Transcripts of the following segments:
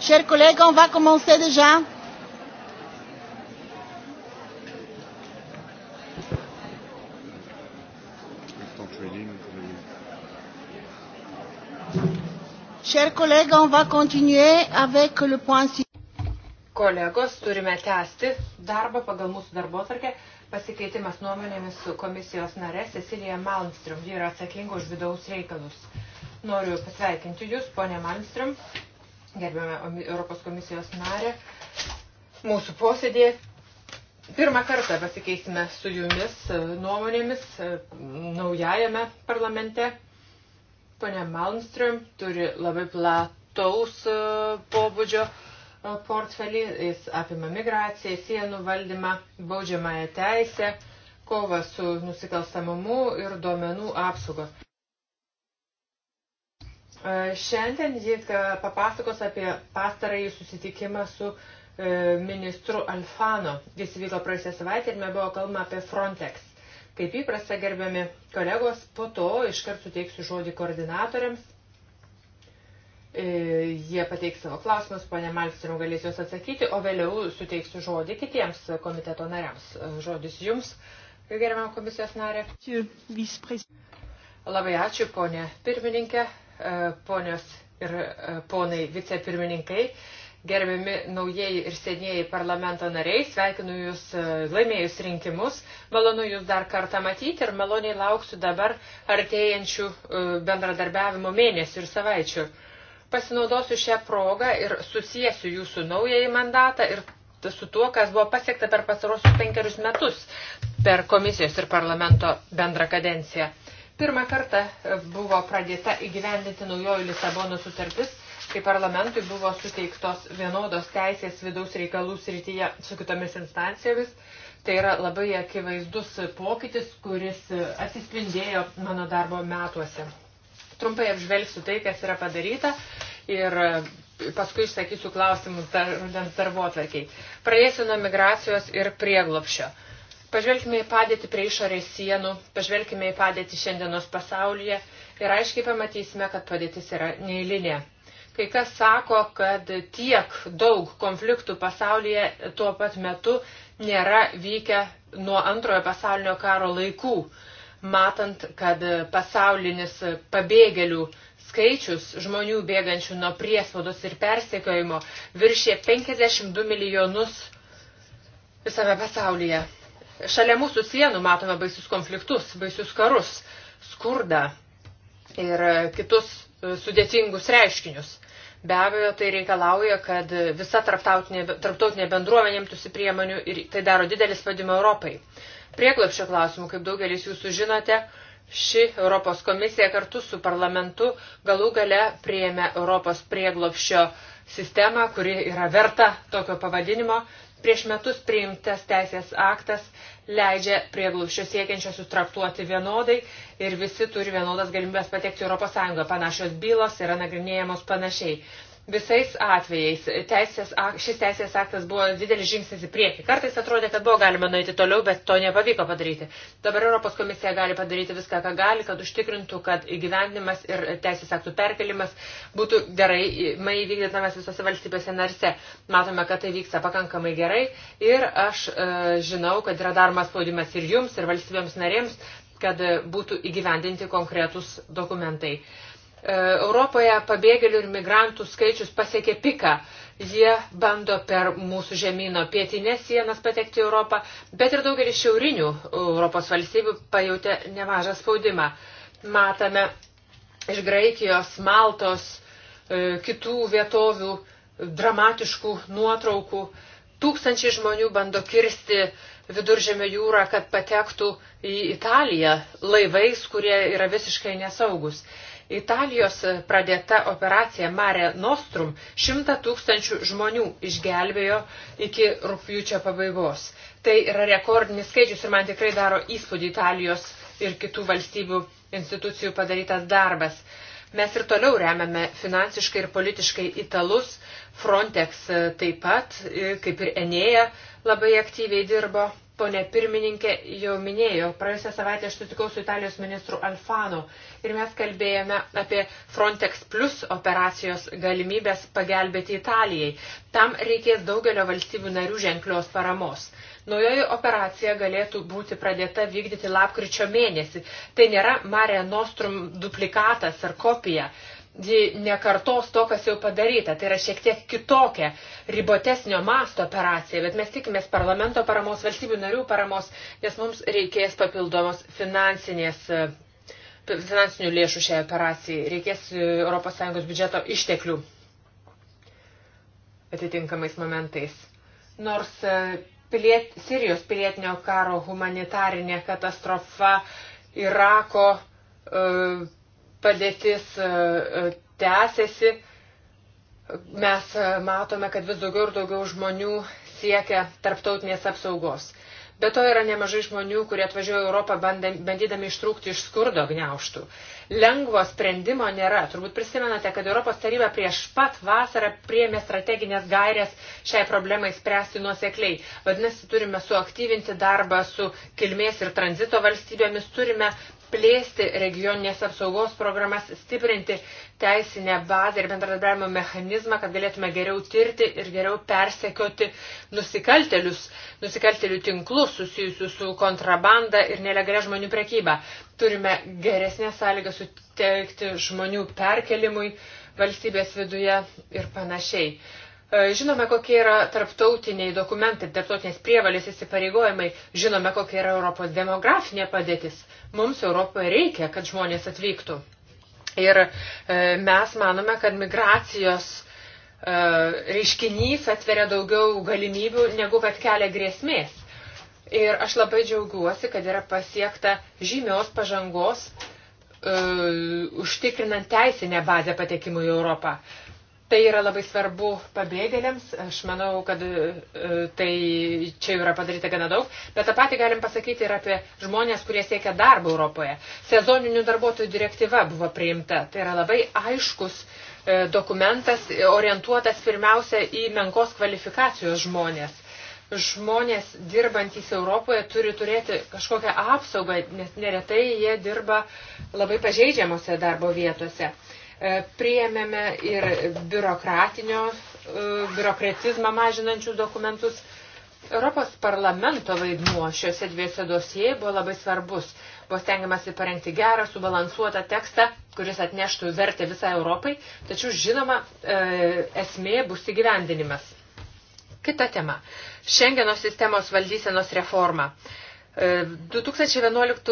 Chers collègues, on va commencer déjà. Chers collègues, on va continuer avec le point suivant. Kolegos, turime tęsti darbą pagal mūsų darbo tarkę. Pasikeitimas nuomonėmis su komisijos nare Cecilija Malmström. Ji yra atsakinga už vidaus reikalus. Noriu pasveikinti Jūs, ponė Malmström, gerbiame Europos komisijos narę, mūsų posėdėje. Pirmą kartą pasikeisime su Jumis e, nuomonėmis e, naujajame parlamente. Pone Malmström turi labai plataus e, pobūdžio E, portfelį, jis apima migraciją, sienų valdymą, baudžiamąją teisę, kovą su nusikalstamumu ir duomenų apsaugą. E, šiandien ji e, papasakos apie pastarąjį susitikimą su ministru Alfano. Jis vyko praėjusią savaitę ir me buvo kalbama apie Frontex. Kaip įprasta, gerbiami kolegos, po to iškart suteiksiu žodį koordinatoriams E, jie pateiks savo klausimus, ponė Malstrom galės juos atsakyti, o vėliau suteiksiu žodį kitiems komiteto nariams. E, žodis jums, gerbiam komisijos narė. Labai ačiū, ponė pirmininkė, e, ponios ir ponai vicepirmininkai, gerbiami naujieji ir senieji parlamento nariai, sveikinu Jūs laimėjus rinkimus, malonu Jūs dar kartą matyti ir maloniai lauksiu dabar artėjančių bendradarbiavimo mėnesių ir savaičių. Pasinaudosiu šią progą ir susijęsiu jūsų naująjį mandatą ir su tuo, kas buvo pasiekta per pasarosius penkerius metus per komisijos ir parlamento bendrą kadenciją. Pirmą kartą buvo pradėta įgyvendinti naujojo Lisabono sutartis, kai parlamentui buvo suteiktos vienodos teisės vidaus reikalų srityje su kitomis instancijomis. Tai yra labai akivaizdus pokytis, kuris atsispindėjo mano darbo metuose trumpai apžvelgsiu tai, kas yra padaryta ir e, paskui išsakysiu klausimus dar, darbo atvarkiai. Pradėsiu nuo migracijos ir prieglopšio. Pažvelkime į padėtį prie išorės sienų, pažvelkime į padėtį šiandienos pasaulyje ir aiškiai pamatysime, kad padėtis yra neįlinė. Kai kas sako, kad tiek daug konfliktų pasaulyje tuo pat metu nėra vykę nuo antrojo pasaulinio karo laikų matant, kad pasaulinis pabėgėlių skaičius žmonių bėgančių nuo priespaudos ir persekiojimo viršė 52 milijonus visame pasaulyje. Šalia mūsų sienų matome baisius konfliktus, baisius karus, skurdą ir kitus e, sudėtingus reiškinius. Be abejo, tai reikalauja, kad visa tarptautinė, tarptautinė bendruomenė imtųsi priemonių ir tai daro didelis spaudimą Europai prieglapščio klausimų, kaip daugelis jūsų žinote, ši Europos komisija kartu su parlamentu galų gale prieėmė Europos prieglapščio sistemą, kuri yra verta tokio pavadinimo. Prieš metus priimtas teisės aktas leidžia prieglūšio siekiančiosius traktuoti vienodai ir visi turi vienodas galimybės patekti Europos Sąjungą. Panašios bylos yra nagrinėjamos panašiai. Visais atvejais teisės ak, šis teisės aktas buvo didelis žingsnis į priekį. Kartais atrodė, kad buvo galima nueiti toliau, bet to nepavyko padaryti. Dabar Europos komisija gali padaryti viską, ką gali, kad užtikrintų, kad įgyvendimas ir teisės aktų perkelimas būtų gerai, mai vykdytamas visose valstybėse narse. Matome, kad tai vyksta pakankamai gerai ir aš e, žinau, kad yra daromas spaudimas ir jums, ir valstybėms narėms, kad būtų įgyvendinti konkretus dokumentai. E, E, Europoje pabėgėlių ir migrantų skaičius pasiekė piką. Jie bando per mūsų žemynų pietinės sienas patekti į Europą, bet ir daugelis šiaurinių Europos valstybių pajutė nemažą spaudimą. Matome iš Graikijos, Maltos, e, kitų vietovių dramatiškų nuotraukų. Tūkstančiai žmonių bando kirsti viduržėmio jūrą, kad patektų į Italiją laivais, kurie yra visiškai nesaugus. Italijos pradėta operacija Mare Nostrum 100 tūkstančių žmonių išgelbėjo iki rūpjūčio pabaigos. Tai yra rekordinis skaičius ir man tikrai daro įspūdį Italijos ir kitų valstybių institucijų padarytas darbas. Mes ir toliau remiame finansiškai ir politiškai italus, Frontex taip pat, kaip ir Enėja labai aktyviai dirbo ponė pirmininkė jau minėjo, praėjusią savaitę aš sutikau su Italijos ministru Alfano ir mes kalbėjome apie Frontex Plus operacijos galimybės pagelbėti Italijai. Tam reikės daugelio valstybių narių ženklios paramos. Naujoji operacija galėtų būti pradėta vykdyti lapkričio mėnesį. Tai nėra Mare Nostrum duplikatas ar kopija ji nekartos to, kas jau padaryta. Tai yra šiek tiek kitokia, ribotesnio masto operacija, bet mes tikimės parlamento paramos, valstybių narių paramos, nes mums reikės papildomos finansinės e, finansinių lėšų šiai operacijai, reikės e, ES biudžeto išteklių atitinkamais momentais. Nors e, piliet, Sirijos pilietinio karo humanitarinė katastrofa Irako uh, padėtis e, e, tęsiasi. Mes e, matome, kad vis daugiau ir daugiau žmonių siekia tarptautinės apsaugos. Be to yra nemažai žmonių, kurie atvažiuoja Europą bandydami ištrūkti iš skurdo gniauštų. Lengvo sprendimo nėra. Turbūt prisimenate, kad Europos taryba prieš pat vasarą priėmė strateginės gairės šiai problemai spręsti nuosekliai. Vadinasi, turime suaktyvinti darbą su kilmės ir tranzito valstybėmis, turime plėsti regioninės apsaugos programas, stiprinti teisinę bazę ir bendradarbiavimo mechanizmą, kad galėtume geriau tirti ir geriau persekioti nusikaltelius, nusikaltelių tinklus susijusius su kontrabanda ir nelegalia žmonių prekyba. Turime geresnę sąlygą suteikti žmonių perkelimui valstybės viduje ir panašiai. E, žinome, kokie yra tarptautiniai dokumentai, tarptautinės prievalės įsipareigojimai, žinome, kokia yra Europos demografinė padėtis. Mums Europoje reikia, kad žmonės atvyktų. Ir e, mes manome, kad migracijos e, reiškinys atveria daugiau galimybių, negu kad kelia grėsmės. Ir aš labai džiaugiuosi, kad yra pasiekta žymios pažangos Uh, užtikrinant teisinę bazę patekimui į Europą. Tai yra labai svarbu pabėgėliams, aš manau, kad e, tai čia yra padaryta gana daug, bet tą patį galim pasakyti ir apie žmonės, kurie siekia darbą Europoje. Sezoninių darbuotojų direktyva buvo priimta, tai yra labai aiškus e, dokumentas, orientuotas pirmiausia į menkos kvalifikacijos žmonės. Žmonės dirbantys Europoje turi turėti kažkokią apsaugą, nes neretai jie dirba labai pažeidžiamose darbo vietose. E, priėmėme ir biurokratinio, e, biurokratizmą mažinančius dokumentus. Europos parlamento vaidmuo šiuose dviejose dosijai buvo labai svarbus. Buvo stengiamasi parengti gerą, subalansuotą tekstą, kuris atneštų vertę visą Europai, tačiau žinoma, e, esmė bus įgyvendinimas. Kita tema. Šengeno sistemos valdysenos reforma. 2011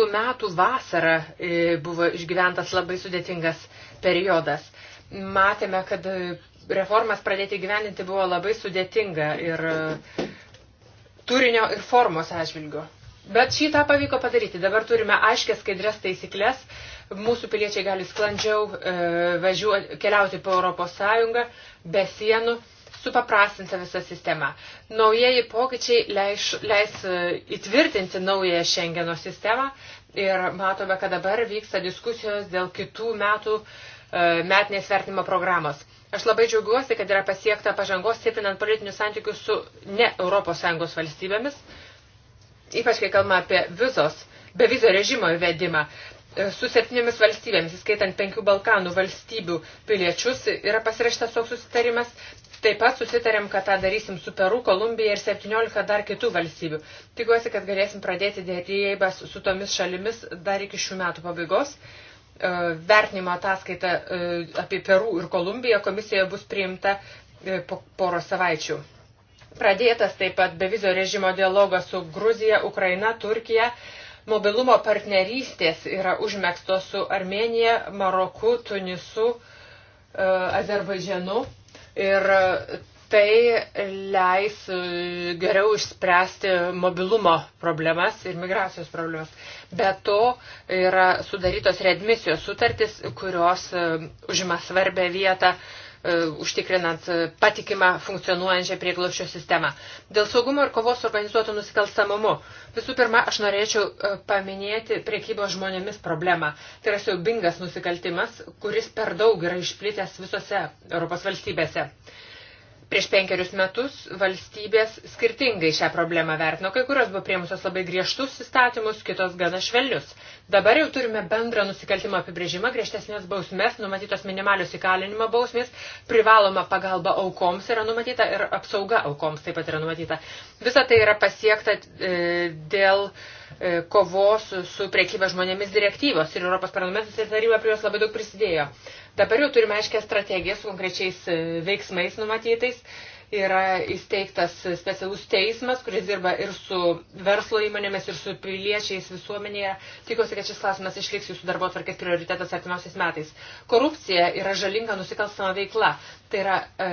e, metų vasara e, buvo išgyventas labai sudėtingas periodas. Matėme, kad e, reformas pradėti gyveninti buvo labai sudėtinga ir turinio ir formos atžvilgiu. Bet šitą pavyko padaryti. Dabar turime aiškės skaidrės taisyklės. Mūsų piliečiai gali sklandžiau e, važiuoti, keliauti po Europos Sąjungą be sienų supaprastinta visa sistema. Naujieji pokyčiai leis, leis e, įtvirtinti naują Šengeno sistemą ir matome, kad dabar vyksta diskusijos dėl kitų metų e, metinės vertinimo programos. Aš labai džiaugiuosi, kad yra pasiekta pažangos stiprinant politinius santykius su ne ES valstybėmis, ypač kai kalbame apie vizos, be vizo režimo įvedimą e, su septynėmis valstybėmis, įskaitant penkių Balkanų valstybių piliečius, yra pasirašytas toks susitarimas Taip pat susitarėm, kad tą darysim su Peru, Kolumbija ir 17 dar kitų valstybių. Tikiuosi, kad galėsim pradėti dėrybas su tomis šalimis dar iki šių metų pabaigos. E, vertinimo ataskaita e, apie Peru ir Kolumbiją komisijoje bus priimta e, po poro savaičių. Pradėtas taip pat bevizio režimo dialogas su Gruzija, Ukraina, Turkija. Mobilumo partnerystės yra užmėgstos su Armenija, Maroku, Tunisu, Azerbaidžianu Ir tai leis e, geriau išspręsti mobilumo problemas ir migracijos problemas. Be to yra sudarytos readmisijos sutartis, kurios e, užima svarbę vietą uh, E, užtikrinant e, patikimą funkcionuojančią prieglaušio sistemą. Dėl saugumo ir kovos organizuotų nusikalstamumu. Visų pirma, aš norėčiau e, paminėti priekybos žmonėmis problemą. Tai yra siaubingas nusikaltimas, kuris per daug yra išplitęs visose Europos valstybėse. Prieš penkerius metus valstybės skirtingai šią problemą vertino, kai kurios buvo priemusios labai griežtus įstatymus, kitos gana švelnius. Dabar jau turime bendrą nusikaltimo apibrėžimą, griežtesnės bausmės, numatytos minimalios įkalinimo bausmės, privaloma pagalba aukoms yra numatyta ir apsauga aukoms taip pat yra numatyta. Visa tai yra pasiekta e, dėl e, kovos su priekyba žmonėmis direktyvos ir Europos parlamentas ir taryba prie jos labai daug prisidėjo. Dabar jau turime aiškę strategiją su konkrečiais e, veiksmais numatytais Yra įsteigtas specialus teismas, kuris dirba ir su verslo įmonėmis, ir su piliečiais visuomenėje. Tikiuosi, kad šis klausimas išliks jūsų darbo tvarkės prioritetas artimiausiais metais. Korupcija yra žalinga nusikalstama veikla. Tai yra e,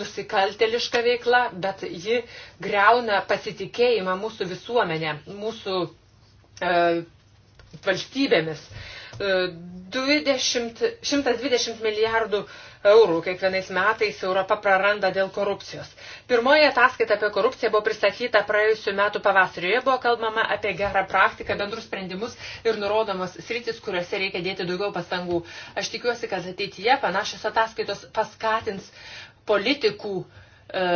nusikalteliška veikla, bet ji greuna pasitikėjimą mūsų visuomenė, mūsų e, valstybėmis. E, 20, 120 milijardų eurų kiekvienais metais Europa praranda dėl korupcijos. Pirmoji ataskaita apie korupciją buvo pristatyta praėjusiu metu pavasarį. Joje buvo kalbama apie gerą praktiką, bendrus sprendimus ir nurodomos sritis, kuriuose reikia dėti daugiau pastangų. Aš tikiuosi, kad ateityje panašios ataskaitos paskatins politikų e,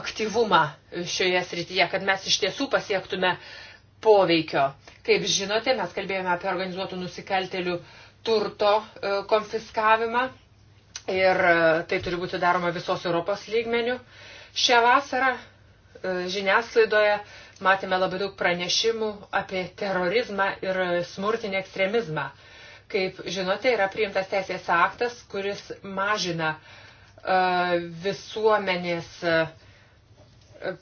aktyvumą šioje srityje, kad mes iš tiesų pasiektume poveikio. Kaip žinote, mes kalbėjome apie organizuotų nusikaltelių uh, turto e, konfiskavimą ir e, tai turi būti daroma visos Europos lygmenių. Šią vasarą e, žiniasklaidoje matėme labai daug pranešimų apie terorizmą ir smurtinį ekstremizmą. Kaip žinote, yra priimtas teisės aktas, kuris mažina visuomenės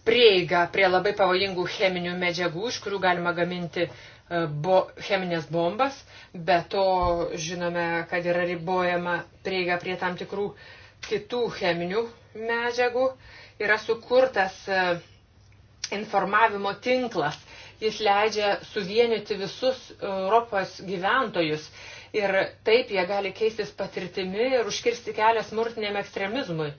prieigą prie labai pavojingų cheminių medžiagų, iš kurių galima gaminti uh, bo, cheminės bombas, bet to žinome, kad yra ribojama prieiga prie tam tikrų kitų cheminių medžiagų. Yra sukurtas e, informavimo tinklas. Jis leidžia suvienyti visus Europos gyventojus ir taip jie gali keistis patirtimi ir užkirsti kelią smurtiniam ekstremizmui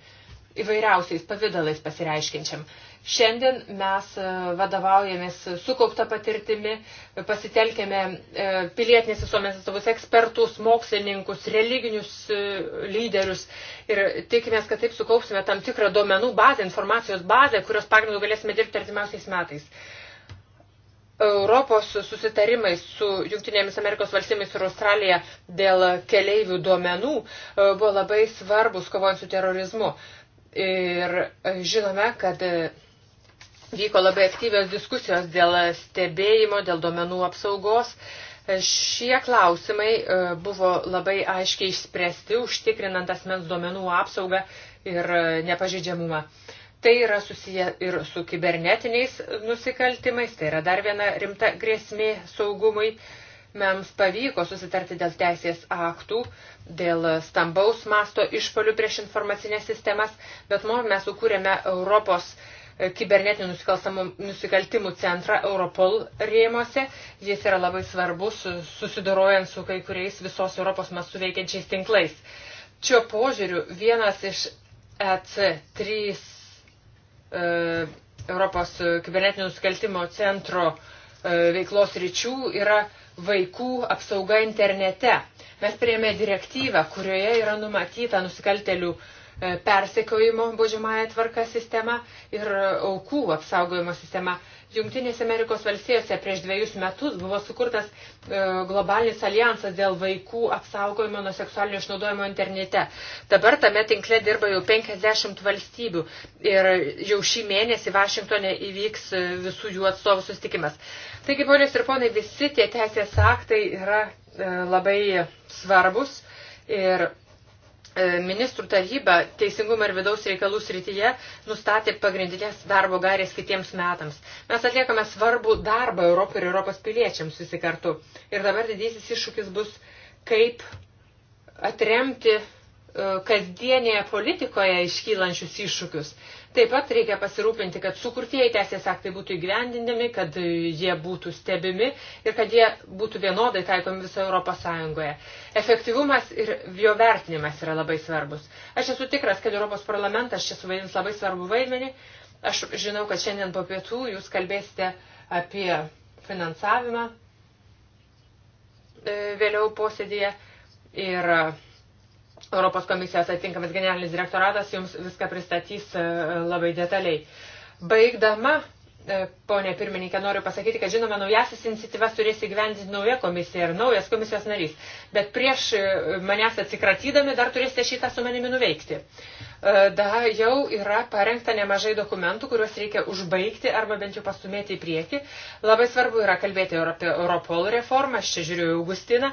įvairiausiais pavydalais pasireiškinčiam. Šiandien mes e, vadovaujamės sukauptą patirtimi, pasitelkėme e, pilietinės visuomenės atstovus, ekspertus, mokslininkus, religinius e, lyderius ir tikimės, kad taip sukaupsime tam tikrą duomenų bazę, informacijos bazę, kurios pagrindų galėsime dirbti artimiausiais metais. Europos susitarimai su Junktinėmis Amerikos valstybėmis ir Australija dėl keleivių duomenų buvo labai svarbus kovojant su terorizmu. Ir žinome, kad Vyko labai aktyvios diskusijos dėl stebėjimo, dėl duomenų apsaugos. Šie klausimai e, buvo labai aiškiai išspręsti, užtikrinant asmens duomenų apsaugą ir e, nepažeidžiamumą. Tai yra susiję ir su kibernetiniais nusikaltimais, tai yra dar viena rimta grėsmė saugumui. Mems pavyko susitarti dėl teisės aktų, dėl stambaus masto išpolių prieš informacinės sistemas, bet mes sukūrėme Europos uh, kibernetinių nusikaltimų centrą Europol rėmose. Jis yra labai svarbus susidorojant su kai kuriais visos Europos mastu veikiančiais tinklais. Čia požiūriu vienas iš EC3 e, Europos kibernetinių nusikaltimo centro e, veiklos ryčių yra vaikų apsauga internete. Mes prieėmė direktyvą, kurioje yra numatyta nusikaltelių e, E, persekiojimo baudžiamąją tvarką sistema ir aukų apsaugojimo sistema. Junktinėse Amerikos valstijose prieš dviejus metus buvo sukurtas e, globalinis alijansas dėl vaikų apsaugojimo nuo seksualinio išnaudojimo internete. Dabar tame tinkle dirba jau 50 valstybių ir jau šį mėnesį Vašingtonė įvyks e, visų jų atstovų sustikimas. Taigi, ponios ir ponai, visi tie teisės aktai yra labai svarbus ir E, ministrų taryba teisingumo ir vidaus reikalų srityje nustatė pagrindinės darbo garės kitiems metams. Mes atliekame svarbų darbą Europai ir Europos piliečiams visi kartu. Ir dabar didysis iššūkis bus, kaip atremti e, kasdienėje politikoje iškylančius iššūkius. Taip pat reikia pasirūpinti, kad sukurtieji teisės aktai būtų įgyvendinami, kad jie būtų stebimi ir kad jie būtų vienodai taikomi visoje Europos Sąjungoje. Efektyvumas ir jo vertinimas yra labai svarbus. Aš esu tikras, kad Europos parlamentas čia suvaidins labai svarbu vaidmenį. Aš žinau, kad šiandien po pietų jūs kalbėsite apie finansavimą e, vėliau posėdėje ir Europos komisijos atitinkamas generalinis direktoratas jums viską pristatys e, labai detaliai. Baigdama E, ponė pirmininkė, noriu pasakyti, kad žinoma, naujasis iniciatyvas turės įgyvendinti nauja komisija ir naujas komisijos narys. Bet prieš e, manęs atsikratydami dar turėsite šitą su manimi nuveikti. E, da, jau yra parengta nemažai dokumentų, kuriuos reikia užbaigti arba bent jau pastumėti į priekį. Labai svarbu yra kalbėti ir apie Europol reformą, aš čia žiūriu Augustiną.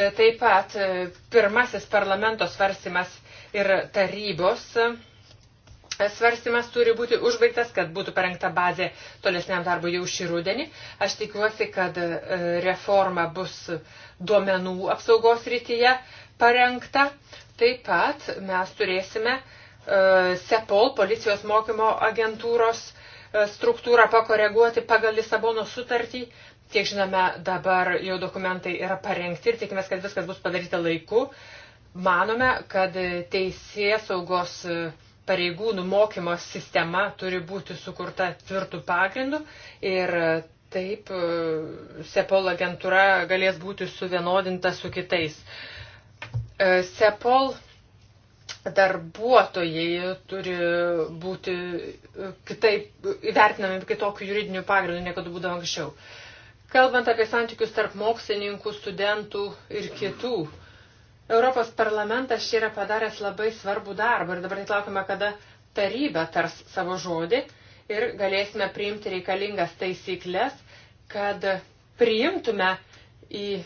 Taip pat pirmasis parlamento svarstymas ir tarybos svarstymas turi būti užbaigtas, kad būtų parengta bazė tolesniam darbui jau šį rudenį. Aš tikiuosi, kad e, reforma bus duomenų apsaugos rytyje parengta. Taip pat mes turėsime e, SEPOL, policijos mokymo agentūros e, struktūrą pakoreguoti pagal Lisabono sutartį. Kiek žinome, dabar jau dokumentai yra parengti ir tikimės, kad viskas bus padaryta laiku. Manome, kad teisės saugos uh, pareigūnų mokymo sistema turi būti sukurta tvirtų pagrindų ir taip e, SEPOL agentūra galės būti suvienodinta su kitais. E, SEPOL darbuotojai turi būti e, kitaip įvertinami kitokiu juridiniu pagrindu, negu būdavo anksčiau. Kalbant apie santykius tarp mokslininkų, studentų ir kitų, Europos parlamentas čia yra padaręs labai svarbų darbą ir dabar laukime, kada taryba tars savo žodį ir galėsime priimti reikalingas taisyklės, kad priimtume į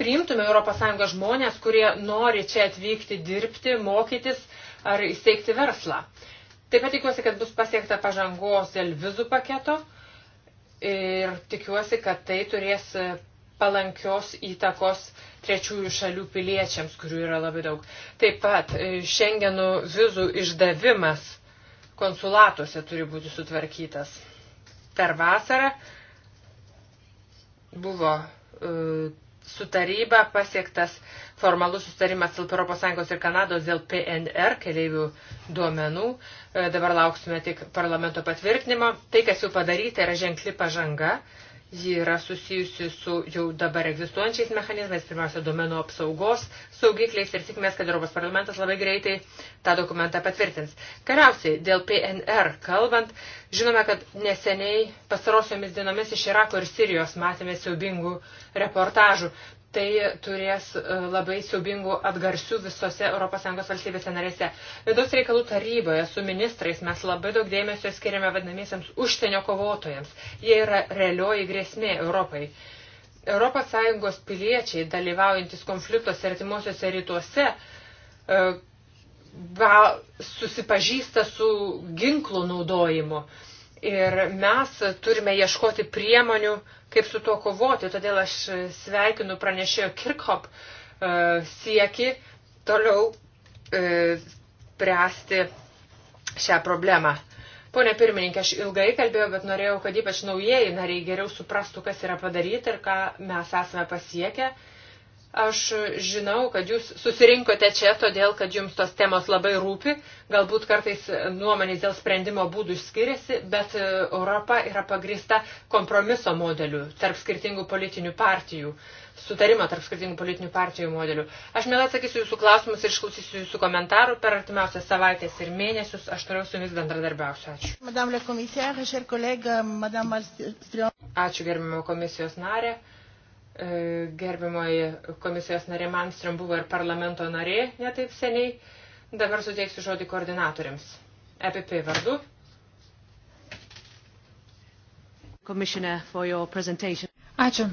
priimtume ES žmonės, kurie nori čia atvykti dirbti, mokytis ar įsteigti verslą. Taip pat tikiuosi, kad bus pasiekta pažangos dėl vizų paketo ir tikiuosi, kad tai turės palankios įtakos trečiųjų šalių piliečiams, kurių yra labai daug. Taip pat šengenų e, vizų išdavimas konsulatuose turi būti sutvarkytas. Per vasarą buvo uh, su taryba pasiektas formalus sustarimas tarp ES ir Kanados dėl PNR keleivių duomenų. E, dabar lauksime tik parlamento patvirtinimo. Tai, kas jau padaryta, yra ženkli pažanga. Uh, Ji yra susijusi su jau dabar egzistuojančiais mechanizmais, pirmiausia, domenų apsaugos saugikliais ir tikimės, kad Europos parlamentas labai greitai tą dokumentą patvirtins. Galiausiai, dėl PNR kalbant, žinome, kad neseniai pastarosiomis dienomis iš Irako ir Sirijos matėme siaubingų reportažų tai turės e, labai siubingų atgarsių visose ES valstybėse narėse. Vidaus reikalų taryboje su ministrais mes labai daug dėmesio skiriame vadinamiesiams užsienio kovotojams. Jie yra realioji grėsmė Europai. ES piliečiai dalyvaujantis konfliktuose artimuosiuose rytuose e, susipažįsta su ginklų naudojimu. Ir mes turime ieškoti priemonių, kaip su tuo kovoti. Todėl aš sveikinu pranešėjo Kirkhop e, sieki toliau e, spręsti šią problemą. Pone pirmininkė, aš ilgai kalbėjau, bet norėjau, kad ypač naujieji nariai geriau suprastų, kas yra padaryta ir ką mes esame pasiekę. Aš žinau, kad jūs susirinkote čia todėl, kad jums tos temos labai rūpi, galbūt kartais nuomonės dėl sprendimo būdų skiriasi, bet Europa yra pagrįsta kompromiso modeliu tarp skirtingų politinių partijų, sutarimo tarp skirtingų politinių partijų modelių. Aš mielai atsakysiu jūsų klausimus ir išklausysiu jūsų komentarų per artimiausias savaitės ir mėnesius. Aš toliau su jumis bendradarbiausiu. Ačiū. Ačiū gerbimo komisijos narė. E, Gerbimoji komisijos narė Manstrom buvo ir parlamento narė netaip seniai. Dabar suteiksiu žodį koordinatoriams. EPP vardu. Ačiū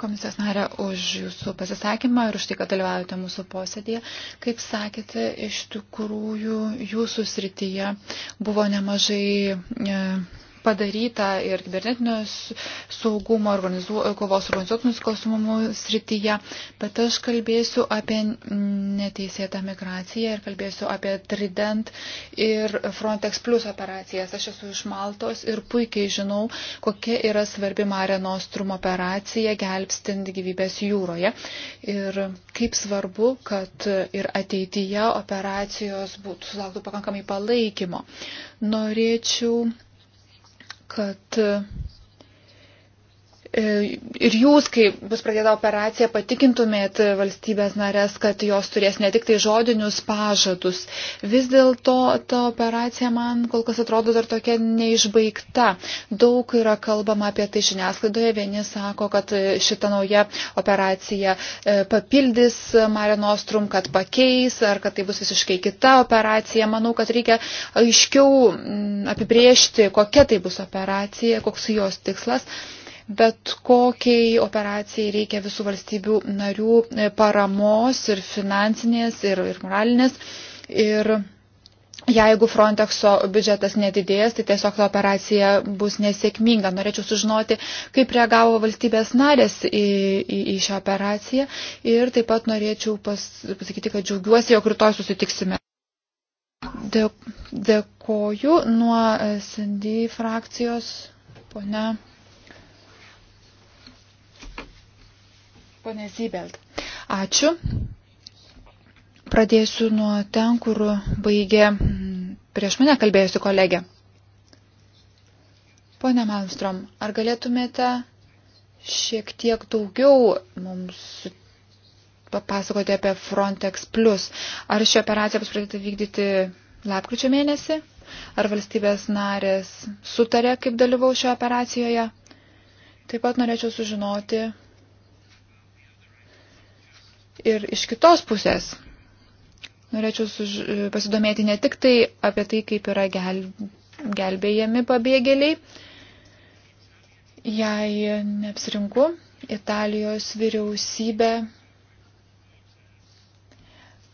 komisijos narė už jūsų pasisakymą ir už tai, kad dalyvaujate mūsų posėdėje. Kaip sakėte, iš tikrųjų jūsų srityje buvo nemažai. E, padaryta ir kibernetinio saugumo, organizu, kovos organizuotų nusikalstumumų srityje, bet aš kalbėsiu apie neteisėtą migraciją ir kalbėsiu apie Trident ir Frontex Plus operacijas. Aš esu iš Maltos ir puikiai žinau, kokia yra svarbi Mare Nostrum operacija gelbstint gyvybės jūroje ir kaip svarbu, kad ir ateityje operacijos būtų sulauktų pakankamai palaikymo. Norėčiau kad E, ir jūs, kai bus pradėta operacija, patikintumėt valstybės narės, kad jos turės ne tik tai žodinius pažadus. Vis dėlto ta operacija man kol kas atrodo dar tokia neišbaigta. Daug yra kalbama apie tai žiniasklaidoje. Vieni sako, kad šita nauja operacija e, papildys Mare Nostrum, kad pakeis, ar kad tai bus visiškai kita operacija. Manau, kad reikia aiškiau apibriežti, kokia tai bus operacija, koks jos tikslas bet kokiai operacijai reikia visų valstybių narių e, paramos ir finansinės, ir, ir moralinės. Ir jeigu Frontexo biudžetas nedidės, tai tiesiog ta operacija bus nesėkminga. Norėčiau sužinoti, kaip reagavo valstybės narės į, į, į šią operaciją ir taip pat norėčiau pas, pasakyti, kad džiaugiuosi, jog rytoj susitiksime. Dėkoju nuo SND frakcijos, ponia Pone Zybelt. Ačiū. Pradėsiu nuo ten, kur baigė mm, prieš mane kalbėjusi kolegė. Pone Malmstrom, ar galėtumėte šiek tiek daugiau mums papasakoti apie Frontex Plus? Ar ši operacija bus pradėta vykdyti lapkričio mėnesį? Ar valstybės narės sutarė, kaip dalyvau šioje operacijoje? Taip pat norėčiau sužinoti, ir iš kitos pusės. Norėčiau suž... pasidomėti ne tik tai apie tai, kaip yra gel... gelbėjami pabėgėliai. Jei neapsirinku, Italijos vyriausybė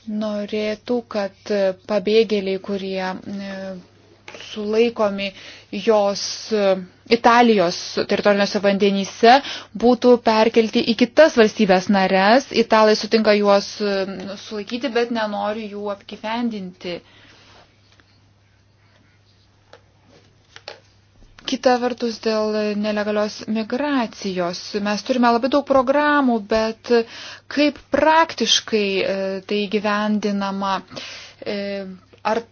norėtų, kad pabėgėliai, kurie e, sulaikomi jos Italijos teritoriniuose vandenyse būtų perkelti į kitas valstybės narės. Italai sutinka juos e, sulaikyti, bet nenori jų apgyvendinti. Kita vertus dėl nelegalios migracijos. Mes turime labai daug programų, bet kaip praktiškai e, tai gyvendinama, e, ar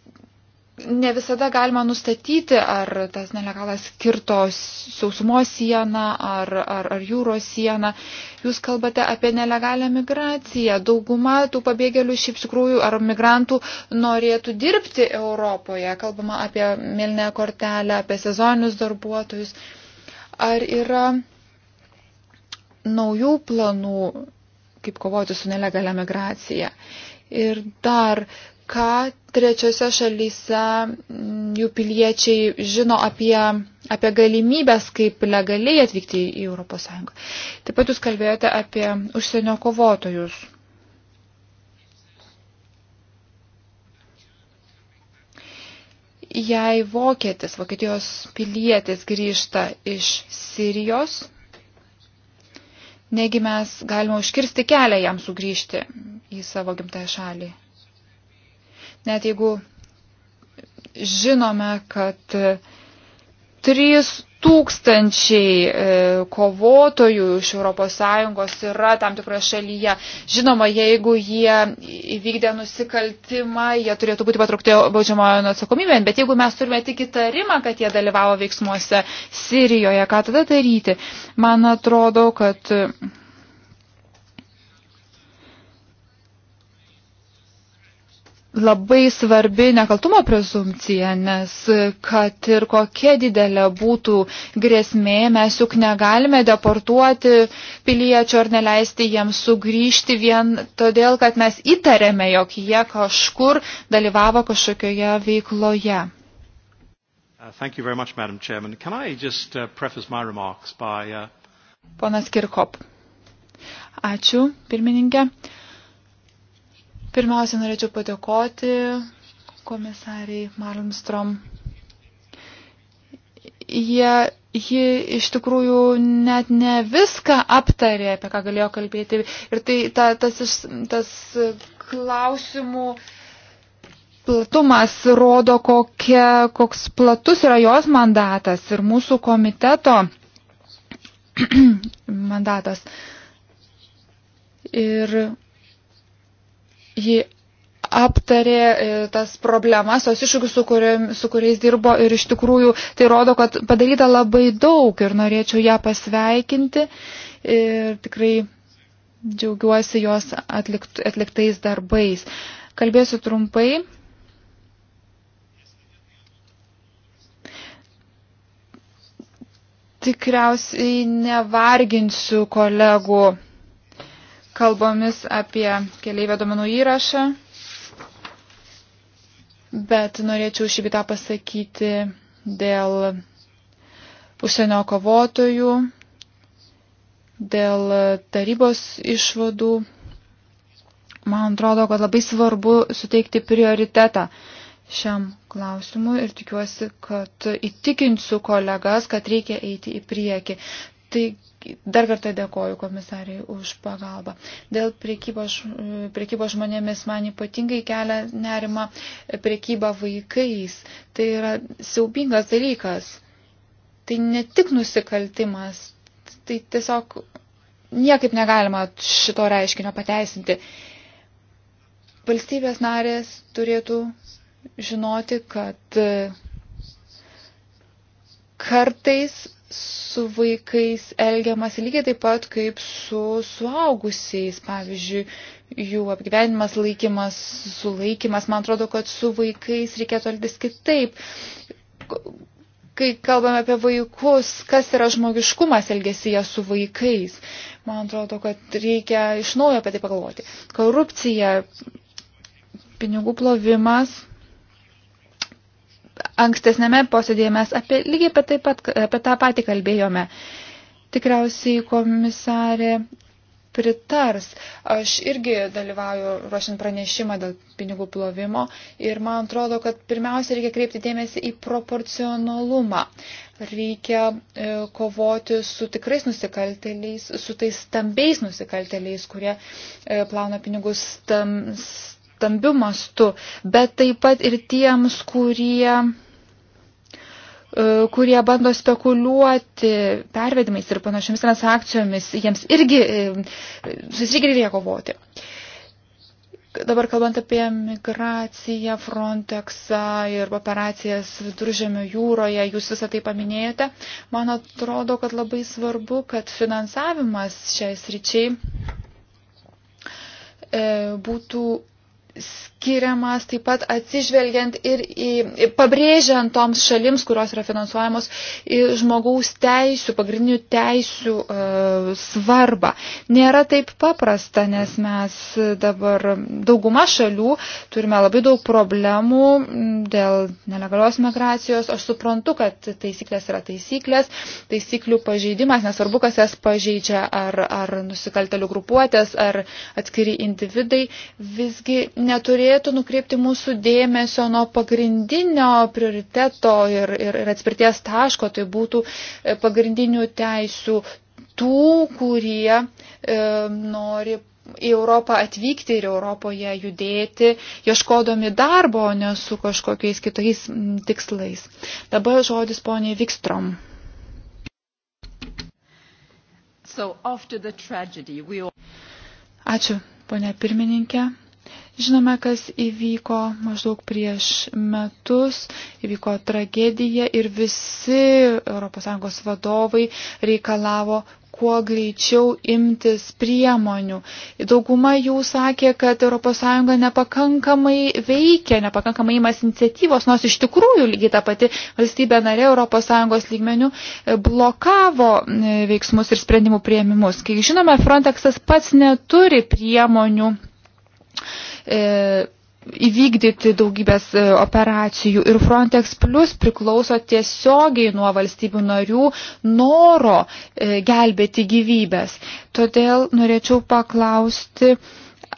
ne visada galima nustatyti, ar tas nelegalas kirto sausumos sieną ar, ar, ar jūros sieną. Jūs kalbate apie nelegalią migraciją. Dauguma tų pabėgėlių iš tikrųjų ar migrantų norėtų dirbti Europoje. Kalbama apie milnę kortelę, apie sezoninius darbuotojus. Ar yra naujų planų, kaip kovoti su nelegalia migracija? Ir dar ką trečiose šalyse mm, jų piliečiai žino apie, apie galimybės, kaip legaliai atvykti į ES. Taip pat jūs kalbėjote apie užsienio kovotojus. Jei vokietis, vokietijos pilietis grįžta iš Sirijos, negi mes galime užkirsti kelią jam sugrįžti į savo gimtąją šalį net jeigu žinome, kad 3 tūkstančiai e, kovotojų iš ES yra tam tikroje šalyje. Žinoma, jeigu jie įvykdė nusikaltimą, jie turėtų būti patraukti baudžiamojo atsakomybėn, bet jeigu mes turime tik įtarimą, kad jie dalyvavo veiksmuose Sirijoje, ką tada daryti? Man atrodo, kad labai svarbi nekaltumo prezumcija, nes kad ir kokia didelė būtų grėsmė, mes juk negalime deportuoti piliečių ar neleisti jiems sugrįžti vien todėl, kad mes įtarėme, jog jie kažkur dalyvavo kažkokioje veikloje. Uh, thank you very much, Madam Chairman. Can I just uh, preface my remarks by... Uh... Ponas Kirkop. Ačiū, pirmininkė. Uh, Pirmiausia, norėčiau padėkoti komisariai Malmstrom. Jie, ji iš tikrųjų net ne viską aptarė, apie ką galėjo kalbėti. Ir tai ta, tas, tas klausimų platumas rodo, kokia, koks platus yra jos mandatas ir mūsų komiteto mandatas. Ir ji aptarė e, tas problemas, tos iššūkius, su, kuriam, su kuriais dirbo ir iš tikrųjų tai rodo, kad padaryta labai daug ir norėčiau ją pasveikinti ir tikrai džiaugiuosi jos atlikt, atliktais darbais. Kalbėsiu trumpai. Tikriausiai nevarginsiu kolegų kalbomis apie keliaivio domenų įrašą, bet norėčiau šį bitą pasakyti dėl užsienio kovotojų, dėl tarybos išvadų. Man atrodo, kad labai svarbu suteikti prioritetą šiam klausimui ir tikiuosi, kad įtikinsiu kolegas, kad reikia eiti į priekį. Tai Dar kartą dėkoju komisariai už pagalbą. Dėl priekybos, priekybos žmonėmis man ypatingai kelia nerima priekyba vaikais. Tai yra siaubingas dalykas. Tai ne tik nusikaltimas, tai tiesiog niekaip negalima šito reiškinio pateisinti. Valstybės narės turėtų žinoti, kad kartais su vaikais elgiamas lygiai taip pat kaip su suaugusiais. Pavyzdžiui, jų apgyvenimas, laikymas, sulaikimas. Man atrodo, kad su vaikais reikėtų elgtis kitaip. Kai kalbame apie vaikus, kas yra žmogiškumas elgesyje su vaikais, man atrodo, kad reikia iš naujo apie tai pagalvoti. Korupcija, pinigų plovimas ankstesnėme posėdėje mes apie, lygiai apie, taip pat, apie tą patį kalbėjome. Tikriausiai komisarė pritars. Aš irgi dalyvauju ruošiant pranešimą dėl pinigų plovimo ir man atrodo, kad pirmiausia reikia kreipti dėmesį į proporcionalumą. Reikia e, kovoti su tikrais nusikalteliais, su tais stambiais nusikalteliais, kurie e, plauna pinigus tam, stambiu mastu, bet taip pat ir tiems, kurie, e, kurie bando spekuliuoti pervedimais ir panašiomis transakcijomis, jiems irgi, jiems e, irgi reikia kovoti. Dabar kalbant apie migraciją, Frontexą ir operacijas viduržėmio jūroje, jūs visą tai paminėjote, man atrodo, kad labai svarbu, kad finansavimas šiais ryčiai e, būtų skiriamas taip pat atsižvelgiant ir į, pabrėžiant toms šalims, kurios yra finansuojamos, žmogaus teisų, pagrindinių teisų e, svarbą. Nėra taip paprasta, nes mes dabar dauguma šalių turime labai daug problemų dėl nelegalios migracijos. Aš suprantu, kad taisyklės yra taisyklės, taisyklių pažeidimas, nesvarbu, kas jas pažeidžia, ar, ar nusikaltelių grupuotės, ar atskiri individai. Visgi neturėtų nukreipti mūsų dėmesio nuo pagrindinio prioriteto ir, ir, ir atspirties taško, tai būtų e, pagrindinių teisių tų, kurie e, nori į Europą atvykti ir Europoje judėti, ieškodami darbo, o ne su kažkokiais kitais tikslais. Dabar žodis poniai Vikstrom. So all... Ačiū, ponia pirmininkė. Žinome, kas įvyko maždaug prieš metus, įvyko tragedija ir visi ES vadovai reikalavo kuo greičiau imtis priemonių. Dauguma jų sakė, kad ES nepakankamai veikia, nepakankamai imas iniciatyvos, nors iš tikrųjų lygiai ta pati valstybė narė ES lygmenių blokavo veiksmus ir sprendimų prieimimus. Kai žinome, Frontexas pats neturi priemonių E, įvykdyti daugybės e, operacijų ir Frontex Plus priklauso tiesiogiai nuo valstybių narių noro e, gelbėti gyvybės. Todėl norėčiau paklausti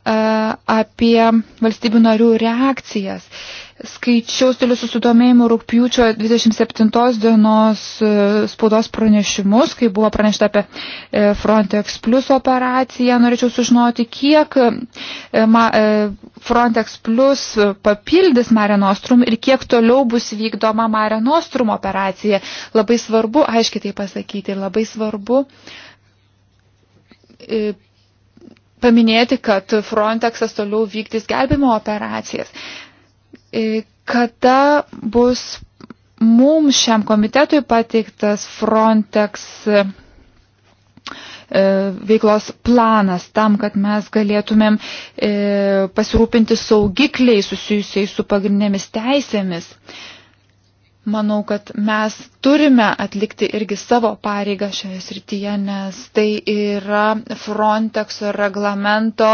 apie valstybių narių reakcijas. Skaičiau stilių susidomėjimų rūpjūčio 27 dienos e, spaudos pranešimus, kai buvo pranešta apie e, Frontex Plus operaciją. Norėčiau sužinoti, kiek e, Frontex Plus papildys Mare Nostrum ir kiek toliau bus vykdoma Mare Nostrum operacija. Labai svarbu, aiškiai tai pasakyti, labai svarbu paminėti, kad Frontexas toliau vykdys gelbimo operacijas. E, kada bus mums šiam komitetui pateiktas Frontex e, e, veiklos planas tam, kad mes galėtumėm pasirūpinti saugikliai susijusiai su pagrindinėmis teisėmis. Manau, kad mes turime atlikti irgi savo pareigą šioje srityje, nes tai yra Frontex reglamento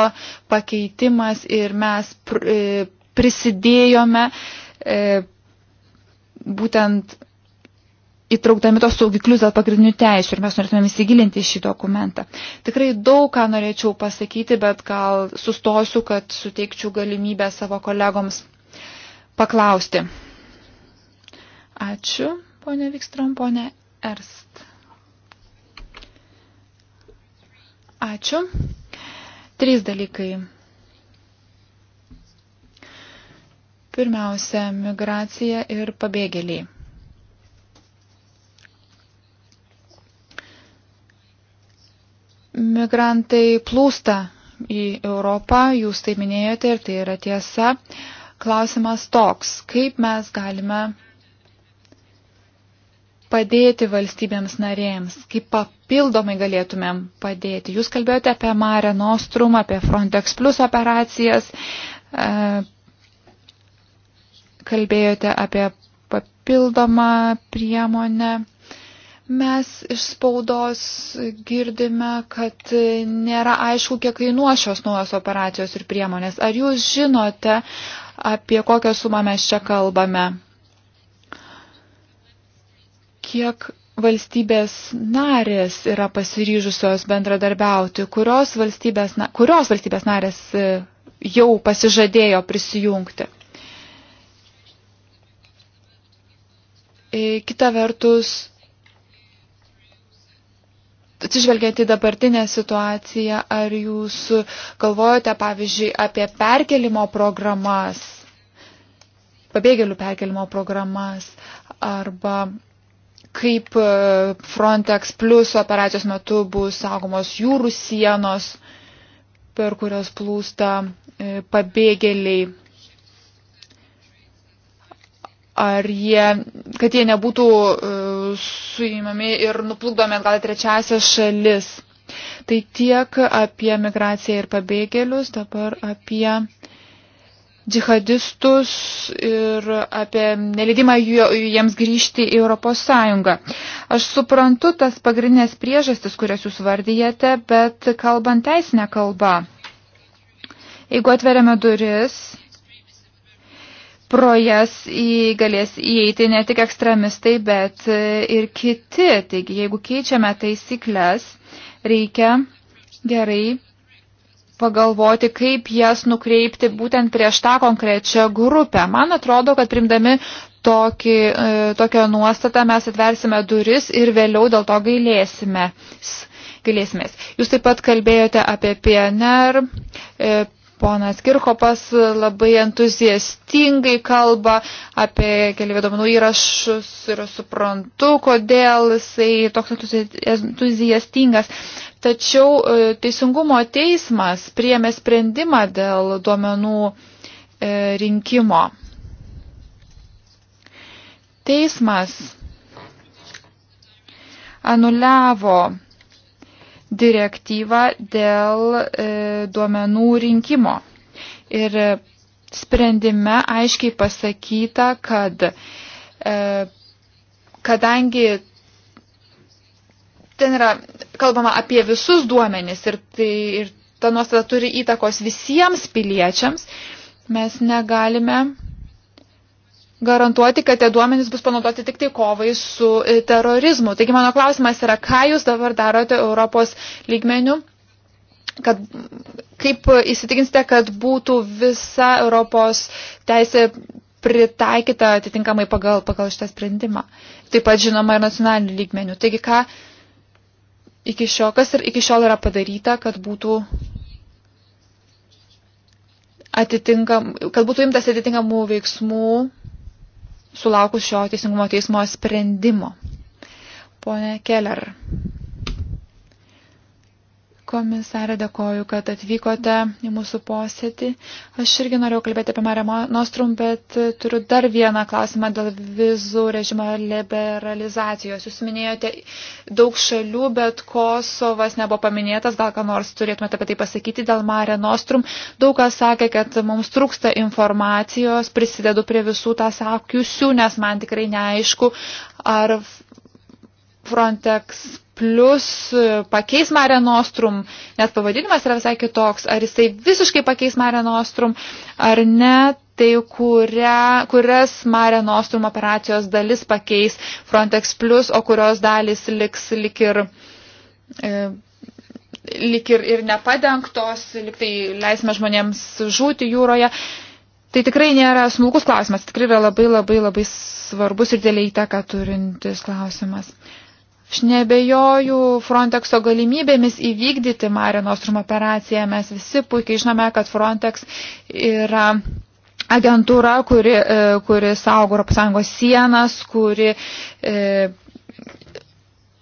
pakeitimas ir mes pr prisidėjome e, būtent įtraukdami tos saugiklius dėl pagrindinių teisų ir mes norėtumėm įsigilinti šį dokumentą. Tikrai daug ką norėčiau pasakyti, bet gal sustosiu, kad suteikčiau galimybę savo kolegoms paklausti. Ačiū, ponė Vikstrom, ponė Erst. Ačiū. Trys dalykai Pirmiausia, migracija ir pabėgėliai. Migrantai plūsta į Europą, jūs tai minėjote ir tai yra tiesa. Klausimas toks, kaip mes galime padėti valstybėms narėms, kaip papildomai galėtumėm padėti. Jūs kalbėjote apie Mare Nostrum, apie Frontex Plus operacijas, kalbėjote apie papildomą priemonę. Mes iš spaudos girdime, kad nėra aišku, kiek kainuos šios naujos operacijos ir priemonės. Ar jūs žinote, apie kokią sumą mes čia kalbame? Kiek valstybės narės yra pasiryžusios bendradarbiauti, kurios valstybės, kurios valstybės narės jau pasižadėjo prisijungti. E, kita vertus, atsižvelgiant į dabartinę situaciją, ar jūs galvojate, pavyzdžiui, apie perkelimo programas, pabėgėlių perkelimo programas, arba kaip e, Frontex Plus operacijos metu bus saugomos jūrų sienos, per kurios plūsta e, pabėgėliai ar jie, kad jie nebūtų e, suimami ir nuplukdomi atgal trečiasias šalis. Tai tiek apie migraciją ir pabėgėlius, dabar apie džihadistus ir apie nelidimą jiems grįžti į Europos Sąjungą. Aš suprantu tas pagrindinės priežastis, kurias jūs vardyjate, bet kalbant teisinę kalbą. Jeigu atveriame duris pro jas į, galės įeiti ne tik ekstremistai, bet e, ir kiti. Taigi, jeigu keičiame taisyklės, reikia gerai pagalvoti, kaip jas nukreipti būtent prieš tą konkrečią grupę. Man atrodo, kad primdami tokį, e, tokią nuostatą mes atversime duris ir vėliau dėl to gailėsime. Galėsimės. Jūs taip pat kalbėjote apie PNR, e, Ponas Kirchopas labai entuziastingai kalba apie keliaivių domenų įrašus ir suprantu, kodėl jisai toks entuziastingas. Tačiau e, Teisingumo teismas priėmė sprendimą dėl duomenų e, rinkimo. Teismas anuliavo direktyvą dėl e, duomenų rinkimo. Ir sprendime aiškiai pasakyta, kad e, kadangi ten yra kalbama apie visus duomenis ir, tai, ir ta nuostata turi įtakos visiems piliečiams, mes negalime garantuoti, kad tie duomenys bus panaudoti tik tai kovai su e, terorizmu. Taigi mano klausimas yra, ką jūs dabar darote Europos lygmenių, kad kaip įsitikinsite, kad būtų visa Europos teisė pritaikyta atitinkamai pagal, pagal šitą sprendimą. Taip pat žinoma ir nacionalinių lygmenių. Taigi, ką iki šio, kas ir iki šiol yra padaryta, kad būtų atitinkam, kad būtų imtas atitinkamų veiksmų sulaukus šio teisingumo teismo sprendimo. Pone Keller, Komisarė, dėkoju, kad atvykote į mūsų posėdį. Aš irgi norėjau kalbėti apie Marę Nostrum, bet turiu dar vieną klausimą dėl vizų režimo liberalizacijos. Jūs minėjote daug šalių, bet Kosovas nebuvo paminėtas, gal ką nors turėtumėte apie tai pasakyti dėl Marę Nostrum. Daug kas sakė, kad mums trūksta informacijos, prisidedu prie visų tą sakiusių, nes man tikrai neaišku, ar Frontex plus e, pakeis Mare Nostrum, net pavadinimas yra visai kitoks, ar jisai visiškai pakeis Mare Nostrum, ar ne, tai kuria, kurias Mare Nostrum operacijos dalis pakeis Frontex plus, o kurios dalis liks lik ir. E, lik ir, ir nepadengtos, lik tai leisime žmonėms žūti jūroje. Tai tikrai nėra smulkus klausimas, tikrai yra labai labai labai svarbus ir dėlį įtaką turintis klausimas. Uh, Aš nebejoju Frontexo galimybėmis įvykdyti Mare Nostrum operaciją. Mes visi puikiai žinome, kad Frontex yra agentūra, kuri, e, kuri saugo Europos Sąjungos sienas, kuri e,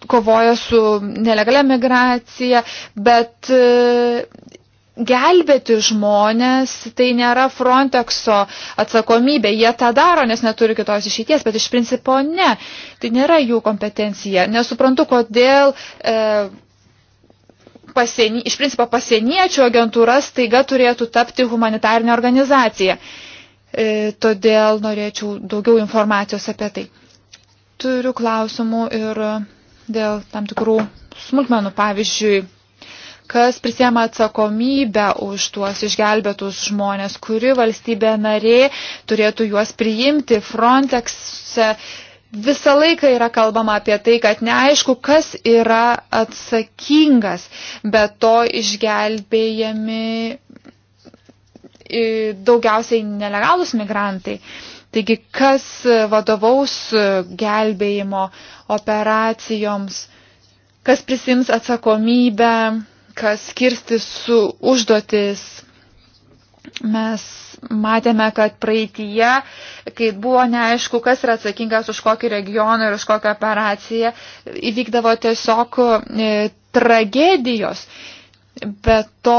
kovoja su nelegalia migracija, bet e, gelbėti žmonės, tai nėra Frontexo atsakomybė. Jie tą daro, nes neturi kitos išeities, bet iš principo ne. Tai nėra jų kompetencija. Nesuprantu, kodėl. E, Pasieni, iš principo pasieniečių agentūra staiga turėtų tapti humanitarinė organizacija. E, todėl norėčiau daugiau informacijos apie tai. Turiu klausimų ir dėl tam tikrų smulkmenų, pavyzdžiui, kas prisėmė atsakomybę už tuos išgelbėtus žmonės, kuri valstybė narė turėtų juos priimti Frontex'e. Visą laiką yra kalbama apie tai, kad neaišku, kas yra atsakingas, bet to išgelbėjami daugiausiai nelegalus migrantai. Taigi, kas vadovaus gelbėjimo operacijoms, kas prisims atsakomybę kas skirsti su užduotis. Mes matėme, kad praeitie, kai buvo neaišku, kas yra atsakingas už kokį regioną ir už kokią operaciją, įvykdavo tiesiog e, tragedijos. Be to,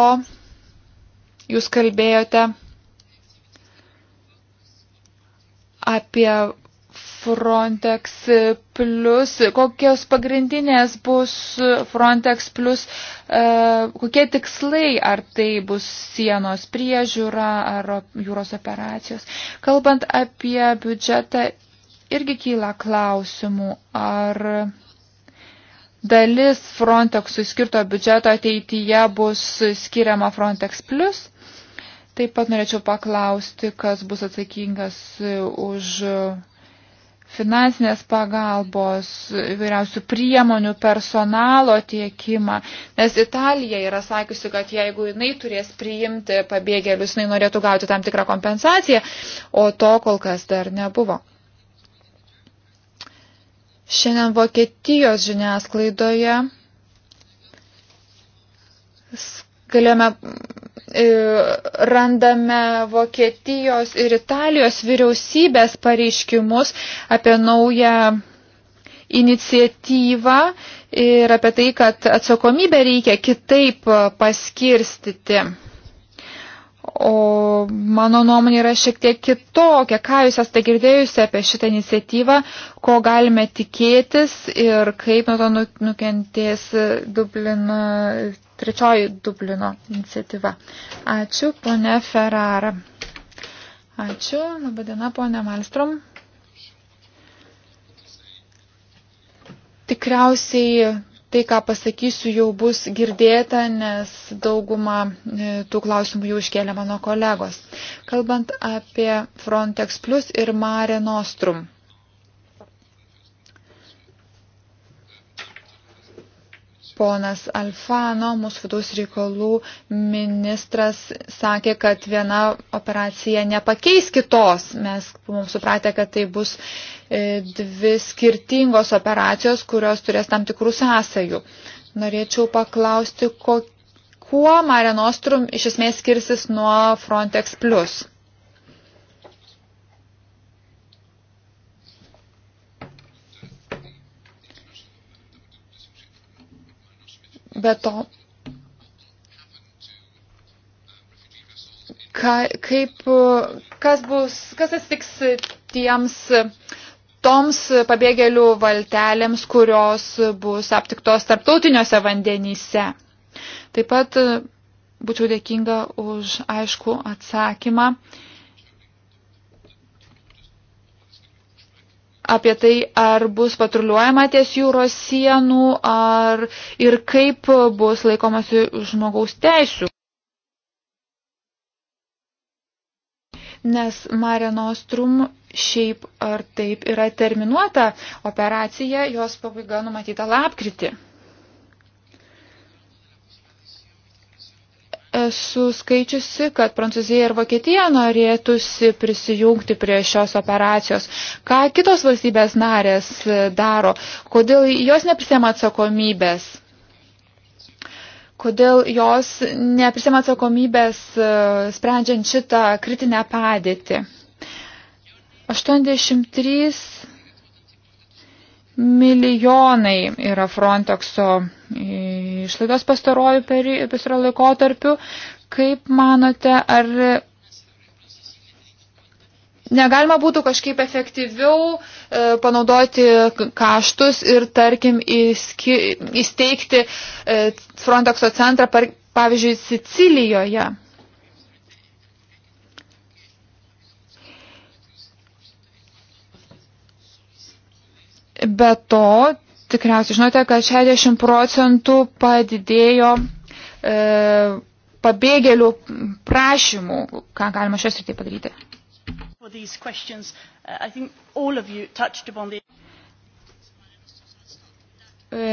jūs kalbėjote apie Frontex Plus, kokios pagrindinės bus Frontex Plus, e, kokie tikslai, ar tai bus sienos priežiūra ar jūros operacijos. Kalbant apie biudžetą, irgi kyla klausimų, ar dalis Frontexui skirto biudžeto ateityje bus skiriama Frontex Plus. Taip pat norėčiau paklausti, kas bus atsakingas už finansinės pagalbos, įvairiausių priemonių, personalo tiekimą. Nes Italija yra sakiusi, kad jeigu jinai turės priimti pabėgėlius, jinai norėtų gauti tam tikrą kompensaciją, o to kol kas dar nebuvo. Šiandien Vokietijos žiniasklaidoje galėjome E, randame Vokietijos ir Italijos vyriausybės pareiškimus apie naują iniciatyvą ir apie tai, kad atsakomybę reikia kitaip paskirstyti. O mano nuomonė yra šiek tiek kitokia. Ką jūs esate girdėjusi apie šitą iniciatyvą, ko galime tikėtis ir kaip nuo to nu, nukentės Dublino, trečioji Dublino iniciatyva. Ačiū, ponė Ferrara. Ačiū, labadiena, ponė Malstrom. Tikriausiai tai, ką pasakysiu, jau bus girdėta, nes daugumą e, tų klausimų jau iškėlė mano kolegos. Kalbant apie Frontex Plus ir Mare Nostrum. Ponas Alfano, mūsų vidaus reikalų ministras, sakė, kad viena operacija nepakeis kitos. Mes mums supratę, kad tai bus e, dvi skirtingos operacijos, kurios turės tam tikrų sąsajų. Norėčiau paklausti, kuo Mare Nostrum iš esmės skirsis nuo Frontex Plus. Be to, ka, kaip, kas, bus, kas atsitiks tiems toms pabėgėlių valtelėms, kurios bus aptiktos tarptautiniuose vandenyse. Taip pat būčiau dėkinga už aišku atsakymą apie tai, ar bus patruliuojama ties jūros sienų, ar ir kaip bus laikomasi žmogaus teisų. Nes Mare Nostrum šiaip ar taip yra terminuota operacija, jos pabaiga numatyta lapkritį. Esu skaičiusi, kad Prancūzija ir Vokietija norėtųsi prisijungti prie šios operacijos. Ką kitos valstybės narės e, daro? Kodėl jos neprisėma atsakomybės? Kodėl jos neprisėma atsakomybės e, sprendžiant šitą kritinę padėtį? 83 milijonai yra Frontexo išlaidos pastarojų per laikotarpių. Kaip manote, ar negalima būtų kažkaip efektyviau e, panaudoti kaštus ir, tarkim, įsteigti e, Frontexo centrą, pavyzdžiui, Sicilijoje? Be to, tikriausiai žinote, kad 60 procentų padidėjo e, pabėgėlių prašymų. Ką galima šios rytai padaryti? Uh, e,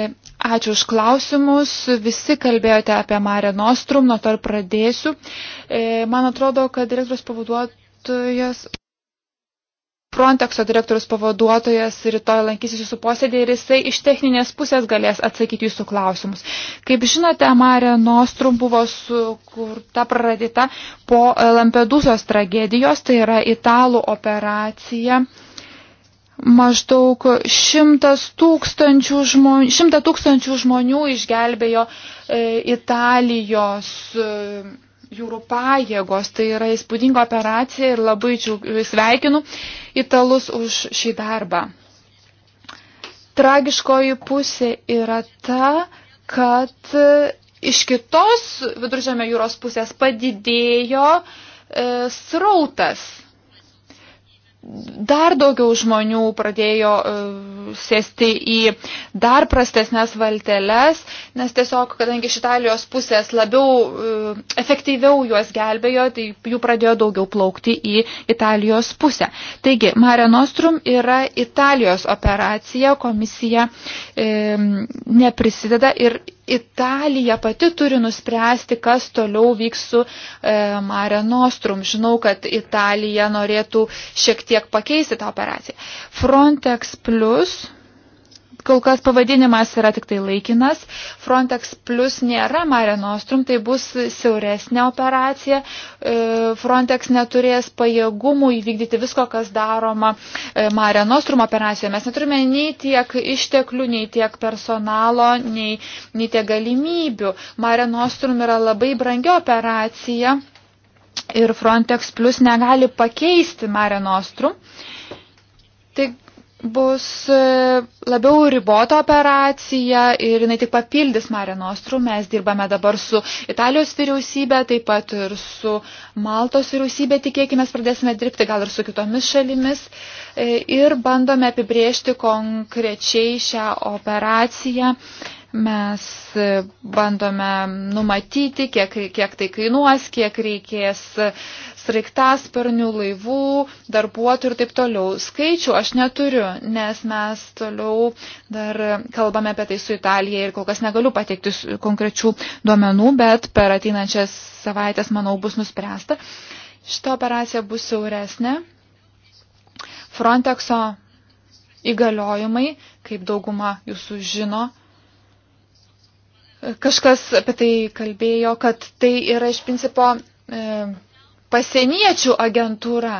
ačiū už klausimus. Visi kalbėjote apie Marę Nostrum, nuo to ir pradėsiu. E, man atrodo, kad direktorius pavaduotojas Frontexo direktorius pavaduotojas rytoj lankysis jūsų posėdį ir jisai iš techninės pusės galės atsakyti jūsų klausimus. Kaip žinote, Marė Nostrum buvo sukurta pradėta po Lampedusos tragedijos, tai yra italų operacija maždaug 100 tūkstančių žmonių, 100 tūkstančių žmonių išgelbėjo e, Italijos e, jūrų pajėgos. Tai yra įspūdinga operacija ir labai sveikinu italus už šį darbą. Tragiškoji pusė yra ta, kad iš kitos viduržėmio jūros pusės padidėjo e, srautas dar daugiau žmonių pradėjo e, sėsti į dar prastesnės valteles, nes tiesiog, kadangi iš Italijos pusės labiau e, efektyviau juos gelbėjo, tai jų pradėjo daugiau plaukti į Italijos pusę. Taigi, Mare Nostrum yra Italijos operacija, komisija e, neprisideda ir Italija pati turi nuspręsti, kas toliau vyks su e, Mare Nostrum. Žinau, kad Italija norėtų šiek tiek pakeisti tą operaciją. Frontex Plus kol kas pavadinimas yra tik tai laikinas. Frontex Plus nėra Mare Nostrum, tai bus siauresnė operacija. E, Frontex neturės pajėgumų įvykdyti visko, kas daroma e, Mare Nostrum operacijoje. Mes neturime nei tiek išteklių, nei tiek personalo, nei, nei tiek galimybių. Mare Nostrum yra labai brangi operacija. Ir Frontex Plus negali pakeisti Mare Nostrum. Tai bus e, labiau ribota operacija ir jinai tik papildys Mare Nostrum. Mes dirbame dabar su Italijos vyriausybė, taip pat ir su Maltos vyriausybė, tikėkime, pradėsime dirbti gal ir su kitomis šalimis e, ir bandome apibriežti konkrečiai šią operaciją Mes bandome numatyti, kiek, kiek tai kainuos, kiek reikės sraigtasparnių, laivų, darbuotojų ir taip toliau. Skaičių aš neturiu, nes mes toliau dar kalbame apie tai su Italija ir kol kas negaliu pateikti konkrečių duomenų, bet per ateinančias savaitės, manau, bus nuspręsta. Šita operacija bus siauresnė. Frontexo įgaliojimai, kaip dauguma jūsų žino, Kažkas apie tai kalbėjo, kad tai yra iš principo e, pasieniečių agentūra.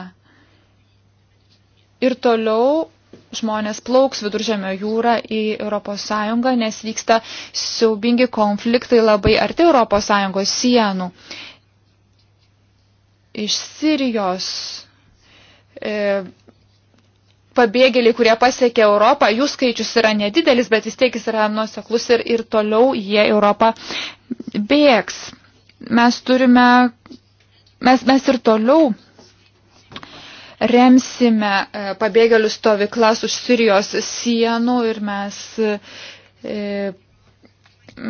Ir toliau žmonės plauks viduržėmio jūrą į ES, nes vyksta siaubingi konfliktai labai arti ES sienų. Iš Sirijos. E, pabėgėliai, kurie pasiekia Europą, jų skaičius yra nedidelis, bet vis tiek jis yra nuoseklus ir, ir toliau jie Europą bėgs. Mes turime, mes, mes ir toliau remsime e, pabėgėlių stovyklas už Sirijos sienų ir mes, e,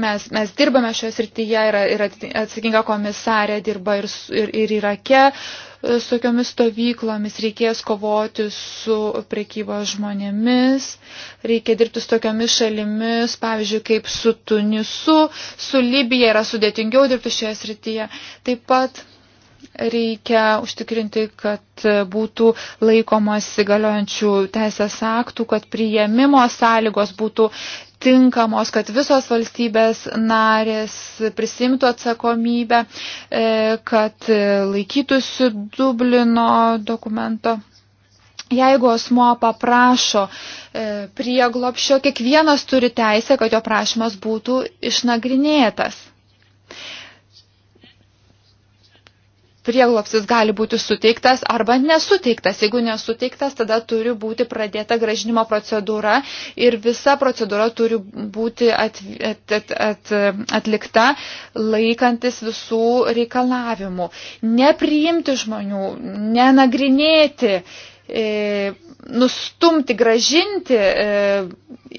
mes, mes dirbame šioje srityje ir, ir atsakinga komisarė dirba ir, ir, ir Irake. Ir su tokiomis stovyklomis, reikės kovoti su prekyba žmonėmis, reikia dirbti su tokiomis šalimis, pavyzdžiui, kaip su Tunisu, su Libija yra sudėtingiau dirbti šioje srityje. Taip pat reikia užtikrinti, kad būtų laikomas įgaliojančių teisės aktų, kad priėmimo sąlygos būtų tinkamos, kad visos valstybės narės prisimtų atsakomybę, e, kad laikytųsi Dublino dokumento. Jeigu asmuo paprašo e, prieglopšio, kiekvienas turi teisę, kad jo prašymas būtų išnagrinėtas. prieglopsis gali būti suteiktas arba nesuteiktas. Jeigu nesuteiktas, tada turi būti pradėta gražinimo procedūra ir visa procedūra turi būti at, at, at, at, atlikta laikantis visų reikalavimų. Nepriimti žmonių, nenagrinėti E, nustumti, gražinti e,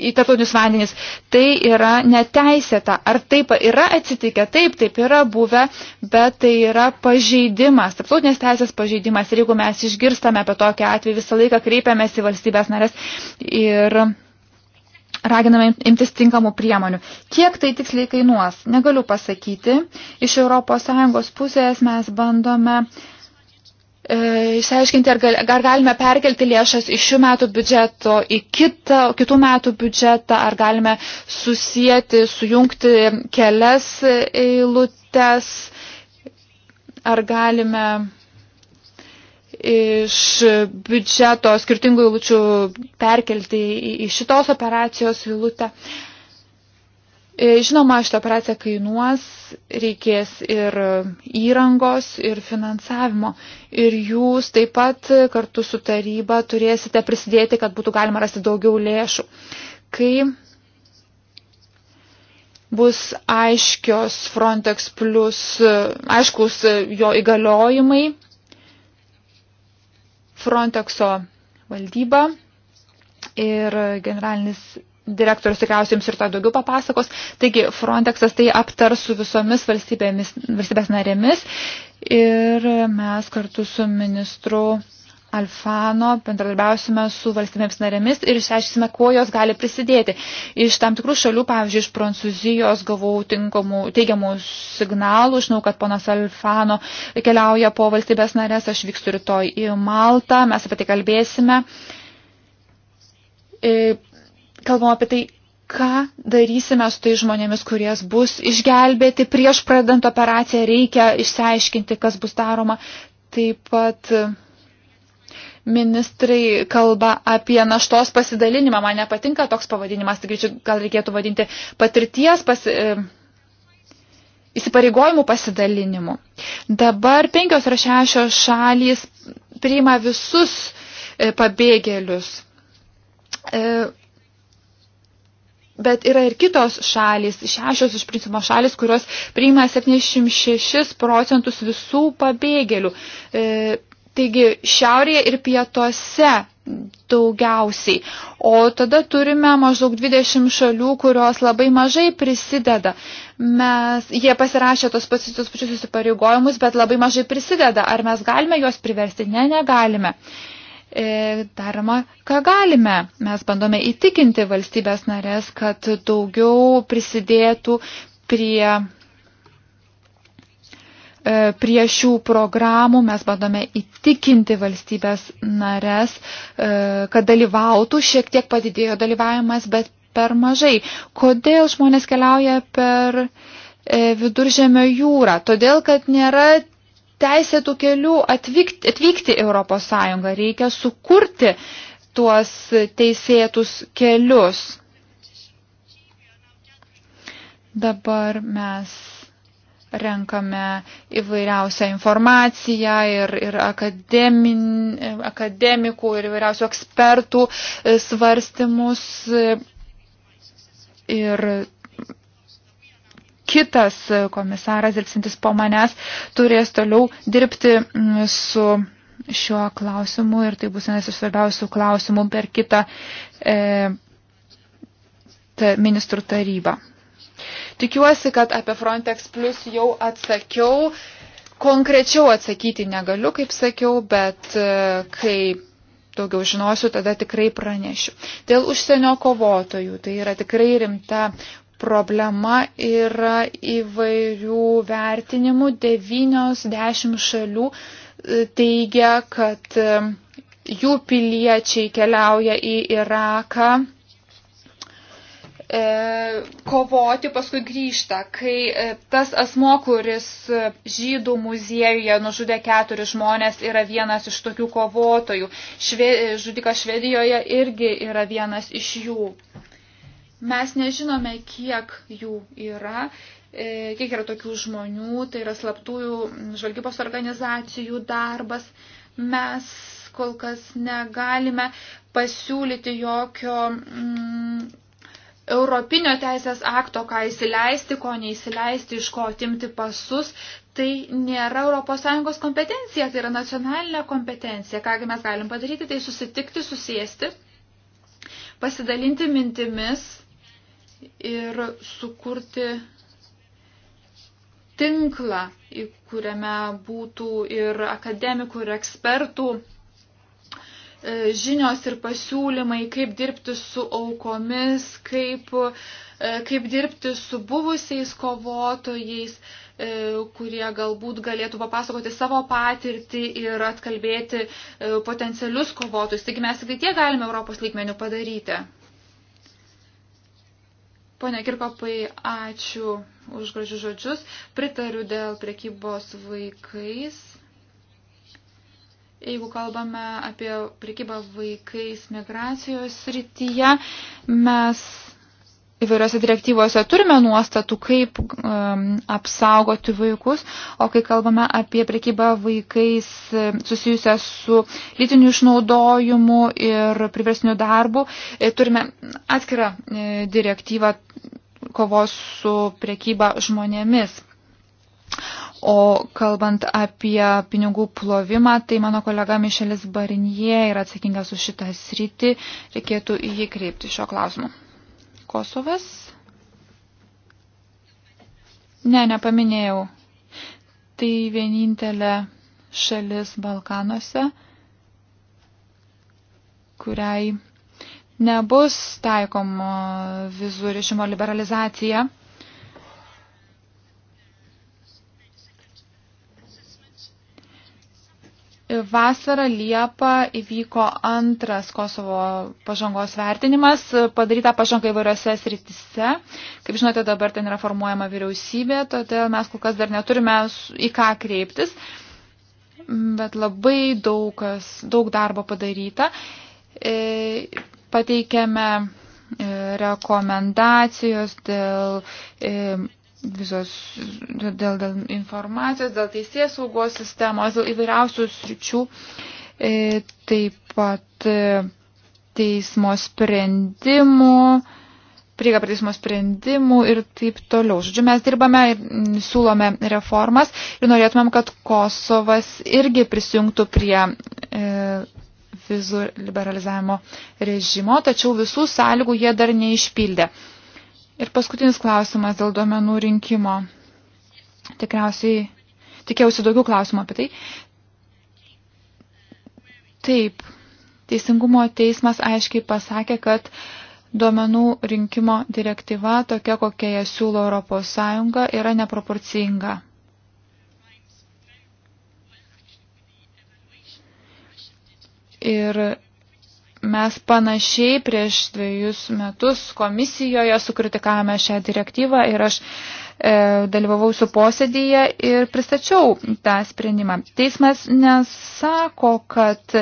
į tarptautinius vandenis, tai yra neteisėta. Ar taip yra atsitikę? Taip, taip yra buvę, bet tai yra pažeidimas, tarptautinės teisės pažeidimas. Ir jeigu mes išgirstame apie tokį atvejį, visą laiką kreipiamės į valstybės narės ir raginame imtis tinkamų priemonių. Kiek tai tiksliai kainuos? Negaliu pasakyti. Iš ES pusės mes bandome uh, E, išsiaiškinti, ar, gal, ar galime perkelti lėšas iš šių metų biudžeto į kitą, kitų metų biudžetą, ar galime susijęti, sujungti kelias eilutes, ar galime iš biudžeto skirtingų eilučių perkelti į, į šitos operacijos eilutę. E, žinoma, šitą operaciją kainuos, reikės ir įrangos, ir finansavimo. Ir jūs taip pat kartu su taryba turėsite prisidėti, kad būtų galima rasti daugiau lėšų. Kai bus aiškios Frontex plus, aiškus jo įgaliojimai, Frontexo valdyba ir generalinis direktorius tikriausiai jums ir to daugiau papasakos. Taigi Frontexas tai aptars su visomis valstybėmis, valstybės narėmis ir mes kartu su ministru Alfano bendradarbiausime su valstybėms narėmis ir išsiaiškime, kuo jos gali prisidėti. Iš tam tikrų šalių, pavyzdžiui, iš Prancūzijos gavau tinkamų, teigiamų signalų. Žinau, kad ponas Alfano keliauja po valstybės narės. Aš vykstu rytoj į Maltą. Mes apie tai kalbėsime e, kalbam apie tai, ką darysime su tai žmonėmis, kurie bus išgelbėti prieš pradant operaciją, reikia išsiaiškinti, kas bus daroma. Taip pat e, ministrai kalba apie naštos pasidalinimą. Man nepatinka toks pavadinimas, tik gal reikėtų vadinti patirties pasi, e, įsipareigojimų pasidalinimu. Dabar penkios ar šešios šalys priima visus e, pabėgėlius Bet yra ir kitos šalis, šešios iš principo šalis, kurios priima 76 procentus visų pabėgėlių. E, taigi šiaurėje ir pietuose daugiausiai. O tada turime maždaug 20 šalių, kurios labai mažai prisideda. Mes, jie pasirašė tos pačius, tos pačius įsipareigojimus, bet labai mažai prisideda. Ar mes galime juos priversti? Ne, negalime. E, E, daroma, ką galime. Mes bandome įtikinti valstybės narės, kad daugiau prisidėtų prie, e, prie šių programų. Mes bandome įtikinti valstybės narės, e, kad dalyvautų. Šiek tiek padidėjo dalyvavimas, bet per mažai. Kodėl žmonės keliauja per viduržėmio jūrą? Todėl, kad nėra teisėtų kelių atvykti, atvykti Europos Sąjungą, reikia sukurti tuos teisėtus kelius. Dabar mes renkame įvairiausią informaciją ir, ir akademin, akademikų ir įvairiausių ekspertų e, svarstymus e, ir kitas komisaras dirbsintis po manęs turės toliau dirbti mm, su šiuo klausimu ir tai bus vienas iš svarbiausių klausimų per kitą e, ta, ministrų tarybą. Tikiuosi, kad apie Frontex Plus jau atsakiau. Konkrečiau atsakyti negaliu, kaip sakiau, bet e, kai daugiau žinosiu, tada tikrai pranešiu. Dėl užsienio kovotojų tai yra tikrai rimta problema yra įvairių vertinimų. 9-10 šalių e, teigia, kad e, jų piliečiai keliauja į Iraką e, kovoti, paskui grįžta. Kai e, tas asmo, kuris e, žydų muziejuje nužudė keturis žmonės, yra vienas iš tokių kovotojų. Šve, žudikas Švedijoje irgi yra vienas iš jų. E, Mes nežinome, kiek jų yra, e, kiek yra tokių žmonių, tai yra slaptųjų žvalgybos organizacijų darbas. Mes kol kas negalime pasiūlyti jokio mm, europinio teisės akto, ką įsileisti, ko neįsileisti, iš ko atimti pasus. Tai nėra ES kompetencija, tai yra nacionalinė kompetencija. Kągi mes galim padaryti, tai susitikti, susėsti, pasidalinti mintimis ir sukurti tinklą, į kuriame būtų ir akademikų, ir ekspertų e, žinios ir pasiūlymai, kaip dirbti su aukomis, kaip, e, kaip dirbti su buvusiais kovotojais, e, kurie galbūt galėtų papasakoti savo patirtį ir atkalbėti potencialius kovotojus. Taigi mes tik tie galime Europos lygmenių padaryti. Pone Kirkopai, ačiū už gražius žodžius. Pritariu dėl prekybos vaikais. Jeigu kalbame apie prekybą vaikais migracijos srityje, mes įvairiose direktyvose turime nuostatų, kaip um, apsaugoti vaikus, o kai kalbame apie prekybą vaikais um, susijusią su lytiniu išnaudojimu ir priversniu darbu, e, turime atskirą e, direktyvą kovos su prekyba žmonėmis. O kalbant apie pinigų plovimą, tai mano kolega Mišelis Barinjė yra atsakingas už šitą sritį, reikėtų į jį kreipti šio klausimu. Kosovas. Ne, nepaminėjau. Tai vienintelė šalis Balkanuose, kuriai nebus taikomo vizų režimo liberalizacija. Vasarą Liepą įvyko antras Kosovo pažangos vertinimas, padaryta pažanga įvairiose sritise. Kaip žinote, dabar ten yra formuojama vyriausybė, todėl mes kol kas dar neturime į ką kreiptis, bet labai daug, kas, daug darbo padaryta. E, pateikėme e, rekomendacijos dėl e, visos dėl, dėl informacijos, dėl teisės saugos sistemos, dėl įvairiausių sričių, e, taip pat e, teismo sprendimų, prieiga prie teismo sprendimų ir taip toliau. Žodžiu, mes dirbame ir siūlome reformas ir norėtumėm, kad Kosovas irgi prisijungtų prie. E, vizų liberalizavimo režimo, tačiau visų sąlygų jie dar neišpildė. E, Ir paskutinis klausimas dėl duomenų rinkimo. Tikriausiai tikėjausi daugiau klausimų apie tai. Taip, Teisingumo teismas aiškiai pasakė, kad duomenų rinkimo direktyva, tokia kokia ją siūlo ES, yra neproporcinga. Ir Mes panašiai prieš dviejus metus komisijoje sukritikavome šią direktyvą ir aš e, dalyvavau su posėdėje ir pristačiau tą sprendimą. Teismas nesako, kad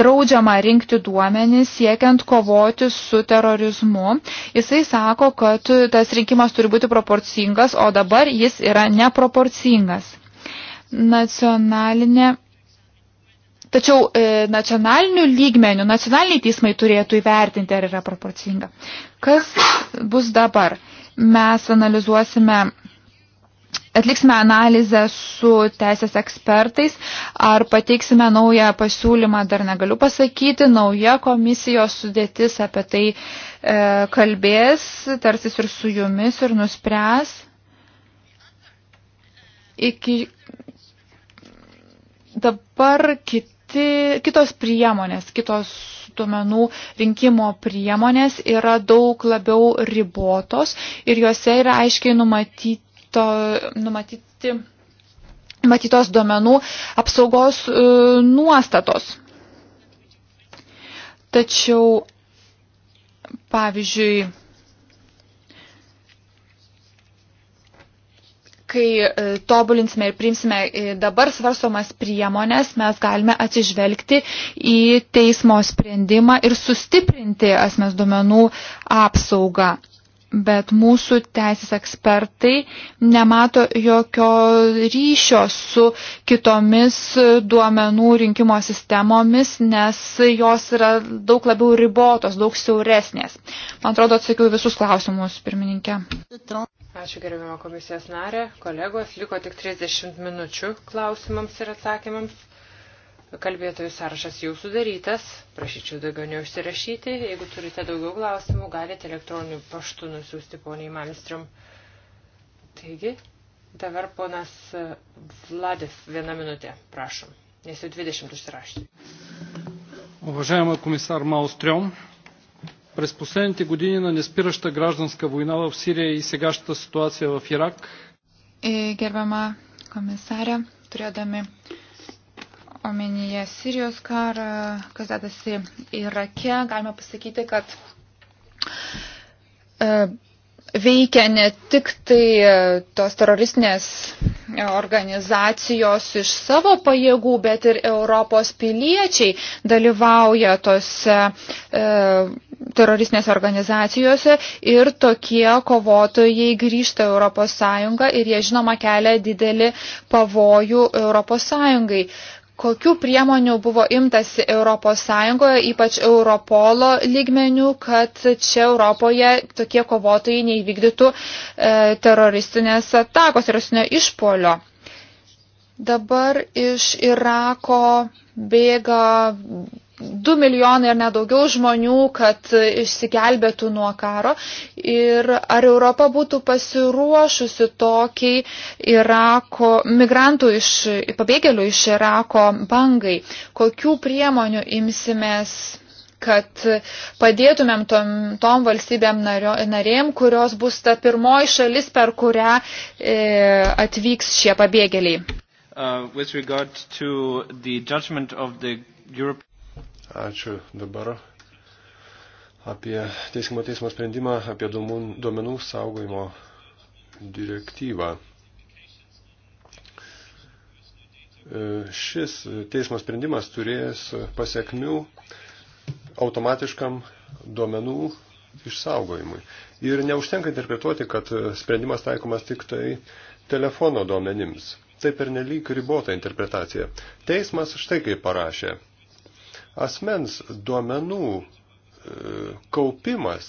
draudžiama rinkti duomenis siekiant kovoti su terorizmu. Jisai sako, kad tas rinkimas turi būti proporcingas, o dabar jis yra neproporcingas. Nacionalinė Tačiau e, nacionalinių lygmenių, nacionaliniai teismai turėtų įvertinti, ar yra proporcinga. Kas bus dabar? Mes analizuosime, atliksime analizę su teisės ekspertais, ar pateiksime naują pasiūlymą, dar negaliu pasakyti, nauja komisijos sudėtis apie tai e, kalbės, tarsis ir su jumis ir nuspręs. Iki dabar kiti kiti, kitos priemonės, kitos duomenų rinkimo priemonės yra daug labiau ribotos ir juose yra aiškiai numatyto, numatyti, numatytos duomenų apsaugos uh, nuostatos. Tačiau, pavyzdžiui, kai e, tobulinsime ir priimsime e, dabar svarstomas priemonės, mes galime atsižvelgti į teismo sprendimą ir sustiprinti asmens duomenų apsaugą bet mūsų teisės ekspertai nemato jokio ryšio su kitomis duomenų rinkimo sistemomis, nes jos yra daug labiau ribotos, daug siauresnės. Man atrodo, atsakiau visus klausimus, pirmininkė. Ačiū gerbimo komisijos narė, kolegos, liko tik 30 minučių klausimams ir atsakymams. Kalbėtojų sąrašas jau sudarytas, prašyčiau daugiau neužsirašyti. Jeigu turite daugiau klausimų, galite elektroniniu paštu nusiųsti poniai Malmström. Taigi, dabar ponas Vladiv, vieną minutę, prašom, nes jau 20 užsirašyti. Уважаема комисар Маустрем, през последните години на неспираща гражданска война в Сирия и сегашната ситуация в Ирак. Gerbiama komisarė, turėdami omenyje Sirijos karą, kas dedasi Irake, galime pasakyti, kad e, veikia ne tik tai e, tos teroristinės organizacijos iš savo pajėgų, bet ir Europos piliečiai dalyvauja tose e, teroristinės organizacijose ir tokie kovotojai grįžta Europos Sąjungą ir jie žinoma kelia didelį pavojų Europos Sąjungai. E, Kokių priemonių buvo imtasi ES, ypač Europolo lygmenių, kad čia Europoje tokie kovotojai neįvykdytų e, teroristinės atakos, teroristinio išpolio? Dabar iš Irako bėga 2 milijonai ar nedaugiau žmonių, kad išsigelbėtų nuo karo. Ir ar Europa būtų pasiruošusi tokiai Irako, migrantų iš, pabėgėlių iš Irako bangai? Kokių priemonių imsimės? kad padėtumėm tom, tom valstybėm nario, narėm, kurios bus ta pirmoji šalis, per kurią e, atvyks šie pabėgėliai. Uh, Ačiū dabar apie Teisingumo teismo sprendimą, apie duomenų saugojimo direktyvą. E, šis teismo sprendimas turės pasiekmių automatiškam duomenų išsaugojimui. Ir neužtenka interpretuoti, kad sprendimas taikomas tik tai telefono duomenims. Tai pernelyg ribota interpretacija. Teismas štai kaip parašė. Asmens duomenų e, kaupimas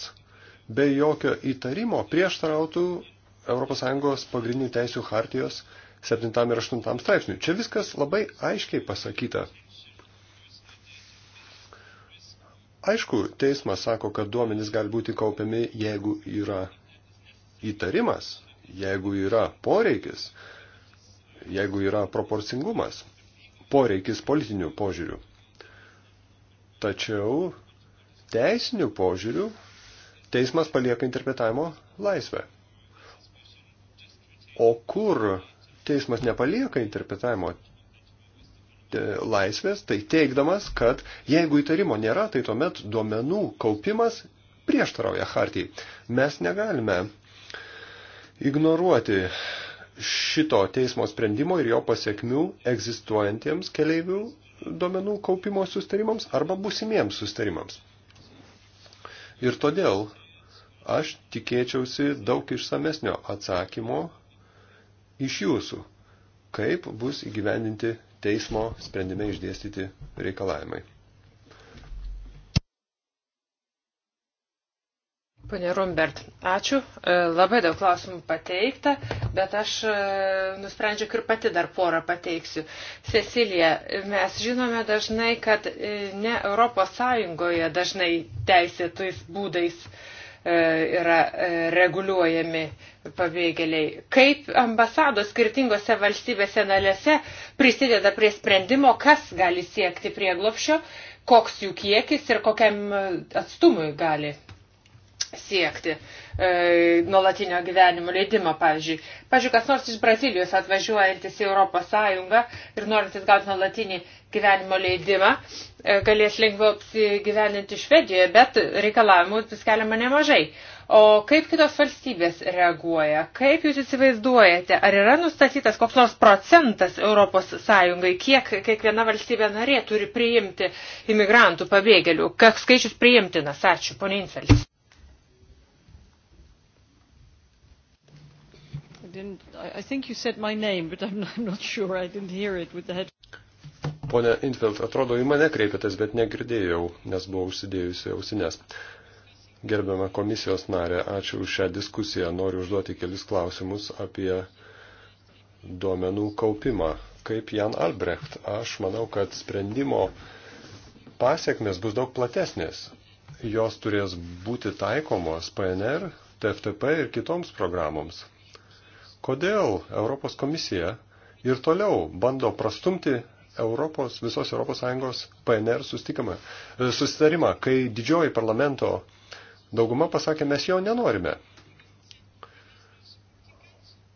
be jokio įtarimo prieštarautų ES pagrindinių teisių hartijos 7 ir 8 straipsnių. Čia viskas labai aiškiai pasakyta. Aišku, teismas sako, kad duomenys gali būti kaupiami, jeigu yra įtarimas, jeigu yra poreikis, jeigu yra proporcingumas, poreikis politinių požiūrių. Tačiau teisinių požiūrių teismas palieka interpretavimo laisvę. O kur teismas nepalieka interpretavimo e, laisvės, tai teikdamas, kad jeigu įtarimo nėra, tai tuomet duomenų kaupimas prieštarauja hartijai. Mes negalime ignoruoti šito teismo sprendimo ir jo pasiekmių egzistuojantiems keleivių duomenų kaupimo sustarimams arba būsimiems sustarimams. Ir todėl aš tikėčiausi daug išsamesnio atsakymo iš jūsų, kaip bus įgyvendinti teismo sprendime išdėstyti reikalavimai. Pane Rumbert, ačiū. E, labai daug klausimų pateikta, bet aš e, nusprendžiau ir pati dar porą pateiksiu. Cecilija, mes žinome dažnai, kad e, ne Europos Sąjungoje dažnai teisėtais būdais yra reguliuojami pabėgėliai. Kaip ambasados skirtingose valstybėse narėse prisideda prie sprendimo, kas gali siekti prieglopšio, koks jų kiekis ir kokiam atstumui gali siekti e, nuolatinio gyvenimo leidimo, pavyzdžiui. Pavyzdžiui, kas nors iš Brazilijos atvažiuojantis į Europos Sąjungą ir norintis gauti nuolatinį gyvenimo leidimą, e, galės lengviau apsigyveninti Švedijoje, bet reikalavimų skeliama nemažai. O kaip kitos valstybės reaguoja? Kaip jūs įsivaizduojate, ar yra nustatytas koks nors procentas Europos Sąjungai, kiek kiekviena valstybė narė turi priimti imigrantų pabėgėlių? Koks skaičius priimtinas? Ačiū, ponė Infelis. didn't. I think you said my name, but I'm not, I'm not sure. I didn't hear it with the head. Pone Infeld, atrodo, į mane kreipėtės, bet negirdėjau, nes buvau užsidėjusi ausinės. Gerbiama komisijos narė, ačiū už šią diskusiją. Noriu užduoti kelis klausimus apie duomenų kaupimą. Kaip Jan Albrecht, aš manau, kad sprendimo pasiekmes bus daug platesnės. Jos turės būti taikomos PNR, TFTP ir kitoms programoms kodėl Europos komisija ir toliau bando prastumti Europos, visos ES PNR e, susitarimą, kai didžioji parlamento dauguma pasakė, mes jo nenorime.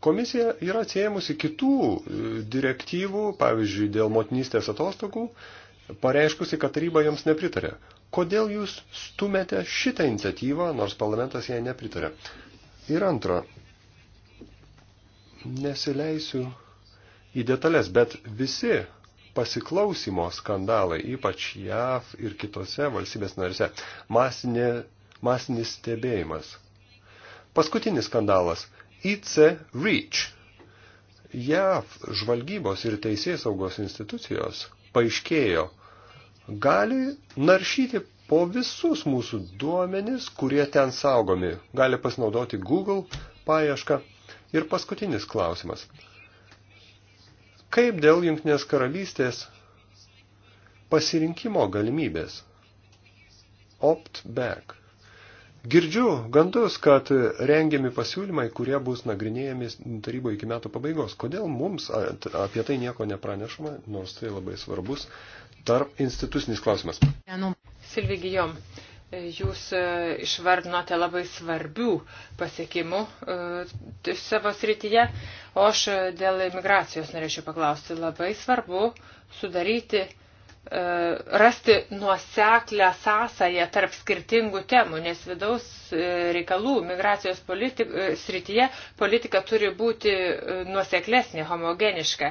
Komisija yra atsiemusi kitų e, direktyvų, pavyzdžiui, dėl motinystės atostogų, pareiškusi, kad taryba joms nepritarė. Kodėl jūs stumėte šitą iniciatyvą, nors parlamentas jai nepritarė? Ir antra, nesileisiu į detalės, bet visi pasiklausimo skandalai, ypač JAV ir kitose valstybės narise, masinė, masinis stebėjimas. Paskutinis skandalas – IC Reach. JAV žvalgybos ir teisės saugos institucijos paaiškėjo, gali naršyti po visus mūsų duomenis, kurie ten saugomi. Gali pasinaudoti Google paiešką Ir paskutinis klausimas. Kaip dėl Junktinės karalystės pasirinkimo galimybės? Opt back. Girdžiu gandus, kad rengiami pasiūlymai, kurie bus nagrinėjami taryboje iki metų pabaigos. Kodėl mums apie tai nieko nepranešama, nors tai labai svarbus tarp institucinis klausimas. Silvi Gijom, Jūs e, išvardinote labai svarbių pasiekimų e, savo srityje, o aš e, dėl imigracijos norėčiau paklausti. Labai svarbu sudaryti rasti nuoseklę sąsąją tarp skirtingų temų, nes vidaus reikalų migracijos politik, srityje politika turi būti nuoseklesnė, homogeniška.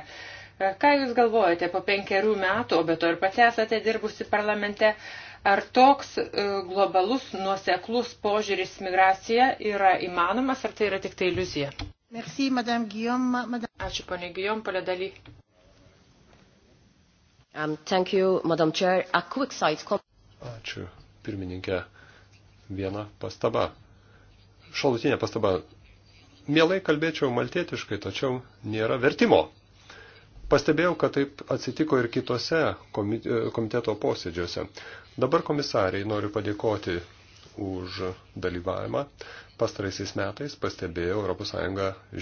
Ką Jūs galvojate po penkerių metų, o be to ir pats esate dirbusi parlamente, uh, Ar toks e, globalus nuoseklus požiūris migracija yra įmanomas, ar tai yra tik tai iliuzija? Merci, Madame Guillaume. Madame... Ačiū, ponė Guillaume, palėdaly. Um, thank you, Madam Chair. A quick side comment. Ačiū, pirmininkė. Viena pastaba. Šalutinė pastaba. Mielai kalbėčiau maltietiškai, tačiau nėra vertimo. Pastebėjau, kad taip atsitiko ir kitose e, komiteto posėdžiuose. Dabar komisariai noriu padėkoti už dalyvavimą. Pastaraisiais metais pastebėjau, ES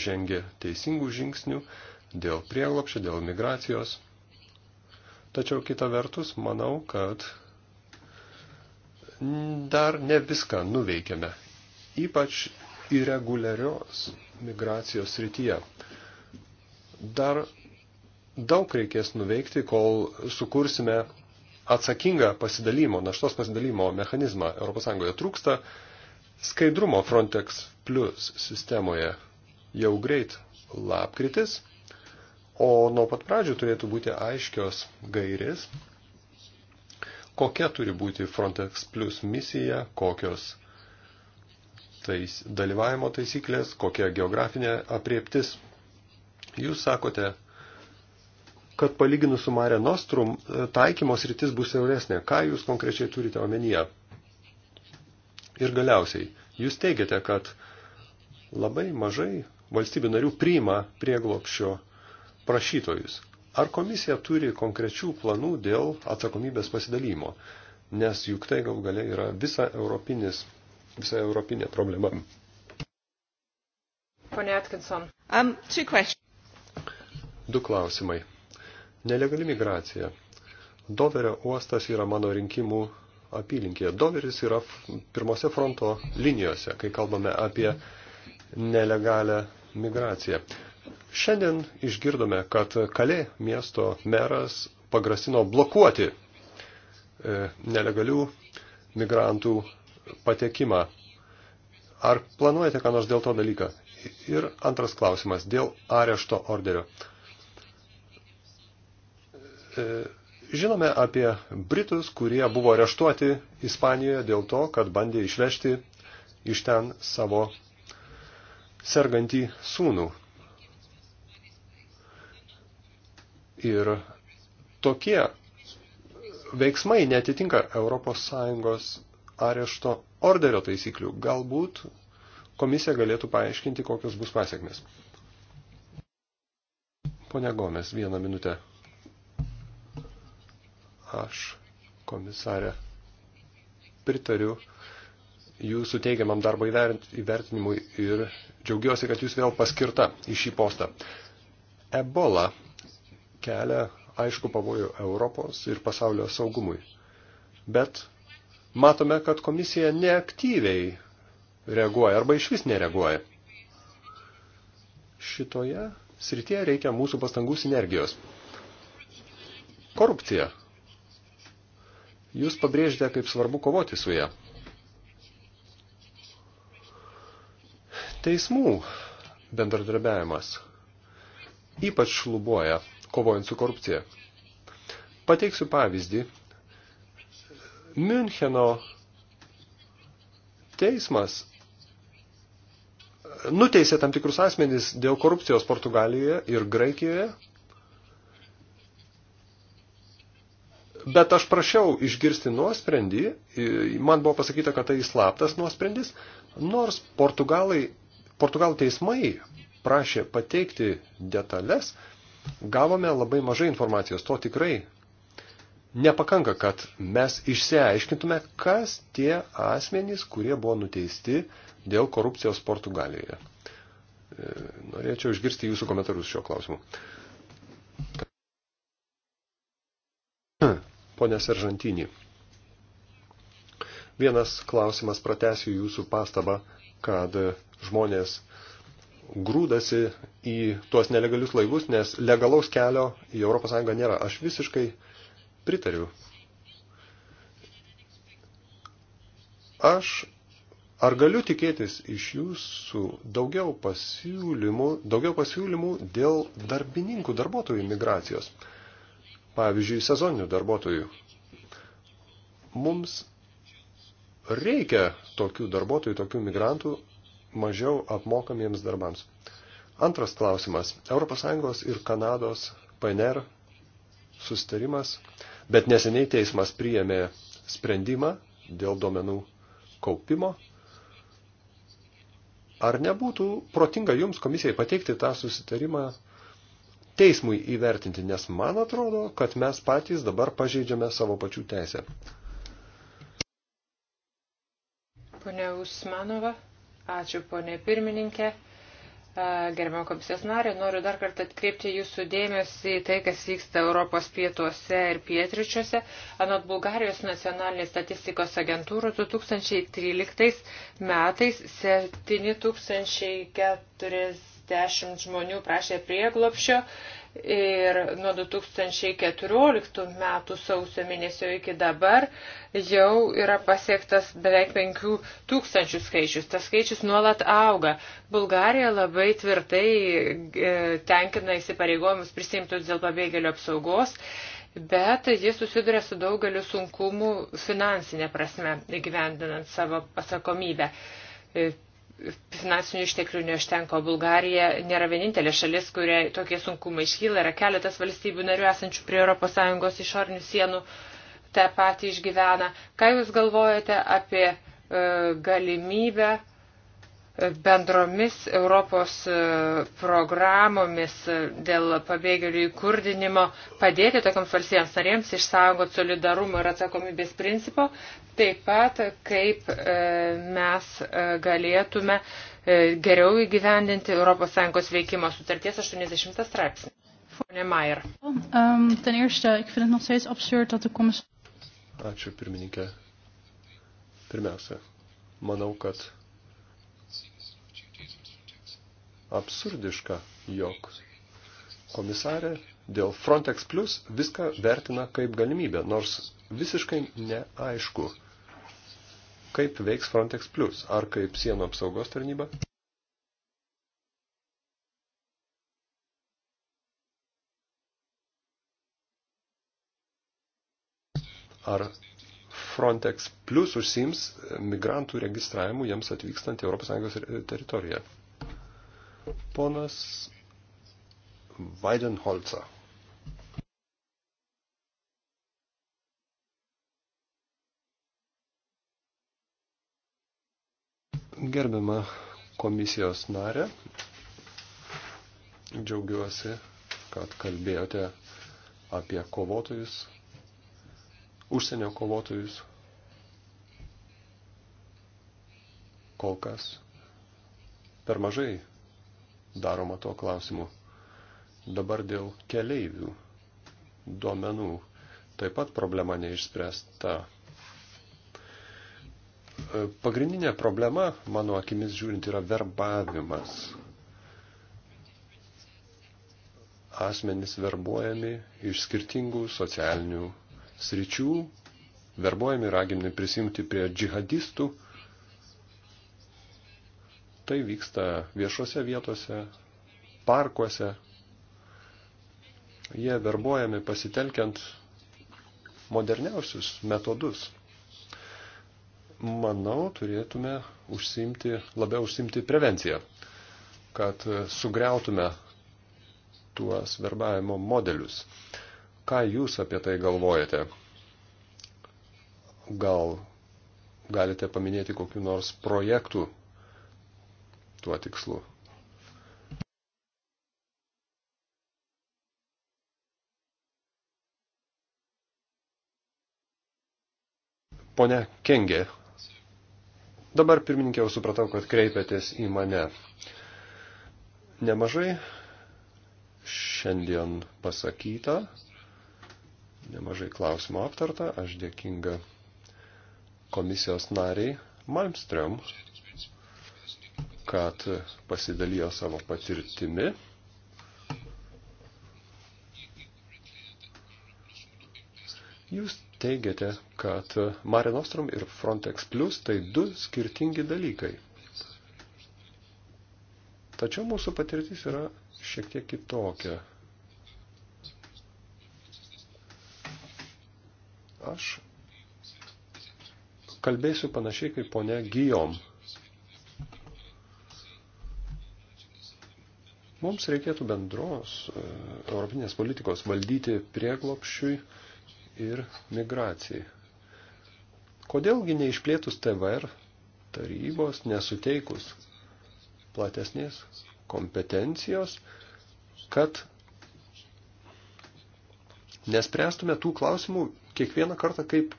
žengė teisingų žingsnių dėl prieglopščio, dėl migracijos. Tačiau kita vertus, manau, kad dar ne viską nuveikėme, ypač irreguliarios migracijos srityje. Dar daug reikės nuveikti, kol sukursime atsakingą pasidalymo, naštos pasidalymo mechanizmą ES trūksta skaidrumo Frontex Plus sistemoje jau greit lapkritis, o nuo pat pradžių turėtų būti aiškios gairės, kokia turi būti Frontex Plus misija, kokios tais, dalyvavimo taisyklės, kokia geografinė apriptis. Jūs sakote, kad palyginus su Mare Nostrum e, taikymos rytis bus siauresnė. Ką jūs konkrečiai turite omenyje? Ir galiausiai, jūs teigiate, kad labai mažai valstybių narių priima prieglopščio prašytojus. Ar komisija turi konkrečių planų dėl atsakomybės pasidalymo? Nes juk tai gal galia yra visa, europinis, visa europinė problema. Pone Atkinson. Um, Du klausimai. Nelegali migracija. Doverio uostas yra mano rinkimų apylinkėje. Doveris yra pirmose fronto linijose, kai kalbame apie nelegalę migraciją. Šiandien išgirdome, kad Kalė miesto meras pagrasino blokuoti e, nelegalių migrantų patekimą. Ar planuojate ką nors dėl to dalyką? Ir antras klausimas dėl arešto orderio. E, žinome apie Britus, kurie buvo areštuoti Ispanijoje dėl to, kad bandė išvežti iš ten savo sergantį sūnų. Ir tokie veiksmai netitinka ES arešto orderio taisyklių. Galbūt komisija galėtų paaiškinti, kokios bus pasiekmes. Pone Gomes, vieną minutę. Aš, komisarė, pritariu jūsų teigiamam darbo įvertinimui ir džiaugiuosi, kad jūs vėl paskirta į šį postą. Ebola kelia aišku pavojų Europos ir pasaulio saugumui. Bet matome, kad komisija neaktyviai reaguoja arba iš vis nereaguoja. Šitoje srityje reikia mūsų pastangų sinergijos. Korupcija Jūs pabrėžite, kaip svarbu kovoti su ją. Teismų bendradarbiavimas ypač šlubuoja kovojant su korupcija. Pateiksiu pavyzdį. Müncheno teismas nuteisė tam tikrus asmenys dėl korupcijos Portugalijoje ir Graikijoje Bet aš prašiau išgirsti nuosprendį, man buvo pasakyta, kad tai slaptas nuosprendis, nors portugalai, portugalų teismai prašė pateikti detalės, gavome labai mažai informacijos, to tikrai nepakanka, kad mes išsiaiškintume, kas tie asmenys, kurie buvo nuteisti dėl korupcijos Portugalijoje. E, norėčiau išgirsti jūsų komentarus šiuo klausimu. Pone Seržantinį, vienas klausimas pratesiu jūsų pastabą, kad žmonės grūdasi į tuos nelegalius laivus, nes legalaus kelio į ES nėra. Aš visiškai pritariu. Aš Ar galiu tikėtis iš jūsų daugiau pasiūlymų, daugiau pasiūlymų dėl darbininkų, darbuotojų migracijos? pavyzdžiui, sezoninių darbuotojų. Mums reikia tokių darbuotojų, tokių migrantų mažiau apmokamiems darbams. Antras klausimas. ES ir Kanados PNR sustarimas, bet neseniai teismas priėmė sprendimą dėl duomenų kaupimo. Ar nebūtų protinga jums komisijai pateikti tą susitarimą teismui įvertinti, nes man atrodo, kad mes patys dabar pažeidžiame savo pačių teisę. Pone Usmanova, ačiū pone pirmininkė. Gerbiamo komisijos narė, noriu dar kartą atkreipti jūsų dėmesį į tai, kas vyksta Europos pietuose ir pietričiuose. Anot Bulgarijos nacionalinės statistikos agentūros 2013 metais 7400 dešimt žmonių prašė prieglopšio ir nuo 2014 metų sausio mėnesio iki dabar jau yra pasiektas beveik 5 tūkstančių skaičius. Tas skaičius nuolat auga. Bulgarija labai tvirtai e, tenkina įsipareigojimus prisimtus dėl pabėgėlių apsaugos bet jis susiduria su daugeliu sunkumų finansinė prasme įgyvendinant savo pasakomybę. E, finansinių išteklių neužtenko. Bulgarija nėra vienintelė šalis, kuriai tokie sunkumai iškyla. Yra keletas valstybių narių esančių prie ES išorinių sienų tą patį išgyvena. Ką Jūs galvojate apie e, galimybę bendromis Europos e, programomis e, dėl pabėgėlių įkurdinimo padėti tokiams valstybėms narėms išsaugoti solidarumo ir atsakomybės principo, taip pat kaip e, mes galėtume geriau įgyvendinti ES veikimo sutarties 80 straipsnį. Pone Maier. Um, Ačiū pirmininkė. Pirmiausia, manau, kad absurdiška, jog komisarė dėl Frontex Plus viską vertina kaip galimybę, nors visiškai neaišku, kaip veiks Frontex Plus, ar kaip sienų apsaugos tarnyba. Ar Frontex Plus užsiims migrantų registravimu jiems atvykstant į ES teritoriją. Ponas Weidenholzer. Gerbiama komisijos narė, džiaugiuosi, kad kalbėjote apie kovotojus, užsienio kovotojus. Kol kas per mažai daroma tuo klausimu. Dabar dėl keleivių duomenų taip pat problema neišspręsta. E, pagrindinė problema, mano akimis žiūrint, yra verbavimas. Asmenys verbuojami iš skirtingų socialinių sričių, verbuojami raginami prisimti prie džihadistų Tai vyksta viešose vietose, parkuose. Jie verbuojami pasitelkiant moderniausius metodus. Manau, turėtume užsimti, labiau užsimti prevenciją, kad sugriautume tuos verbavimo modelius. Ką jūs apie tai galvojate? Gal galite paminėti kokiu nors projektų tuo tikslu. Pone Kengė, dabar pirmininkė jau supratau, kad kreipiatės į mane. Nemažai šiandien pasakyta, nemažai klausimų aptarta, aš dėkinga komisijos nariai Malmström kad pasidalijo savo patirtimi. Jūs teigiate, kad Mare Nostrum ir Frontex Plus tai du skirtingi dalykai. Tačiau mūsų patirtis yra šiek tiek kitokia. Aš kalbėsiu panašiai kaip ponia Gijom. Mums reikėtų bendros e, europinės politikos valdyti prieglopšiui ir migracijai. Kodėlgi neišplėtus TVR tarybos, nesuteikus platesnės kompetencijos, kad nespręstume tų klausimų kiekvieną kartą kaip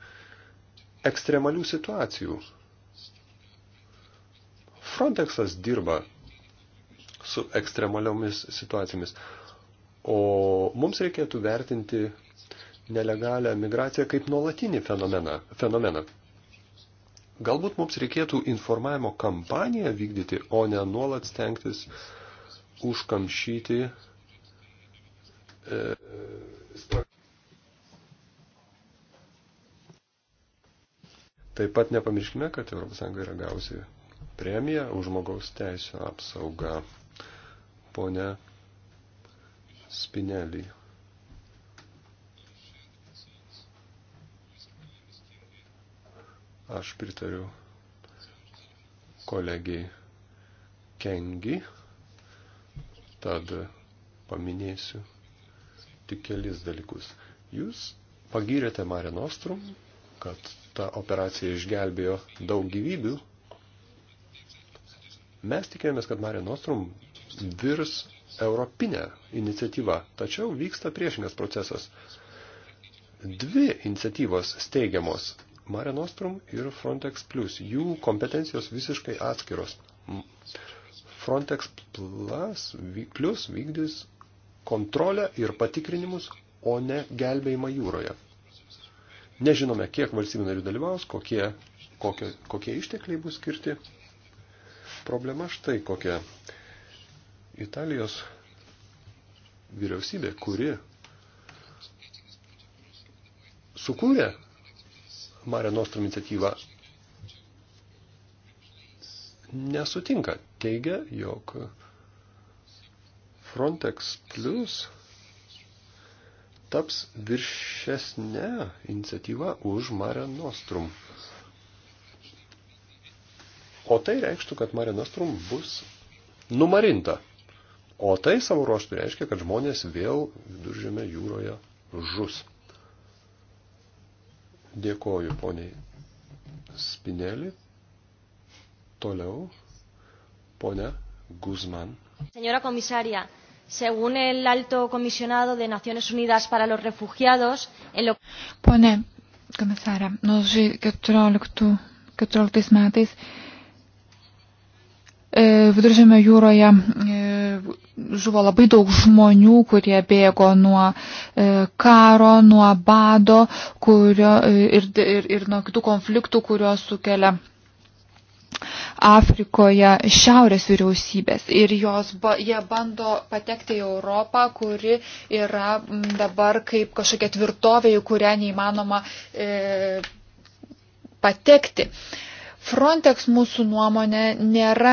ekstremalių situacijų. Frontexas dirba su ekstremaliomis situacijomis. O mums reikėtų vertinti nelegalią migraciją kaip nuolatinį fenomeną. fenomeną. Galbūt mums reikėtų informavimo kampaniją vykdyti, o ne nuolat stengtis užkamšyti. E, Taip pat nepamirškime, kad ES yra gausi premiją už žmogaus teisų apsaugą ponia Spinelį. Aš pritariu kolegijai Kengi, tad paminėsiu tik kelis dalykus. Jūs pagyrėte Mare Nostrum, kad ta operacija išgelbėjo daug gyvybių. Mes tikėjomės, kad Mare Nostrum virs europinę iniciatyvą, tačiau vyksta priešingas procesas. Dvi iniciatyvos steigiamos – Mare Nostrum ir Frontex Plus. Jų kompetencijos visiškai atskiros. Frontex Plus, plus vykdys kontrolę ir patikrinimus, o ne gelbėjimą jūroje. Nežinome, kiek valstybių narių dalyvaus, kokie, kokie, kokie ištekliai bus skirti. Problema štai kokia. Italijos vyriausybė, kuri sukūrė Marė Nostrum iniciatyvą, nesutinka. Teigia, jog Frontex Plus taps viršesnė iniciatyva už Marę Nostrum. O tai reikštų, kad Marė Nostrum bus numarinta. O tai savo ruoštų reiškia, kad žmonės vėl viduržėme jūroje žus. Dėkoju poniai Spinelį. Toliau ponia Guzman. Señora komisarija, según el alto comisionado de Naciones Unidas para los Refugiados, en lo... Pone komisarė, nuo 14, 14 metais e, viduržėme jūroje e, žuvo labai daug žmonių, kurie bėgo nuo e, karo, nuo bado kurio, e, ir, ir, ir nuo kitų konfliktų, kuriuos sukelia Afrikoje šiaurės vyriausybės ir jos, ba, jie bando patekti į Europą, kuri yra dabar kaip kažkokia tvirtovė, į kurią neįmanoma e, patekti. E, Frontex mūsų nuomonė nėra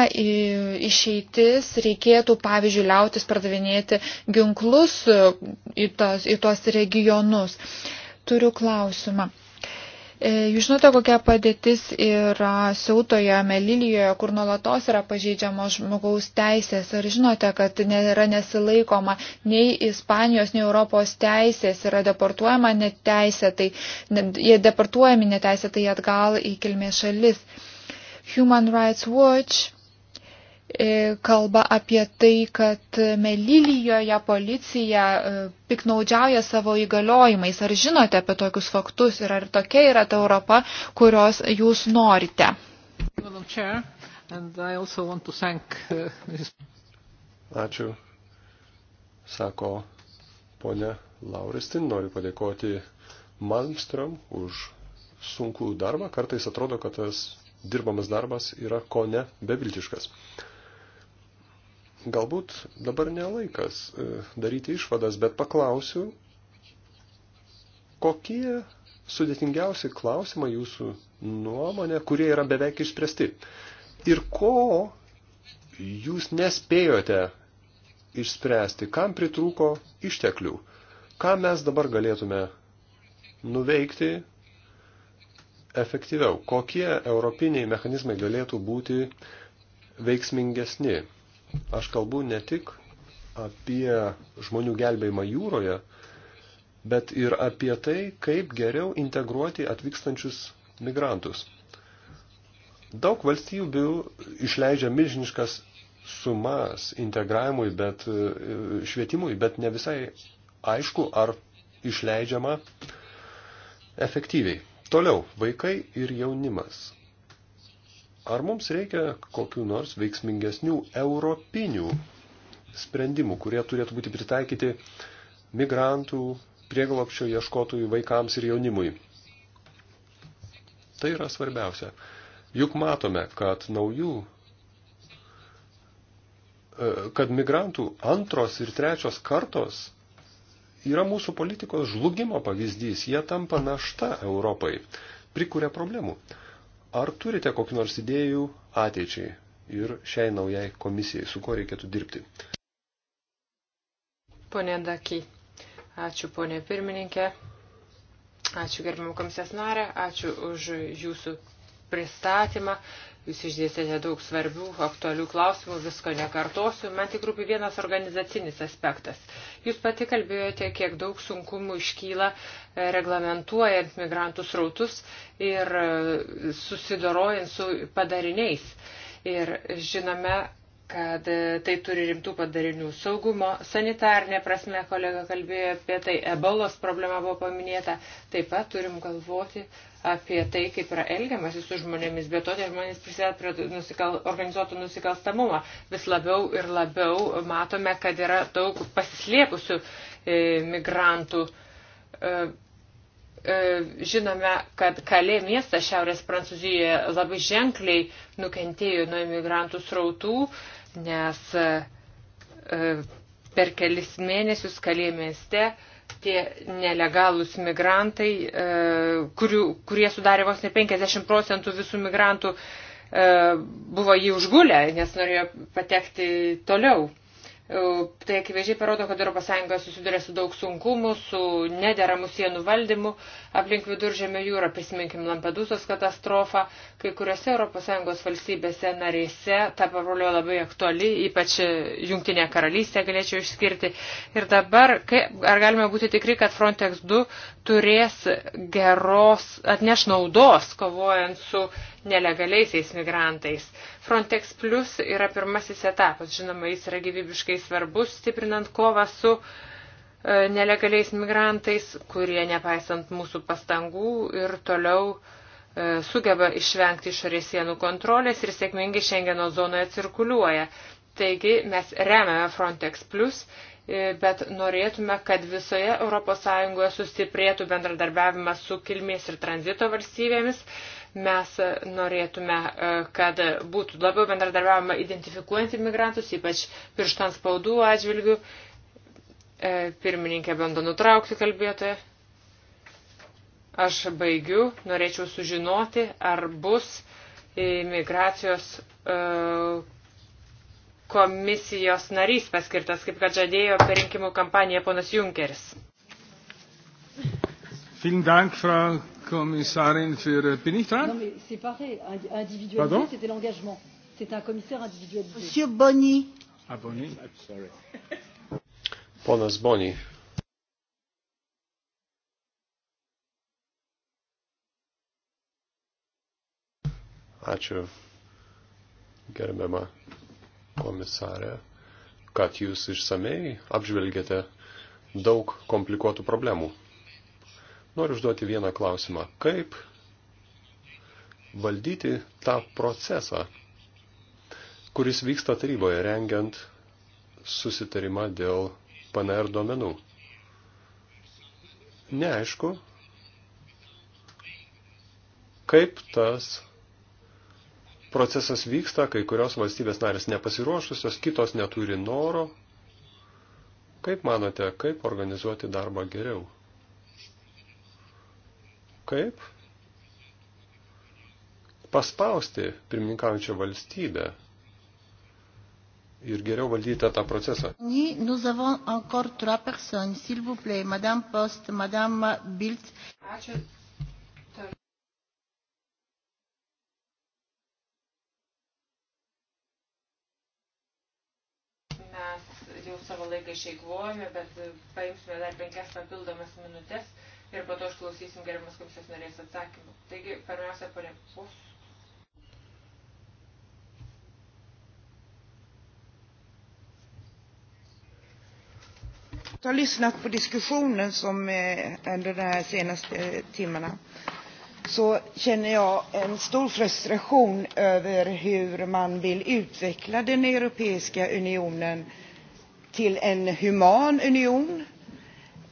išeitis, reikėtų, pavyzdžiui, liautis pardavinėti ginklus į, tos, į tuos regionus. Turiu klausimą. E, jūs žinote, kokia padėtis yra siautoje Melilijoje, kur nuolatos yra pažeidžiamos žmogaus teisės. Ar žinote, kad nėra nesilaikoma nei Ispanijos, nei Europos teisės, yra deportuojama neteisėtai, jie deportuojami neteisėtai atgal į kilmės šalis. Human Rights Watch e, kalba apie tai, kad Melilijoje policija e, piknaudžiauja savo įgaliojimais. Ar žinote apie tokius faktus ir ar tokia yra ta Europa, kurios jūs norite? Uh, Ačiū, sako ponia Lauristin. Noriu padėkoti Malmström už sunkų darbą. Kartais atrodo, kad tas dirbamas darbas yra ko ne beviltiškas. Galbūt dabar nelaikas e, daryti išvadas, bet paklausiu, kokie sudėtingiausi klausimai jūsų nuomonė, kurie yra beveik išspręsti. Ir ko jūs nespėjote išspręsti, kam pritrūko išteklių, ką mes dabar galėtume nuveikti, efektyviau? Kokie europiniai mechanizmai galėtų būti veiksmingesni? Aš kalbu ne tik apie žmonių gelbėjimą jūroje, bet ir apie tai, kaip geriau integruoti atvykstančius migrantus. Daug valstybių išleidžia milžiniškas sumas integravimui, bet švietimui, bet ne visai aišku, ar išleidžiama efektyviai. Toliau, vaikai ir jaunimas. Ar mums reikia kokiu nors veiksmingesnių europinių sprendimų, kurie turėtų būti pritaikyti migrantų, prieglopščio ieškotojų vaikams ir jaunimui? Tai yra svarbiausia. Juk matome, kad naujų e, kad migrantų antros ir trečios kartos yra mūsų politikos žlugimo pavyzdys. Jie tampa našta Europai, prikuria problemų. Ar turite kokį nors idėjų ateičiai ir šiai naujai komisijai, su kuo reikėtų dirbti? Pone Daky, ačiū ponė pirmininkė, ačiū gerbiamų komisijos narė, ačiū už jūsų pristatymą Jūs išdėstėte daug svarbių, aktualių klausimų, visko nekartosiu. Man tik rūpi vienas organizacinis aspektas. Jūs pati kalbėjote, kiek daug sunkumų iškyla e, reglamentuojant migrantų srautus ir e, susidorojant su padariniais. Ir žinome, kad e, tai turi rimtų padarinių saugumo, sanitarnė prasme, kolega kalbėjo apie tai, ebolos problema buvo paminėta, taip pat turim galvoti apie tai, kaip yra elgiamasi su žmonėmis, bet to tie žmonės prisideda prie nusikal, organizuotų nusikalstamumą. Vis labiau ir labiau matome, kad yra daug pasislėpusių e, migrantų. E, e, žinome, kad Kalė miestas šiaurės Prancūzijoje labai ženkliai nukentėjo nuo imigrantų srautų, nes e, e per kelis mėnesius Kalė mieste e, tie nelegalūs migrantai, e, kurių, kurie sudarė vos ne 50 procentų visų migrantų, e, buvo jį užgulę, nes norėjo patekti toliau. E, tai akivaizdžiai parodo, kad ES susiduria su daug sunkumų, su nederamu sienų valdymu. Aplink viduržėmio jūrą prisiminkim Lampedusos katastrofą. Kai kuriuose ES valstybėse narėse ta parolio labai aktuali, ypač Junktinė karalystė galėčiau išskirti. Ir dabar, kai, ar galime būti tikri, kad Frontex 2 turės geros, atneš naudos, kovojant su nelegaliaisiais migrantais. Frontex Plus yra pirmasis etapas. Žinoma, jis yra gyvybiškai svarbus, stiprinant kovą su e, nelegaliais migrantais, kurie, nepaisant mūsų pastangų, ir toliau e, sugeba išvengti išorės sienų kontrolės ir sėkmingai Šengeno zonoje cirkuliuoja. Taigi mes remiame Frontex Plus, e, bet norėtume, kad visoje ES sustiprėtų bendradarbiavimas su kilmės ir tranzito valstybėmis, Mes norėtume, e, kad būtų labiau bendradarbiavama identifikuojant imigrantus, ypač pirštant spaudų atžvilgių. E, pirmininkė bando nutraukti kalbėtoje. Aš baigiu, norėčiau sužinoti, ar bus imigracijos e, komisijos narys paskirtas, kaip kad žadėjo per rinkimų kampaniją ponas Junkeris. Vielen Dank, Frau Kommissarin für. Bin ich dran? Non, mais c'est pareil. Individualisé, Pardon c'était l'engagement. C'est un commissaire individualisé. Monsieur Bonny. Ah, Bonny. I'm sorry. Ponas Bonny. Ačiū, gerbiama komisarė, kad jūs išsamei apžvelgėte daug komplikuotų problemų. Noriu užduoti vieną klausimą. Kaip valdyti tą procesą, kuris vyksta taryboje, rengiant susitarimą dėl PNR duomenų? Neaišku, kaip tas procesas vyksta, kai kurios valstybės narės nepasiruošusios, kitos neturi noro. Kaip manote, kaip organizuoti darbą geriau? kaip paspausti pirmininkaujančią valstybę ir geriau valdyti tą procesą. Nous avons encore trois personnes, s'il vous plaît, Madame Post, Madame Bilt. Ačiū. Mes jau savo laiką išeikvojame, bet paimsime dar penkias papildomas minutės ir po to išklausysim gerbiamas komisijos narės atsakymų. Taigi, pirmiausia, ponė Pus. Jag har lyssnat på diskussionen som eh, under de här senaste eh, timmarna så känner jag en stor frustration över hur man vill utveckla den europeiska unionen till en human union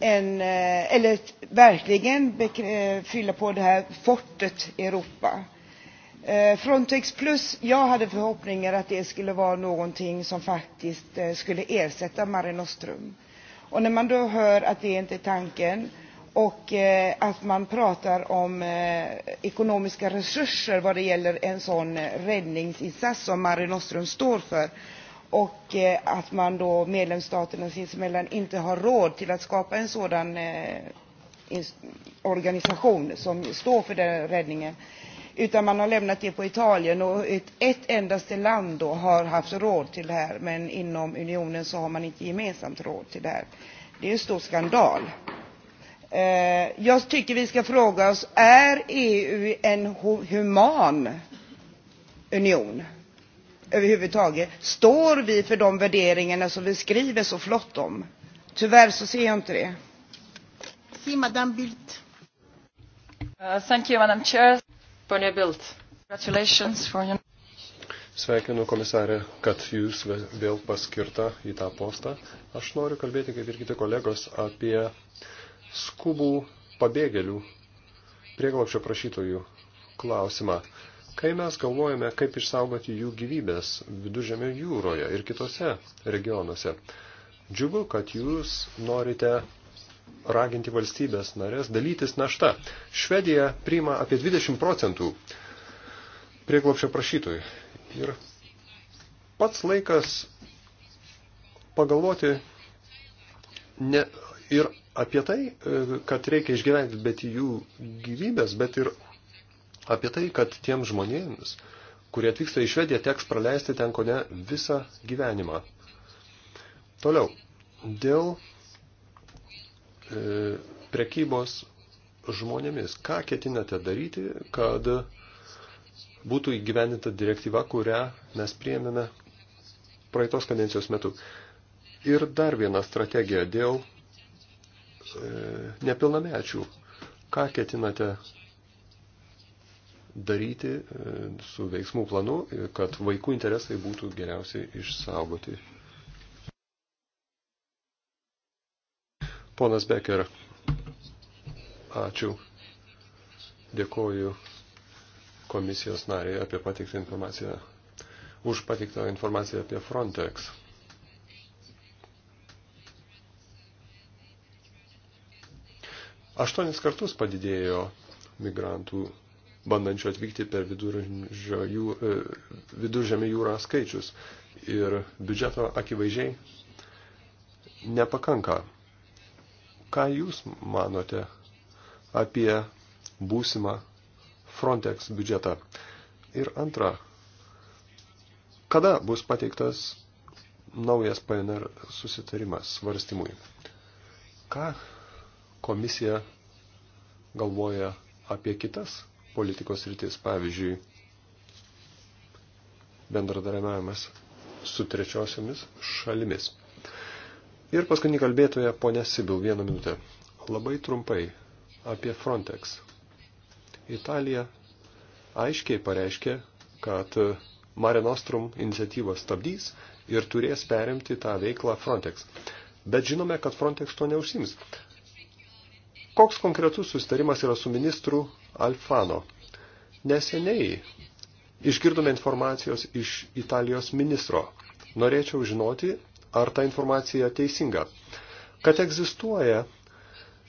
en, eh, eller verkligen eh, fylla på det här fortet Europa. Eh, Frontex plus, jag hade förhoppningar att det skulle vara någonting som faktiskt skulle ersätta Mare Nostrum. Och när man då hör att det inte är tanken och eh, att man pratar om eh, ekonomiska resurser vad det gäller en sån räddningsinsats som Mare Nostrum står för och eh, att man då medlemsstaterna sinsemellan inte har råd till att skapa en sådan eh, organisation som står för den räddningen utan man har lämnat det på Italien och ett, ett endaste land då har haft råd till det här men inom unionen så har man inte gemensamt råd till det här. Det är en stor skandal. Eh, jag tycker vi ska fråga oss, är EU en human union? överhuvudtaget? Står vi för de värderingarna som vi skriver så flott om? Tyvärr så ser jag inte det. Si, Madame Bildt. Uh, thank you, Madam Chair. Ponia Bildt. Congratulations for your... Sveikinu komisarė, kad jūs vėl paskirta į tą postą. Aš noriu kalbėti, kaip ir kiti kolegos, apie skubų pabėgėlių prieglopščio prašytojų klausimą. Kai mes galvojame, kaip išsaugoti jų gyvybės viduržėmio jūroje ir kitose regionuose, džiugu, kad jūs norite raginti valstybės narės dalytis našta. Švedija priima apie 20 procentų prieglopšio prašytojų. Ir pats laikas pagalvoti ne, ir apie tai, e, kad reikia išgyventi bet jų gyvybės, bet ir apie tai, kad tiem žmonėms, kurie atvyksta į Švediją, teks praleisti ten ko ne visą gyvenimą. Toliau, dėl e, prekybos žmonėmis, ką ketinate daryti, kad būtų įgyveninta direktyva, kurią mes priėmėme praeitos kadencijos metu. Ir dar viena strategija dėl e, nepilnamečių. Ką ketinate daryti e, su veiksmų planu, kad vaikų interesai būtų geriausiai išsaugoti. Ponas Becker, ačiū. Dėkoju komisijos nariai apie pateiktą informaciją, už pateiktą informaciją apie Frontex. Aštuonis kartus padidėjo migrantų bandančių atvykti per viduržemį jūrą skaičius. Ir biudžeto akivaizdžiai nepakanka. Ką Jūs manote apie būsimą Frontex biudžetą? Ir antra, kada bus pateiktas naujas PNR susitarimas svarstymui? Ką komisija galvoja apie kitas politikos rytis. Pavyzdžiui, bendradarbiavimas su trečiosiomis šalimis. Ir paskutinį kalbėtoją, ponė Sibil, vieną minutę. Labai trumpai apie Frontex. Italija aiškiai pareiškė, kad Mare Nostrum iniciatyvą stabdys ir turės perimti tą veiklą Frontex. Bet žinome, kad Frontex to neužsims. Koks konkretus sustarimas yra su ministru Alfano. Neseniai išgirdome informacijos iš Italijos ministro. Norėčiau žinoti, ar ta informacija teisinga. Kad egzistuoja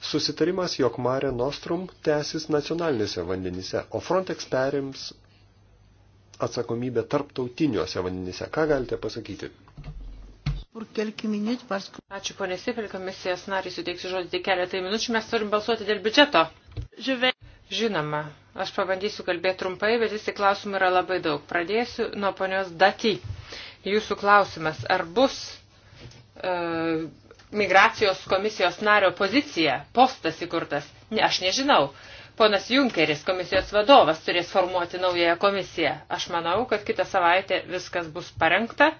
susitarimas, jog Mare Nostrum tęsis nacionalinėse vandenyse, o Frontex perims atsakomybę tarptautiniuose vandenyse. Ką galite pasakyti? Ačiū, ponė Sipil, komisijos narys suteiksiu žodį tik keletą minučių, mes turim balsuoti dėl biudžeto. Žiūrė. Žinoma, aš pabandysiu kalbėti trumpai, bet vis tik klausimų yra labai daug. Pradėsiu nuo ponios Dati. Jūsų klausimas, ar bus e, migracijos komisijos nario pozicija, postas įkurtas? Ne, aš nežinau. Ponas Junkeris, komisijos vadovas, turės formuoti naująją komisiją. Aš manau, kad kitą savaitę viskas bus parengta.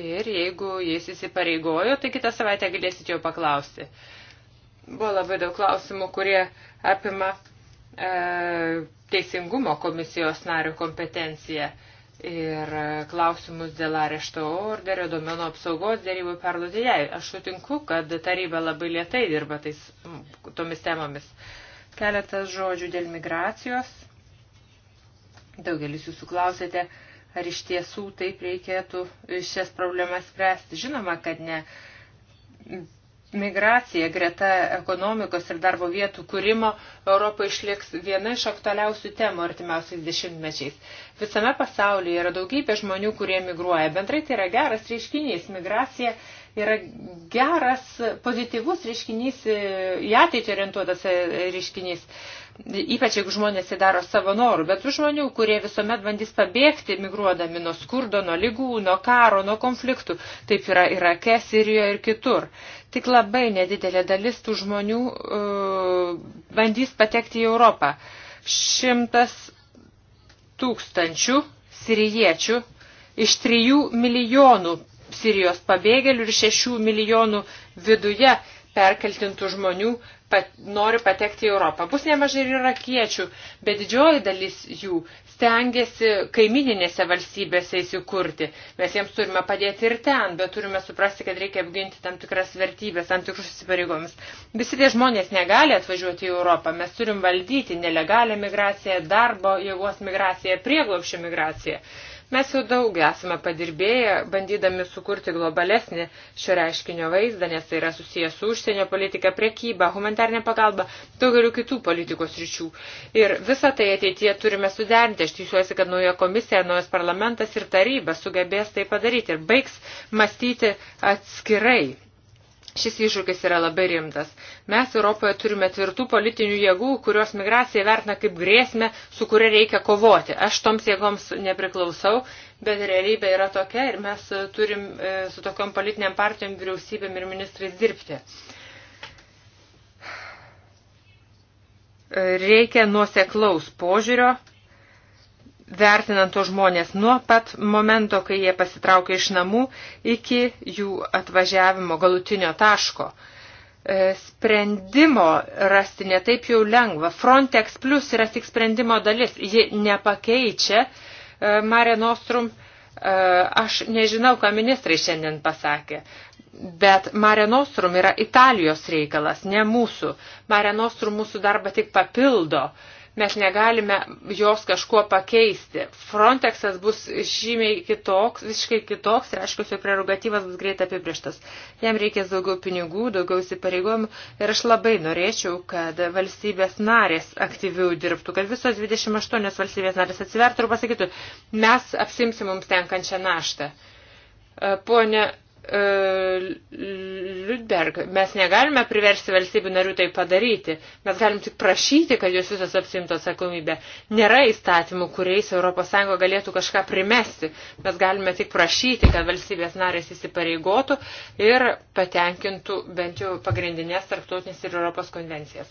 Ir jeigu jis įsipareigojo, tai kitą savaitę galėsit jo paklausti. Uh, Buvo labai daug klausimų, kurie apima e, teisingumo komisijos nario kompetenciją ir e, klausimus dėl arešto orderio, domenų apsaugos dėrybų perduoti jai. Aš sutinku, kad taryba labai lietai dirba tais, tomis temomis. Keletas žodžių dėl migracijos. Daugelis jūsų klausėte, ar iš tiesų taip reikėtų šias problemas spręsti. Žinoma, kad ne migracija greta ekonomikos ir darbo vietų kūrimo Europoje išliks viena iš aktualiausių temų artimiausiais dešimtmečiais. Visame pasaulyje yra daugybė žmonių, kurie migruoja. Bendrai tai yra geras reiškinys. Migracija yra geras, pozityvus reiškinys, e, į ateitį orientuotas e, reiškinys. Ypač jeigu žmonės įdaro savo norų, bet tų žmonių, kurie visuomet bandys pabėgti, migruodami nuo skurdo, nuo lygų, nuo karo, nuo konfliktų, taip yra Irake, Sirijoje ir kitur. Tik labai nedidelė dalis tų žmonių uh, bandys patekti į Europą. Šimtas tūkstančių sirijiečių iš trijų milijonų Sirijos pabėgėlių ir 6 milijonų viduje perkeltintų žmonių pat, nori patekti į Europą. Bus nemažai ir irakiečių, bet didžioji dalis jų stengiasi kaimininėse valstybėse įsikurti. Mes jiems turime padėti ir ten, bet turime suprasti, kad reikia apginti tam tikras vertybės, tam tikrus įsipareigomis. Visi tie žmonės negali atvažiuoti į Europą. Mes turim valdyti nelegalią migraciją, darbo jėgos migraciją, prieglopšio migraciją. Mes jau daug esame padirbėję, bandydami sukurti globalesnį šio reiškinio vaizdą, nes tai yra susijęs su užsienio politika, priekyba, humanitarnė pagalba, daugeliu kitų politikos ryčių. Ir visą tai ateityje turime suderinti. Aš tikiuosi, kad nauja komisija, naujas parlamentas ir taryba sugebės tai padaryti ir baigs mąstyti atskirai Šis iššūkis yra labai rimtas. Mes Europoje turime tvirtų politinių jėgų, kurios migraciją vertina kaip grėsmę, su kuria reikia kovoti. Aš toms jėgoms nepriklausau, bet realybė yra tokia ir mes turim e, su tokiom politiniam partijom, vyriausybėm ir ministrais dirbti. Reikia nuoseklaus požiūrio vertinant to žmonės nuo pat momento, kai jie pasitraukia iš namų, iki jų atvažiavimo galutinio taško. E, sprendimo rasti netaip jau lengva. Frontex Plus yra tik sprendimo dalis. Ji nepakeičia e, Mare Nostrum. E, aš nežinau, ką ministrai šiandien pasakė. Bet Mare Nostrum yra Italijos reikalas, ne mūsų. Mare Nostrum mūsų darbą tik papildo. Uh, mes negalime jos kažkuo pakeisti. Frontexas bus žymiai kitoks, visiškai kitoks ir aišku, jo prerogatyvas bus greit apibrieštas. Jam reikės daugiau pinigų, daugiau įsipareigojimų ir aš labai norėčiau, kad valstybės narės aktyviau dirbtų, kad visos 28 valstybės narės atsivertų ir pasakytų, mes apsimsim mums tenkančią naštą. Pone E, Liudberg, mes negalime priversti valstybių narių tai padaryti. Mes galim tik prašyti, kad jos visos apsimtų atsakomybę. Nėra įstatymų, kuriais ES galėtų kažką primesti. Mes galime tik prašyti, kad valstybės narės įsipareigotų ir patenkintų bent jau pagrindinės tarptautinės ir Europos konvencijas.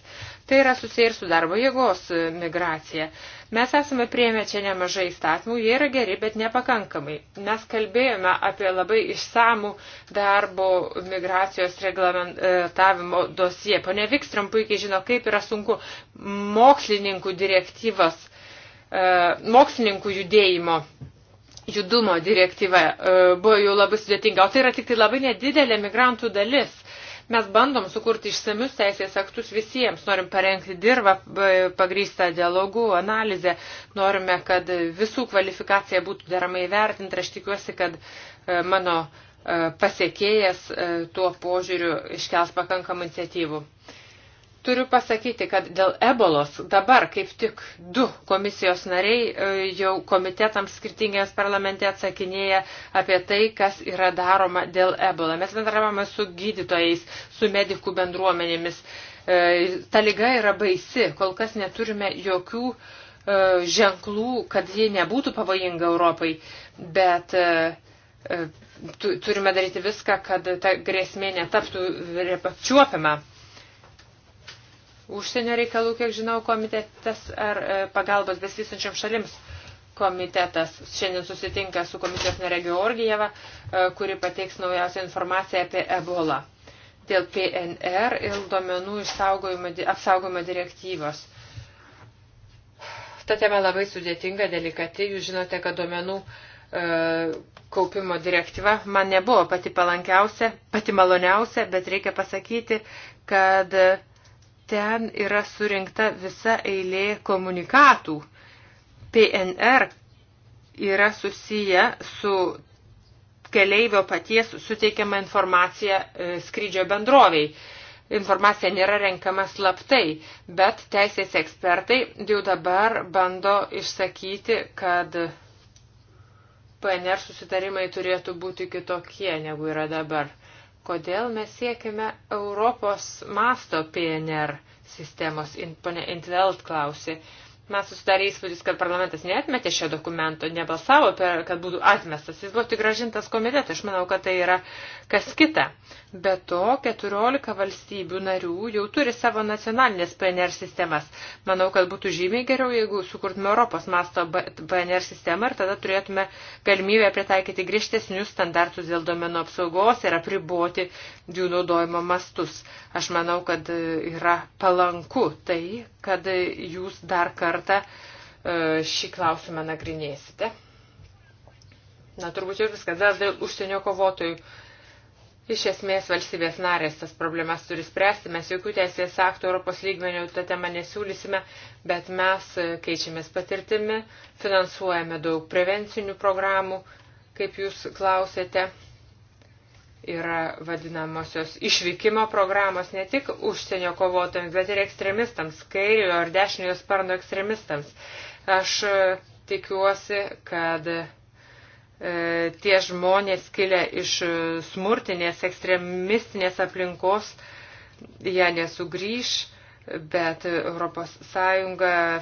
Tai yra susiję ir su darbo jėgos migracija. Uh, Mes esame prieėmę čia nemažai įstatymų, jie yra geri, bet nepakankamai. Mes kalbėjome apie labai išsamų darbo migracijos reglamentavimo dosiją. Pone Vikstrom puikiai žino, kaip yra sunku mokslininkų direktyvas, e, mokslininkų judėjimo judumo direktyva e, buvo jau labai sudėtinga, o tai yra tik tai labai nedidelė migrantų dalis. Mes bandom sukurti išsamius teisės aktus visiems, norim parengti dirbą pagrįstą dialogų, analizę, norime, kad visų kvalifikacija būtų deramai vertinta. Aš tikiuosi, kad e, mano e, pasiekėjas e, tuo požiūriu iškels pakankamą iniciatyvų. Turiu pasakyti, kad dėl ebolos dabar kaip tik du komisijos nariai e, jau komitetams skirtingiems parlamente atsakinėja apie tai, kas yra daroma dėl ebola. Mes bendravame su gydytojais, su medikų bendruomenėmis. E, ta lyga yra baisi, kol kas neturime jokių e, ženklų, kad ji nebūtų pavojinga Europai, bet turime daryti viską, kad ta grėsmė netaptų apčiuopiama užsienio reikalų, kiek žinau, komitetas ar e, pagalbos besisančiam šalims komitetas šiandien susitinka su komisijos nare Georgijeva, e, kuri pateiks naujausią informaciją apie ebolą dėl PNR ir duomenų apsaugojimo direktyvos. Ta tema labai sudėtinga, delikati. Jūs žinote, kad duomenų e, kaupimo direktyva man nebuvo pati palankiausia, pati maloniausia, bet reikia pasakyti, kad e, ten yra surinkta visa eilė komunikatų. PNR yra susiję su keleivio paties suteikiama informacija e, skrydžio bendroviai. Informacija nėra renkama slaptai, bet teisės ekspertai jau dabar bando išsakyti, kad PNR susitarimai turėtų būti kitokie, negu yra dabar kodėl mes siekime Europos masto PNR sistemos, ponė Intveld klausė. Uh, Man susidarė įspūdis, kad parlamentas neatmetė šio dokumento, nebalsavo, per, kad būtų atmestas. Jis buvo tik gražintas komitetui. Aš manau, kad tai yra kas kita. Be to, 14 valstybių narių jau turi savo nacionalinės PNR sistemas. Manau, kad būtų žymiai geriau, jeigu sukurtume Europos masto PNR sistemą ir tada turėtume galimybę pritaikyti griežtesnius standartus dėl domenų apsaugos ir apriboti jų naudojimo mastus. Aš manau, kad yra palanku tai, kad jūs dar kartą e, šį klausimą nagrinėsite. Na, turbūt jau viskas. Dar dėl užsienio kovotojų. Iš esmės valstybės narės tas problemas turi spręsti, mes jokių teisės aktų Europos lygmenių tą temą nesiūlysime, bet mes keičiamės patirtimi, finansuojame daug prevencinių programų, kaip jūs klausėte yra vadinamosios išvykimo programos ne tik užsienio kovotojams, bet ir ekstremistams, kairiojo ar dešiniojo sparno ekstremistams. Aš e, tikiuosi, kad e, tie žmonės kilę iš e, smurtinės ekstremistinės aplinkos, jie nesugrįž. E, bet ES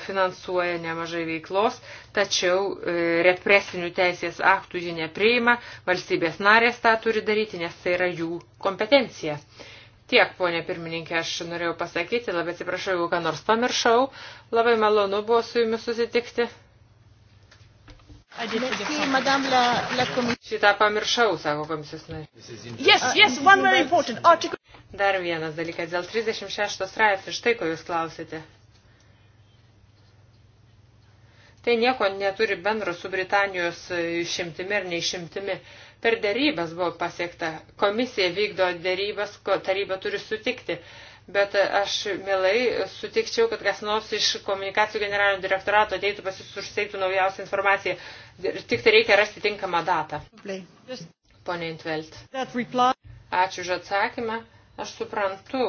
finansuoja nemažai veiklos, tačiau e, represinių teisės aktų ji nepriima, valstybės narės tą turi daryti, nes tai yra jų kompetencija. Tiek, ponė pirmininkė, aš norėjau pasakyti, labai atsiprašau, jeigu ką nors pamiršau, labai malonu buvo su jumis susitikti. Šitą pamiršau, sako komisijos narys. Yes, yes, one very important article. Dar vienas dalykas, dėl 36 straipsnių, štai ko jūs klausėte. Tai nieko neturi bendro su Britanijos išimtimi ar neišimtimi. Per dėrybas buvo pasiekta. Komisija vykdo dėrybas, ko taryba turi sutikti. Uh, bet aš mielai sutikčiau, kad kas nors iš komunikacijų generalinio direktorato ateitų pas jūs užseiktų naujausią informaciją. Tik tai reikia rasti tinkamą datą. Pone Intvelt. Ačiū už atsakymą. Aš suprantu,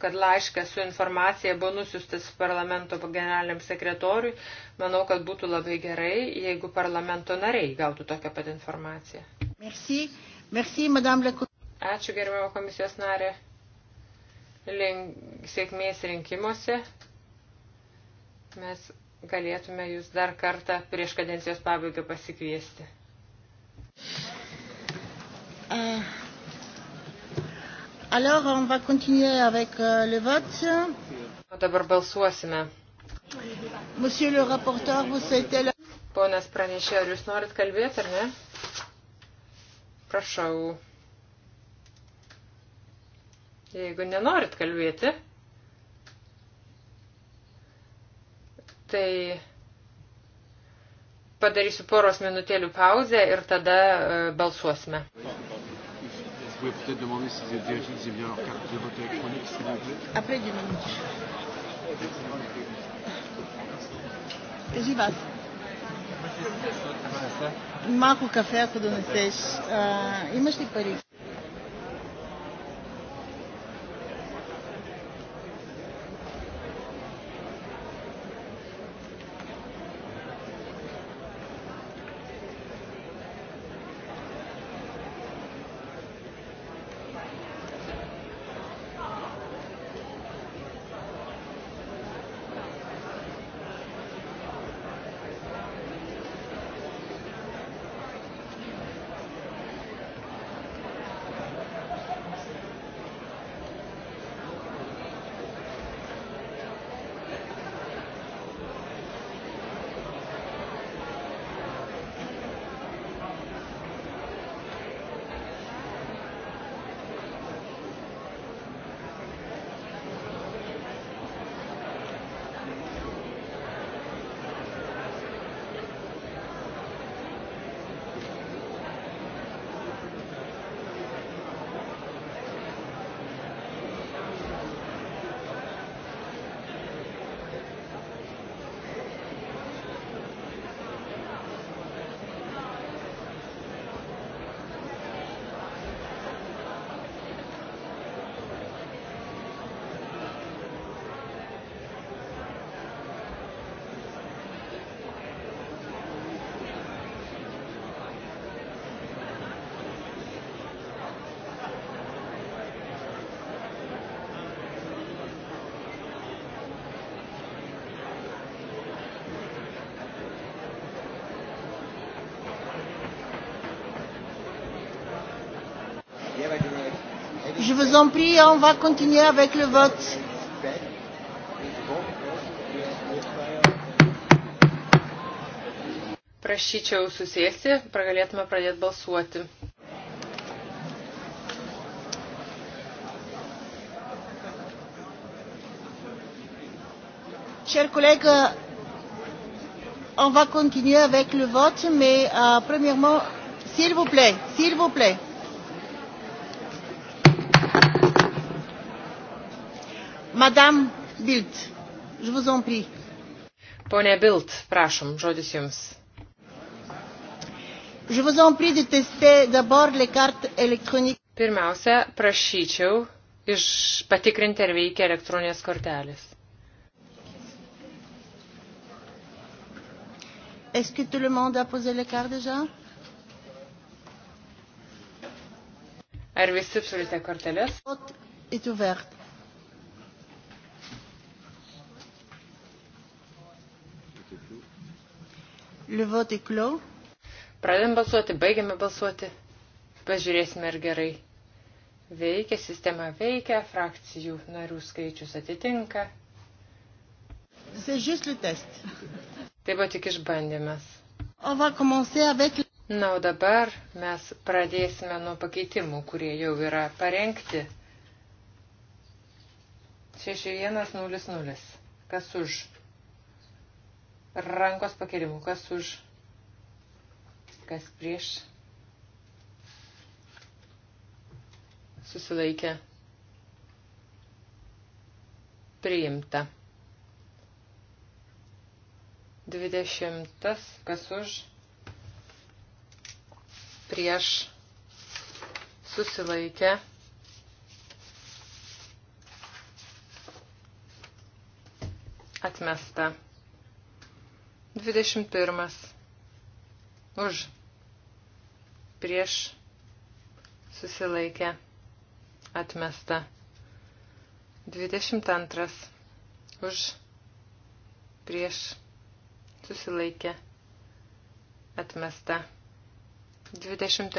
kad laiškas su informacija buvo nusiustas parlamento generaliniam sekretoriui. Manau, kad būtų labai gerai, jeigu parlamento nariai gautų tokią pat informaciją. Merci. Merci, madame le... Ačiū, gerbiamo komisijos narė sėkmės rinkimuose. Mes galėtume jūs dar kartą prieš kadencijos pabaigą pasikviesti. Uh, alors, on va continuer avec uh, le vote. O dabar balsuosime. Monsieur le rapporteur, vous souhaitez la... Ponas pranešė, ar jūs norit kalbėti, ar ne? Prašau. Jeigu nenorit kalbėti, tai padarysiu poros minutėlių pauzę ir tada e, balsuosime. J'y vas. Малко кафе, ако донесеш. А, имаш ли пари? Je vous en prie, on va continuer avec le vote. Prašyčiau susėsti, galėtume pradėti balsuoti. Chers collègues, on va continuer avec le vote, mais euh, premièrement, s'il vous plaît, s'il vous plaît. Madame Bild, je vous en prie. Pone Bild, prašom, žodis jums. Je vous en prie de tester d'abord les cartes électroniques. Pirmiausia, prašyčiau iš patikrinti, ar veikia elektroninės kortelės. Est-ce que tout le monde a posé les cartes déjà? Ar visi turite korteles? Vot est ouvert. Liuvotai kliau. Pradedam balsuoti, baigiame balsuoti. Pažiūrėsime ir gerai. Veikia, sistema veikia, frakcijų narių skaičius atitinka. Tai buvo tik išbandymas. Na, o dabar mes pradėsime nuo pakeitimų, kurie jau yra parengti. 6100. Kas už? rankos pakelimu, kas už, kas prieš. Susilaikė. Priimta. Dvidešimtas, kas už, prieš, susilaikė. Atmesta. 21. Už. Prieš. Susilaikę. Atmesta. 22. Už. Prieš. Susilaikę. Atmesta. 23.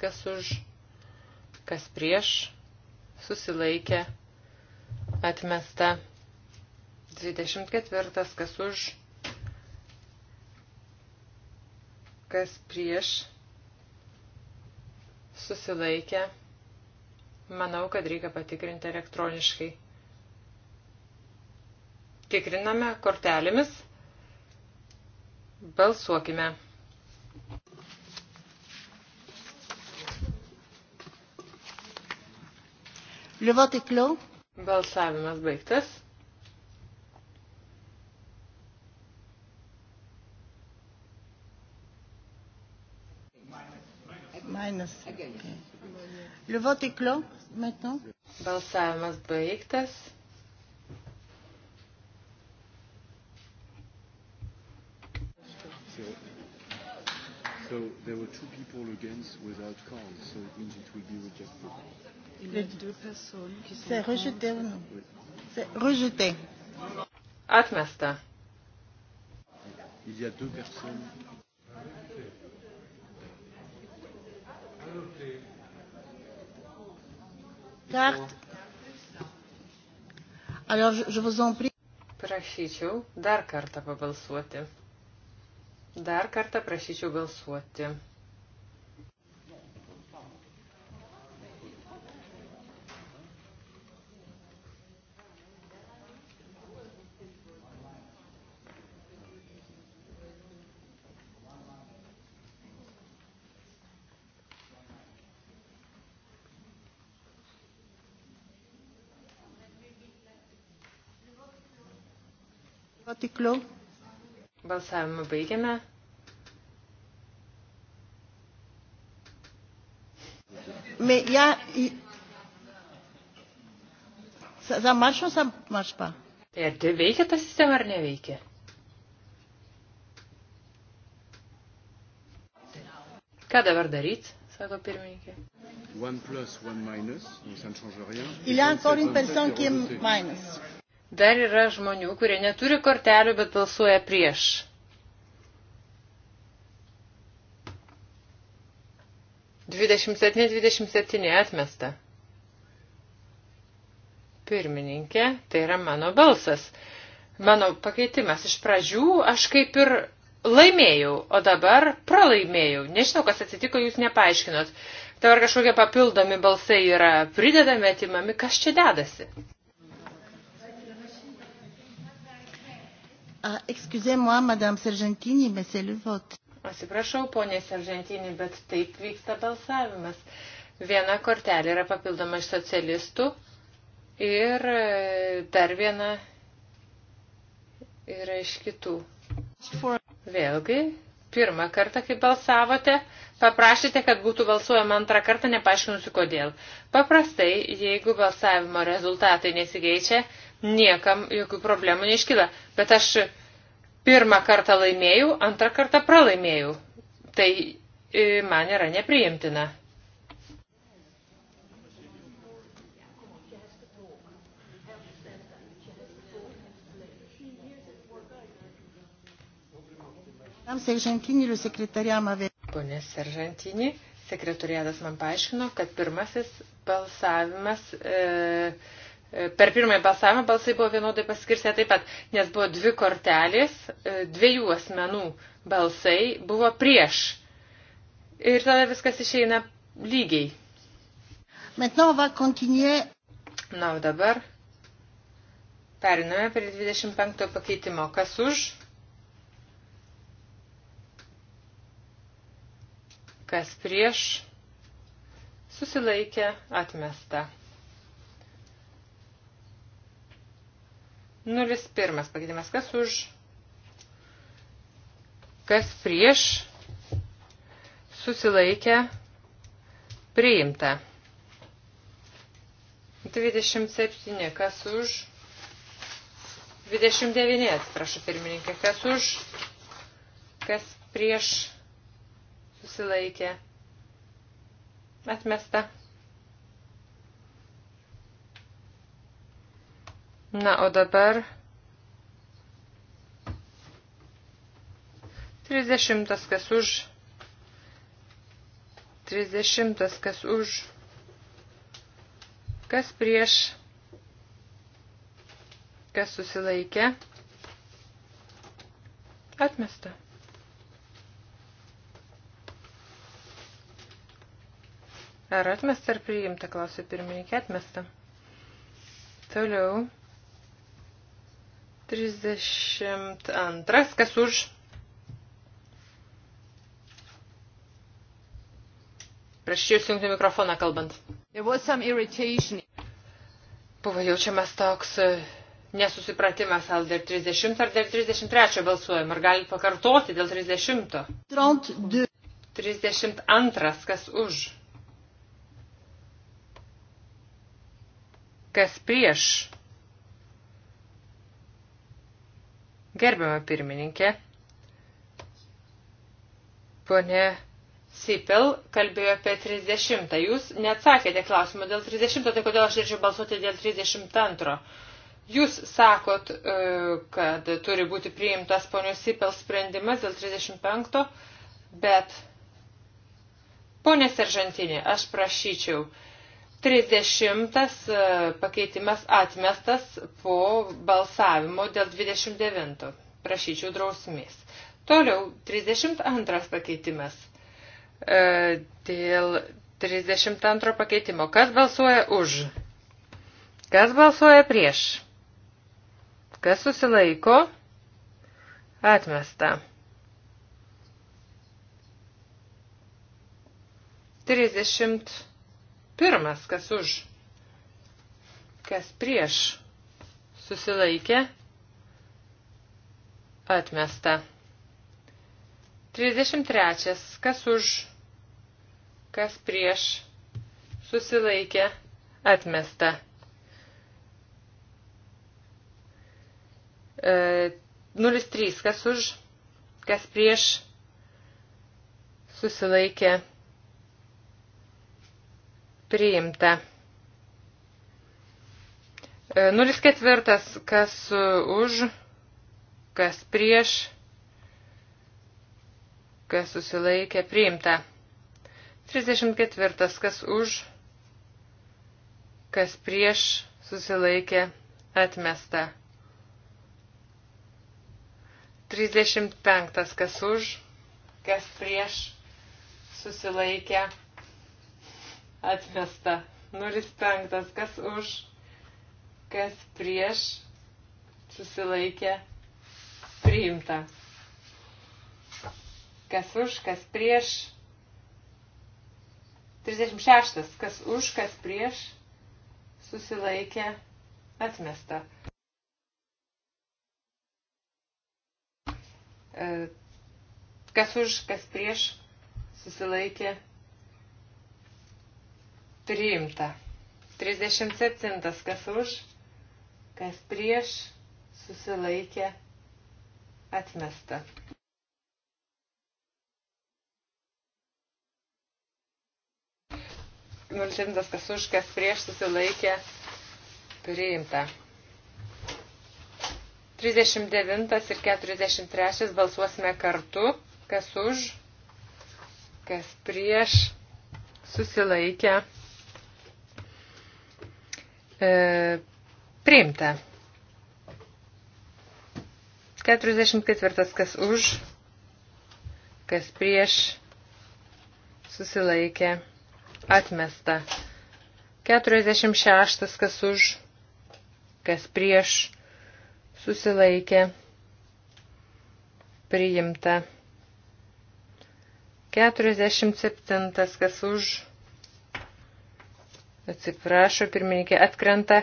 Kas už. Kas prieš. Susilaikę. Atmesta. 24. Kas už kas prieš susilaikę. Manau, kad reikia patikrinti elektroniškai. Tikriname kortelėmis. Balsuokime. Liuvotikliau. Balsavimas baigtas. Minus. Le vote est clos maintenant. Balsavimas baigtas. So there were two people against without cards, so it means it will be rejected. Il y a deux personnes qui sont. C'est rejeté ou non oui. C'est rejeté. Atmesta. Il y a deux personnes Prašyčiau dar kartą pabalsuoti. Dar kartą prašyčiau balsuoti. tikliu. Balsavimą baigiame. Mais il y a... Ça, ça marche ou ça marche pas Tai ar tai veikia ta sistema ar neveikia? Ką dabar daryti, sako pirmininkė. One plus, one minus, donc ça ne change rien. Il y a encore une personne qui est minus. Dar yra žmonių, kurie neturi kortelių, bet balsuoja prieš. Dvidešimt septyni, dvidešimt septyni atmesta. Pirmininkė, tai yra mano balsas. Mano pakeitimas iš pradžių aš kaip ir laimėjau, o dabar pralaimėjau. Nežinau, kas atsitiko, jūs nepaaiškinot. Tai ar kažkokie papildomi balsai yra pridedami, atimami, kas čia dedasi? Excusez-moi, Madame Sergentini, mais c'est le vote. Atsiprašau, ponė Seržantinė, bet taip vyksta balsavimas. Viena kortelė yra papildoma iš socialistų ir e, dar viena yra iš kitų. Vėlgi, pirmą kartą, kai balsavote, paprašėte, kad būtų balsuojama antrą kartą, nepaaiškinusi kodėl. Paprastai, jeigu balsavimo rezultatai nesikeičia, niekam jokių problemų neiškyla. Bet aš Pirmą kartą laimėjau, antrą kartą pralaimėjau. Tai e, man yra nepriimtina. Pone Seržantinį, sekretoriadas man paaiškino, kad pirmasis balsavimas e, E, per pirmąjį balsavimą balsai buvo vienodai paskirstę taip pat, nes buvo dvi kortelės, e, dviejų asmenų balsai buvo prieš. Ir tada viskas išeina lygiai. Na, o dabar periname prie 25 pakeitimo. Kas už? Kas prieš? Susilaikė atmesta. 01 pakeitimas. Kas už? Kas prieš? Susilaikę. Priimta. 27. Kas už? 29. Atsiprašau, pirmininkė. Kas už? Kas prieš? Susilaikė. Atmesta. Na, o dabar 30 kas už, 30 kas už, kas prieš, kas susilaikė, atmesta. Ar atmesta ar priimta, klausė pirmininkė, atmesta. Toliau. 32. Kas už? Prašyčiau įsijungti mikrofoną kalbant. Buvo jaučiamas toks e, nesusipratimas, ar dėl 30 ar dėl 33 balsuojam. Ar galit pakartoti dėl 30? 32. 32. Kas už? Kas prieš? Gerbiama pirmininkė, ponė Sipel kalbėjo apie 30. Jūs neatsakėte klausimą dėl 30, tai kodėl aš reičiau balsuoti dėl 32. Jūs sakot, e, kad turi būti priimtas ponios Sipel sprendimas dėl 35, bet ponė Seržantinė, aš prašyčiau, 30 e, pakeitimas atmestas po balsavimo dėl 29. Prašyčiau drausmės. Toliau 32 pakeitimas. E, dėl 32 pakeitimo. Kas balsuoja už? Kas balsuoja prieš? Kas susilaiko? Atmesta. 30. Pirmas, kas už, kas prieš, susilaikė, atmesta. 33. Kas už, kas prieš, susilaikė, atmesta. E, 03. Kas už, kas prieš, susilaikė, atmesta Priimta. 04. E, kas už, kas prieš, kas susilaikė, priimta. 34. Kas už, kas prieš, susilaikė, atmesta. 35. Kas už, kas prieš, susilaikė, atmesta atmesta. 05. Kas už, kas prieš, susilaikė, priimta. Kas už, kas prieš. 36. Kas už, kas prieš, susilaikė, atmesta. E, kas už, kas prieš, susilaikė, atmesta Priimta. 37. Kas už, kas prieš, susilaikė, atmesta. Nulsimtas kas už, kas prieš susilaikė, priimta. 39 ir 43 balsuosime kartu, kas už, kas prieš susilaikė, priimta E, priimta. 44. Kas už, kas prieš, susilaikė, atmesta. 46. Kas už, kas prieš, susilaikė, priimta. 47. Kas už, Atsiprašau, pirmininkė atkrenta.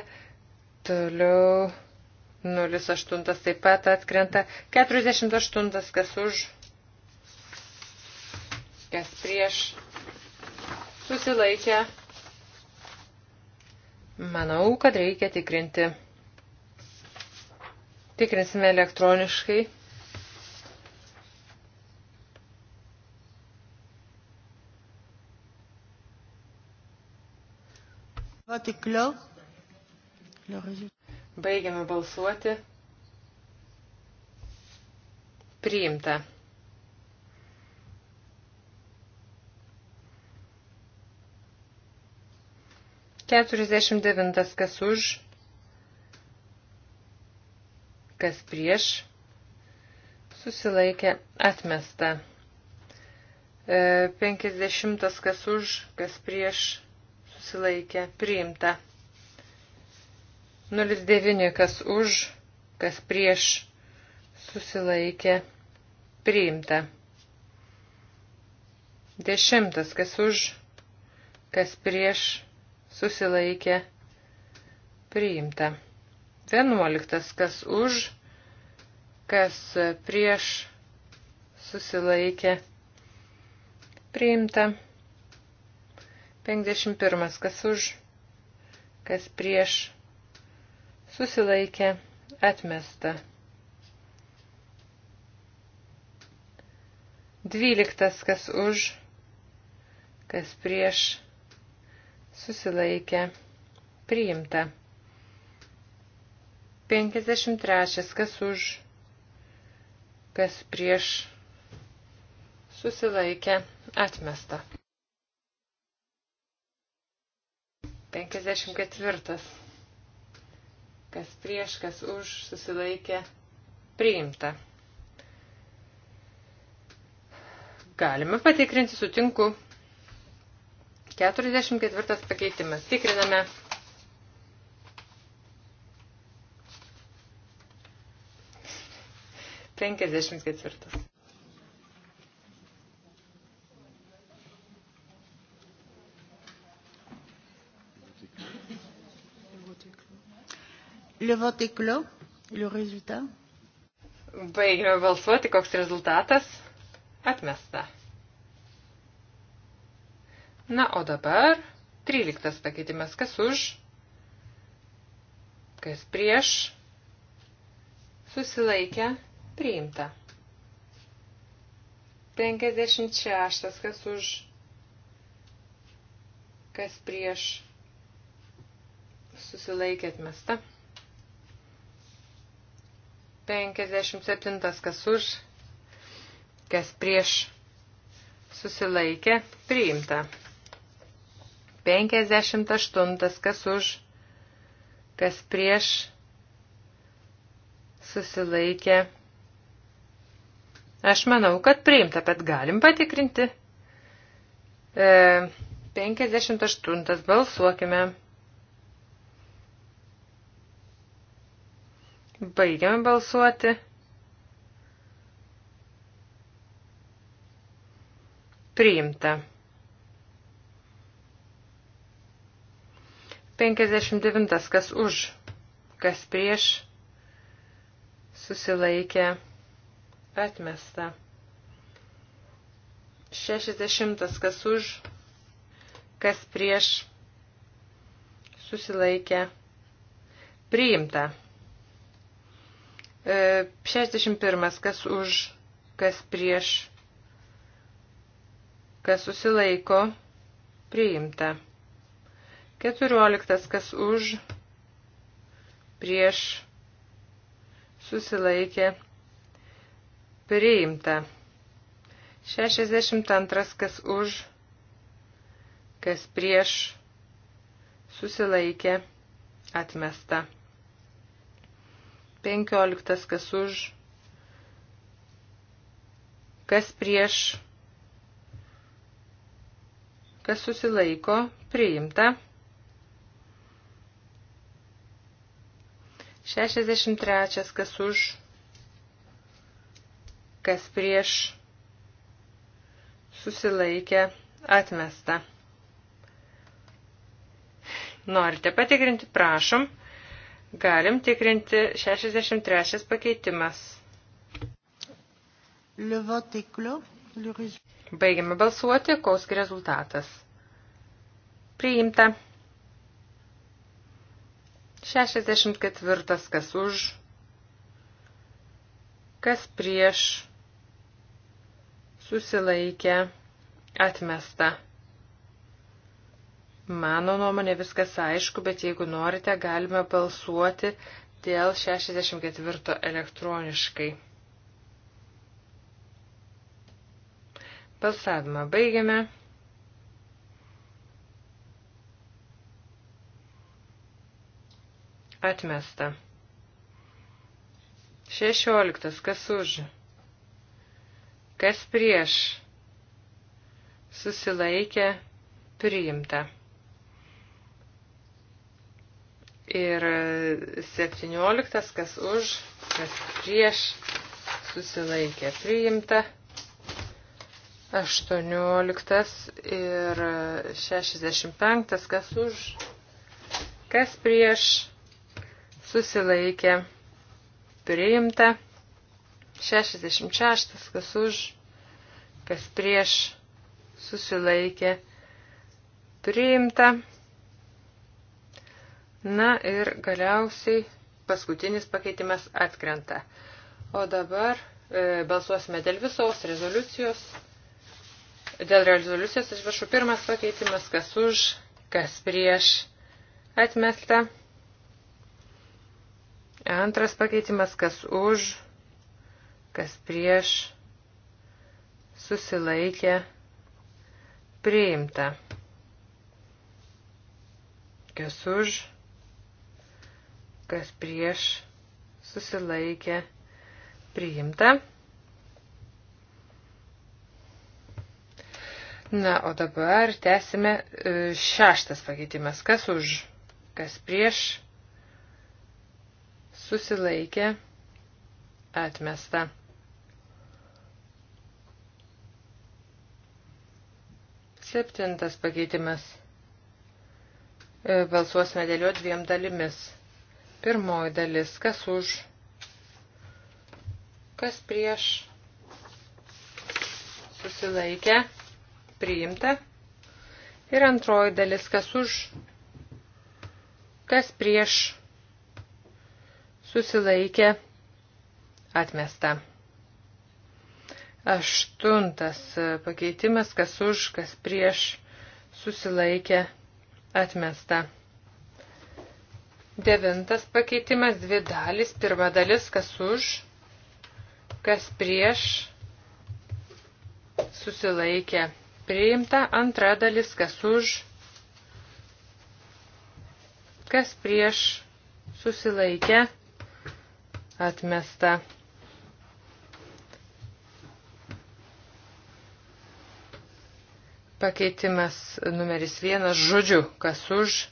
Toliau 08 taip pat atkrenta. 48 kas už, kas prieš. Susilaikę. Manau, kad reikia tikrinti. Tikrinsime elektroniškai. Baigiame balsuoti. Priimta. Keturiasdešimt devintas kas už, kas prieš, susilaikė atmesta. E, penkiasdešimtas kas už, kas prieš, susilaikė, priimta. 09, kas už, kas prieš, susilaikė, priimta. 10, kas už, kas prieš, susilaikė, priimta. 11, kas už, kas prieš, susilaikė, priimta. 51. Kas už, kas prieš, susilaikė, atmesta. 12. Kas už, kas prieš, susilaikė, priimta. 53. Kas už, kas prieš, susilaikė, atmesta. 54. Kas prieš, kas už susilaikė priimta. Galime patikrinti, sutinku. 44 pakeitimas. Tikriname. Penkiasdešimt ketvirtas. Le vote est clos. Le résultat. Baigėme balsuoti, koks rezultatas? Atmesta. Na, o dabar 13 pakeitimas. Kas už? Kas prieš? Susilaikę. Priimta. 56. Kas už? Kas prieš? Susilaikė atmesta. 57 kas už, kas prieš susilaikė, priimta. 58 kas už, kas prieš susilaikė. Aš manau, kad priimta, bet galim patikrinti. E, 58 balsuokime. Baigiame balsuoti. Priimta. 59. Kas už, kas prieš, susilaikė, atmesta. 60. Kas už, kas prieš, susilaikė, priimta. 61. E, kas už, kas prieš, kas susilaiko, priimta. 14. Kas už, prieš, susilaikė, priimta. 62. Kas už, kas prieš, susilaikė, atmesta. 15 kas už, kas prieš, kas susilaiko, priimta. 63 kas už, kas prieš, susilaikė, atmesta. Norite patikrinti, prašom. Galim tikrinti 63 pakeitimas. Baigiame balsuoti, koks rezultatas. Priimta. 64 kas už, kas prieš, susilaikė, atmesta. Mano nuomonė viskas aišku, bet jeigu norite, galime balsuoti dėl 64 elektroniškai. Balsavimą baigiame. Atmesta. 16. Kas už? Kas prieš? Susilaikė. Priimta. Ir 17, kas už, kas prieš, susilaikė priimta. 18 ir 65, kas už, kas prieš, susilaikė priimta. 66, kas už, kas prieš, susilaikė priimta. Na ir galiausiai paskutinis pakeitimas atkrenta. O dabar e, balsuosime dėl visos rezoliucijos. Dėl rezoliucijos aš viršu pirmas pakeitimas, kas už, kas prieš atmesta. Antras pakeitimas, kas už, kas prieš, susilaikė, priimta. Kas už, kas prieš susilaikė priimta. Na, o dabar tęsime e, šeštas pakeitimas. Kas už, kas prieš susilaikė atmesta. Septintas pakeitimas. E, balsuosime dėliu dviem dalimis. Pirmoji dalis, kas už, kas prieš, susilaikę, priimta. Ir antroji dalis, kas už, kas prieš, susilaikę, atmesta. Aštuntas pakeitimas, kas už, kas prieš, susilaikę, atmesta. Devintas pakeitimas, dvi dalis. Pirma dalis, kas už, kas prieš, susilaikė. Priimta antra dalis, kas už, kas prieš, susilaikė, atmesta. Pakeitimas numeris vienas, žodžiu, kas už,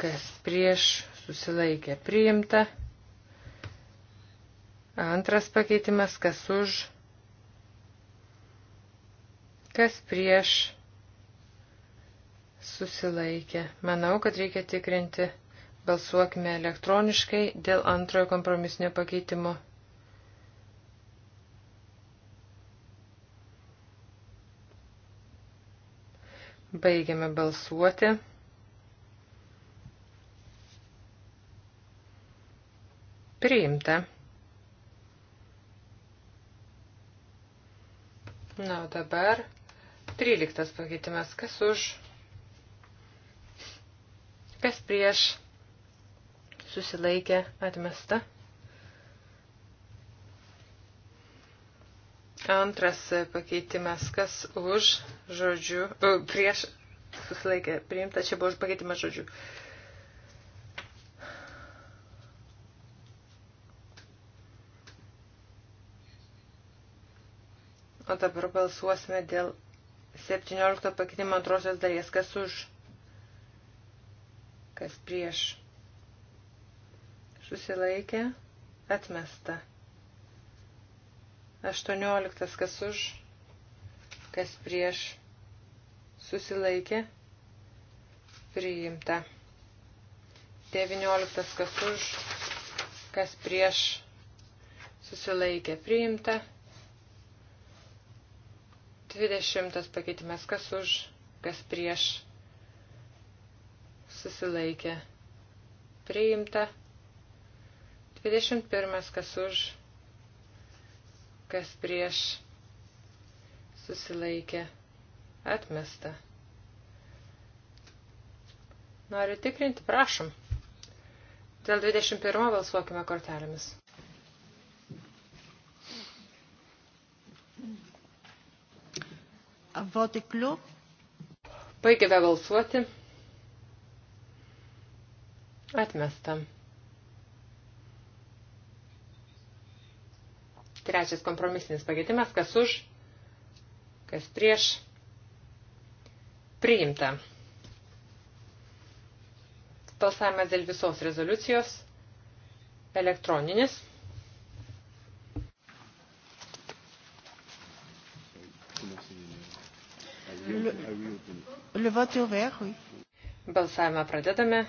kas prieš susilaikė priimta. Antras pakeitimas, kas už, kas prieš susilaikė. Manau, kad reikia tikrinti. Balsuokime elektroniškai dėl antrojo kompromisinio pakeitimo. Baigiame balsuoti. priimta. Na, o dabar 13 pakeitimas. Kas už? Kas prieš? Susilaikė atmesta. Antras pakeitimas. Kas už? Žodžiu. E, prieš. Susilaikė priimta. Čia buvo pakeitimas žodžiu. Uh, O dabar balsuosime dėl 17 pakeitimo antrosios dalies. Kas už? Kas prieš? Susilaikė. Atmesta. 18. Kas už? Kas prieš? Susilaikė. Priimta. 19. Kas už? Kas prieš? Susilaikė. Priimta. 20 pakeitimas, kas už, kas prieš, susilaikė, priimta. 21 kas už, kas prieš, susilaikė, atmesta. Noriu tikrinti, prašom. Dėl 21 balsuokime kortelėmis. Vote clos. Baigėme balsuoti. Atmestam. Trečias kompromisinis pakeitimas, kas už, kas prieš, priimta. Balsavimas dėl visos rezoliucijos elektroninis. Le, le vote est ouvert, oui. Balsavimą pradedame.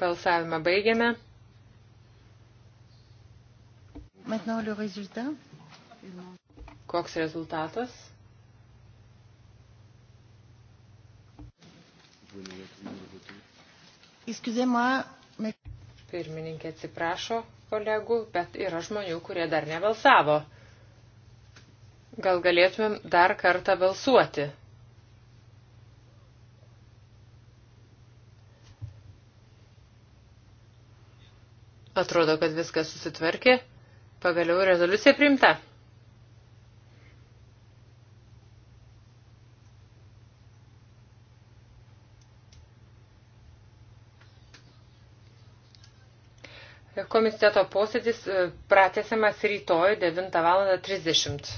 Balsavimą baigiame. Maintenant le résultat. Koks rezultatas? Excusez-moi, mais... Pirmininkė atsiprašo kolegų, bet yra žmonių, kurie dar nebalsavo. Gal galėtumėm dar kartą balsuoti? Atrodo, kad viskas susitvarkė. Pagaliau rezoliucija priimta. Komiteto posėdis e, pratesiamas rytoj 9.30.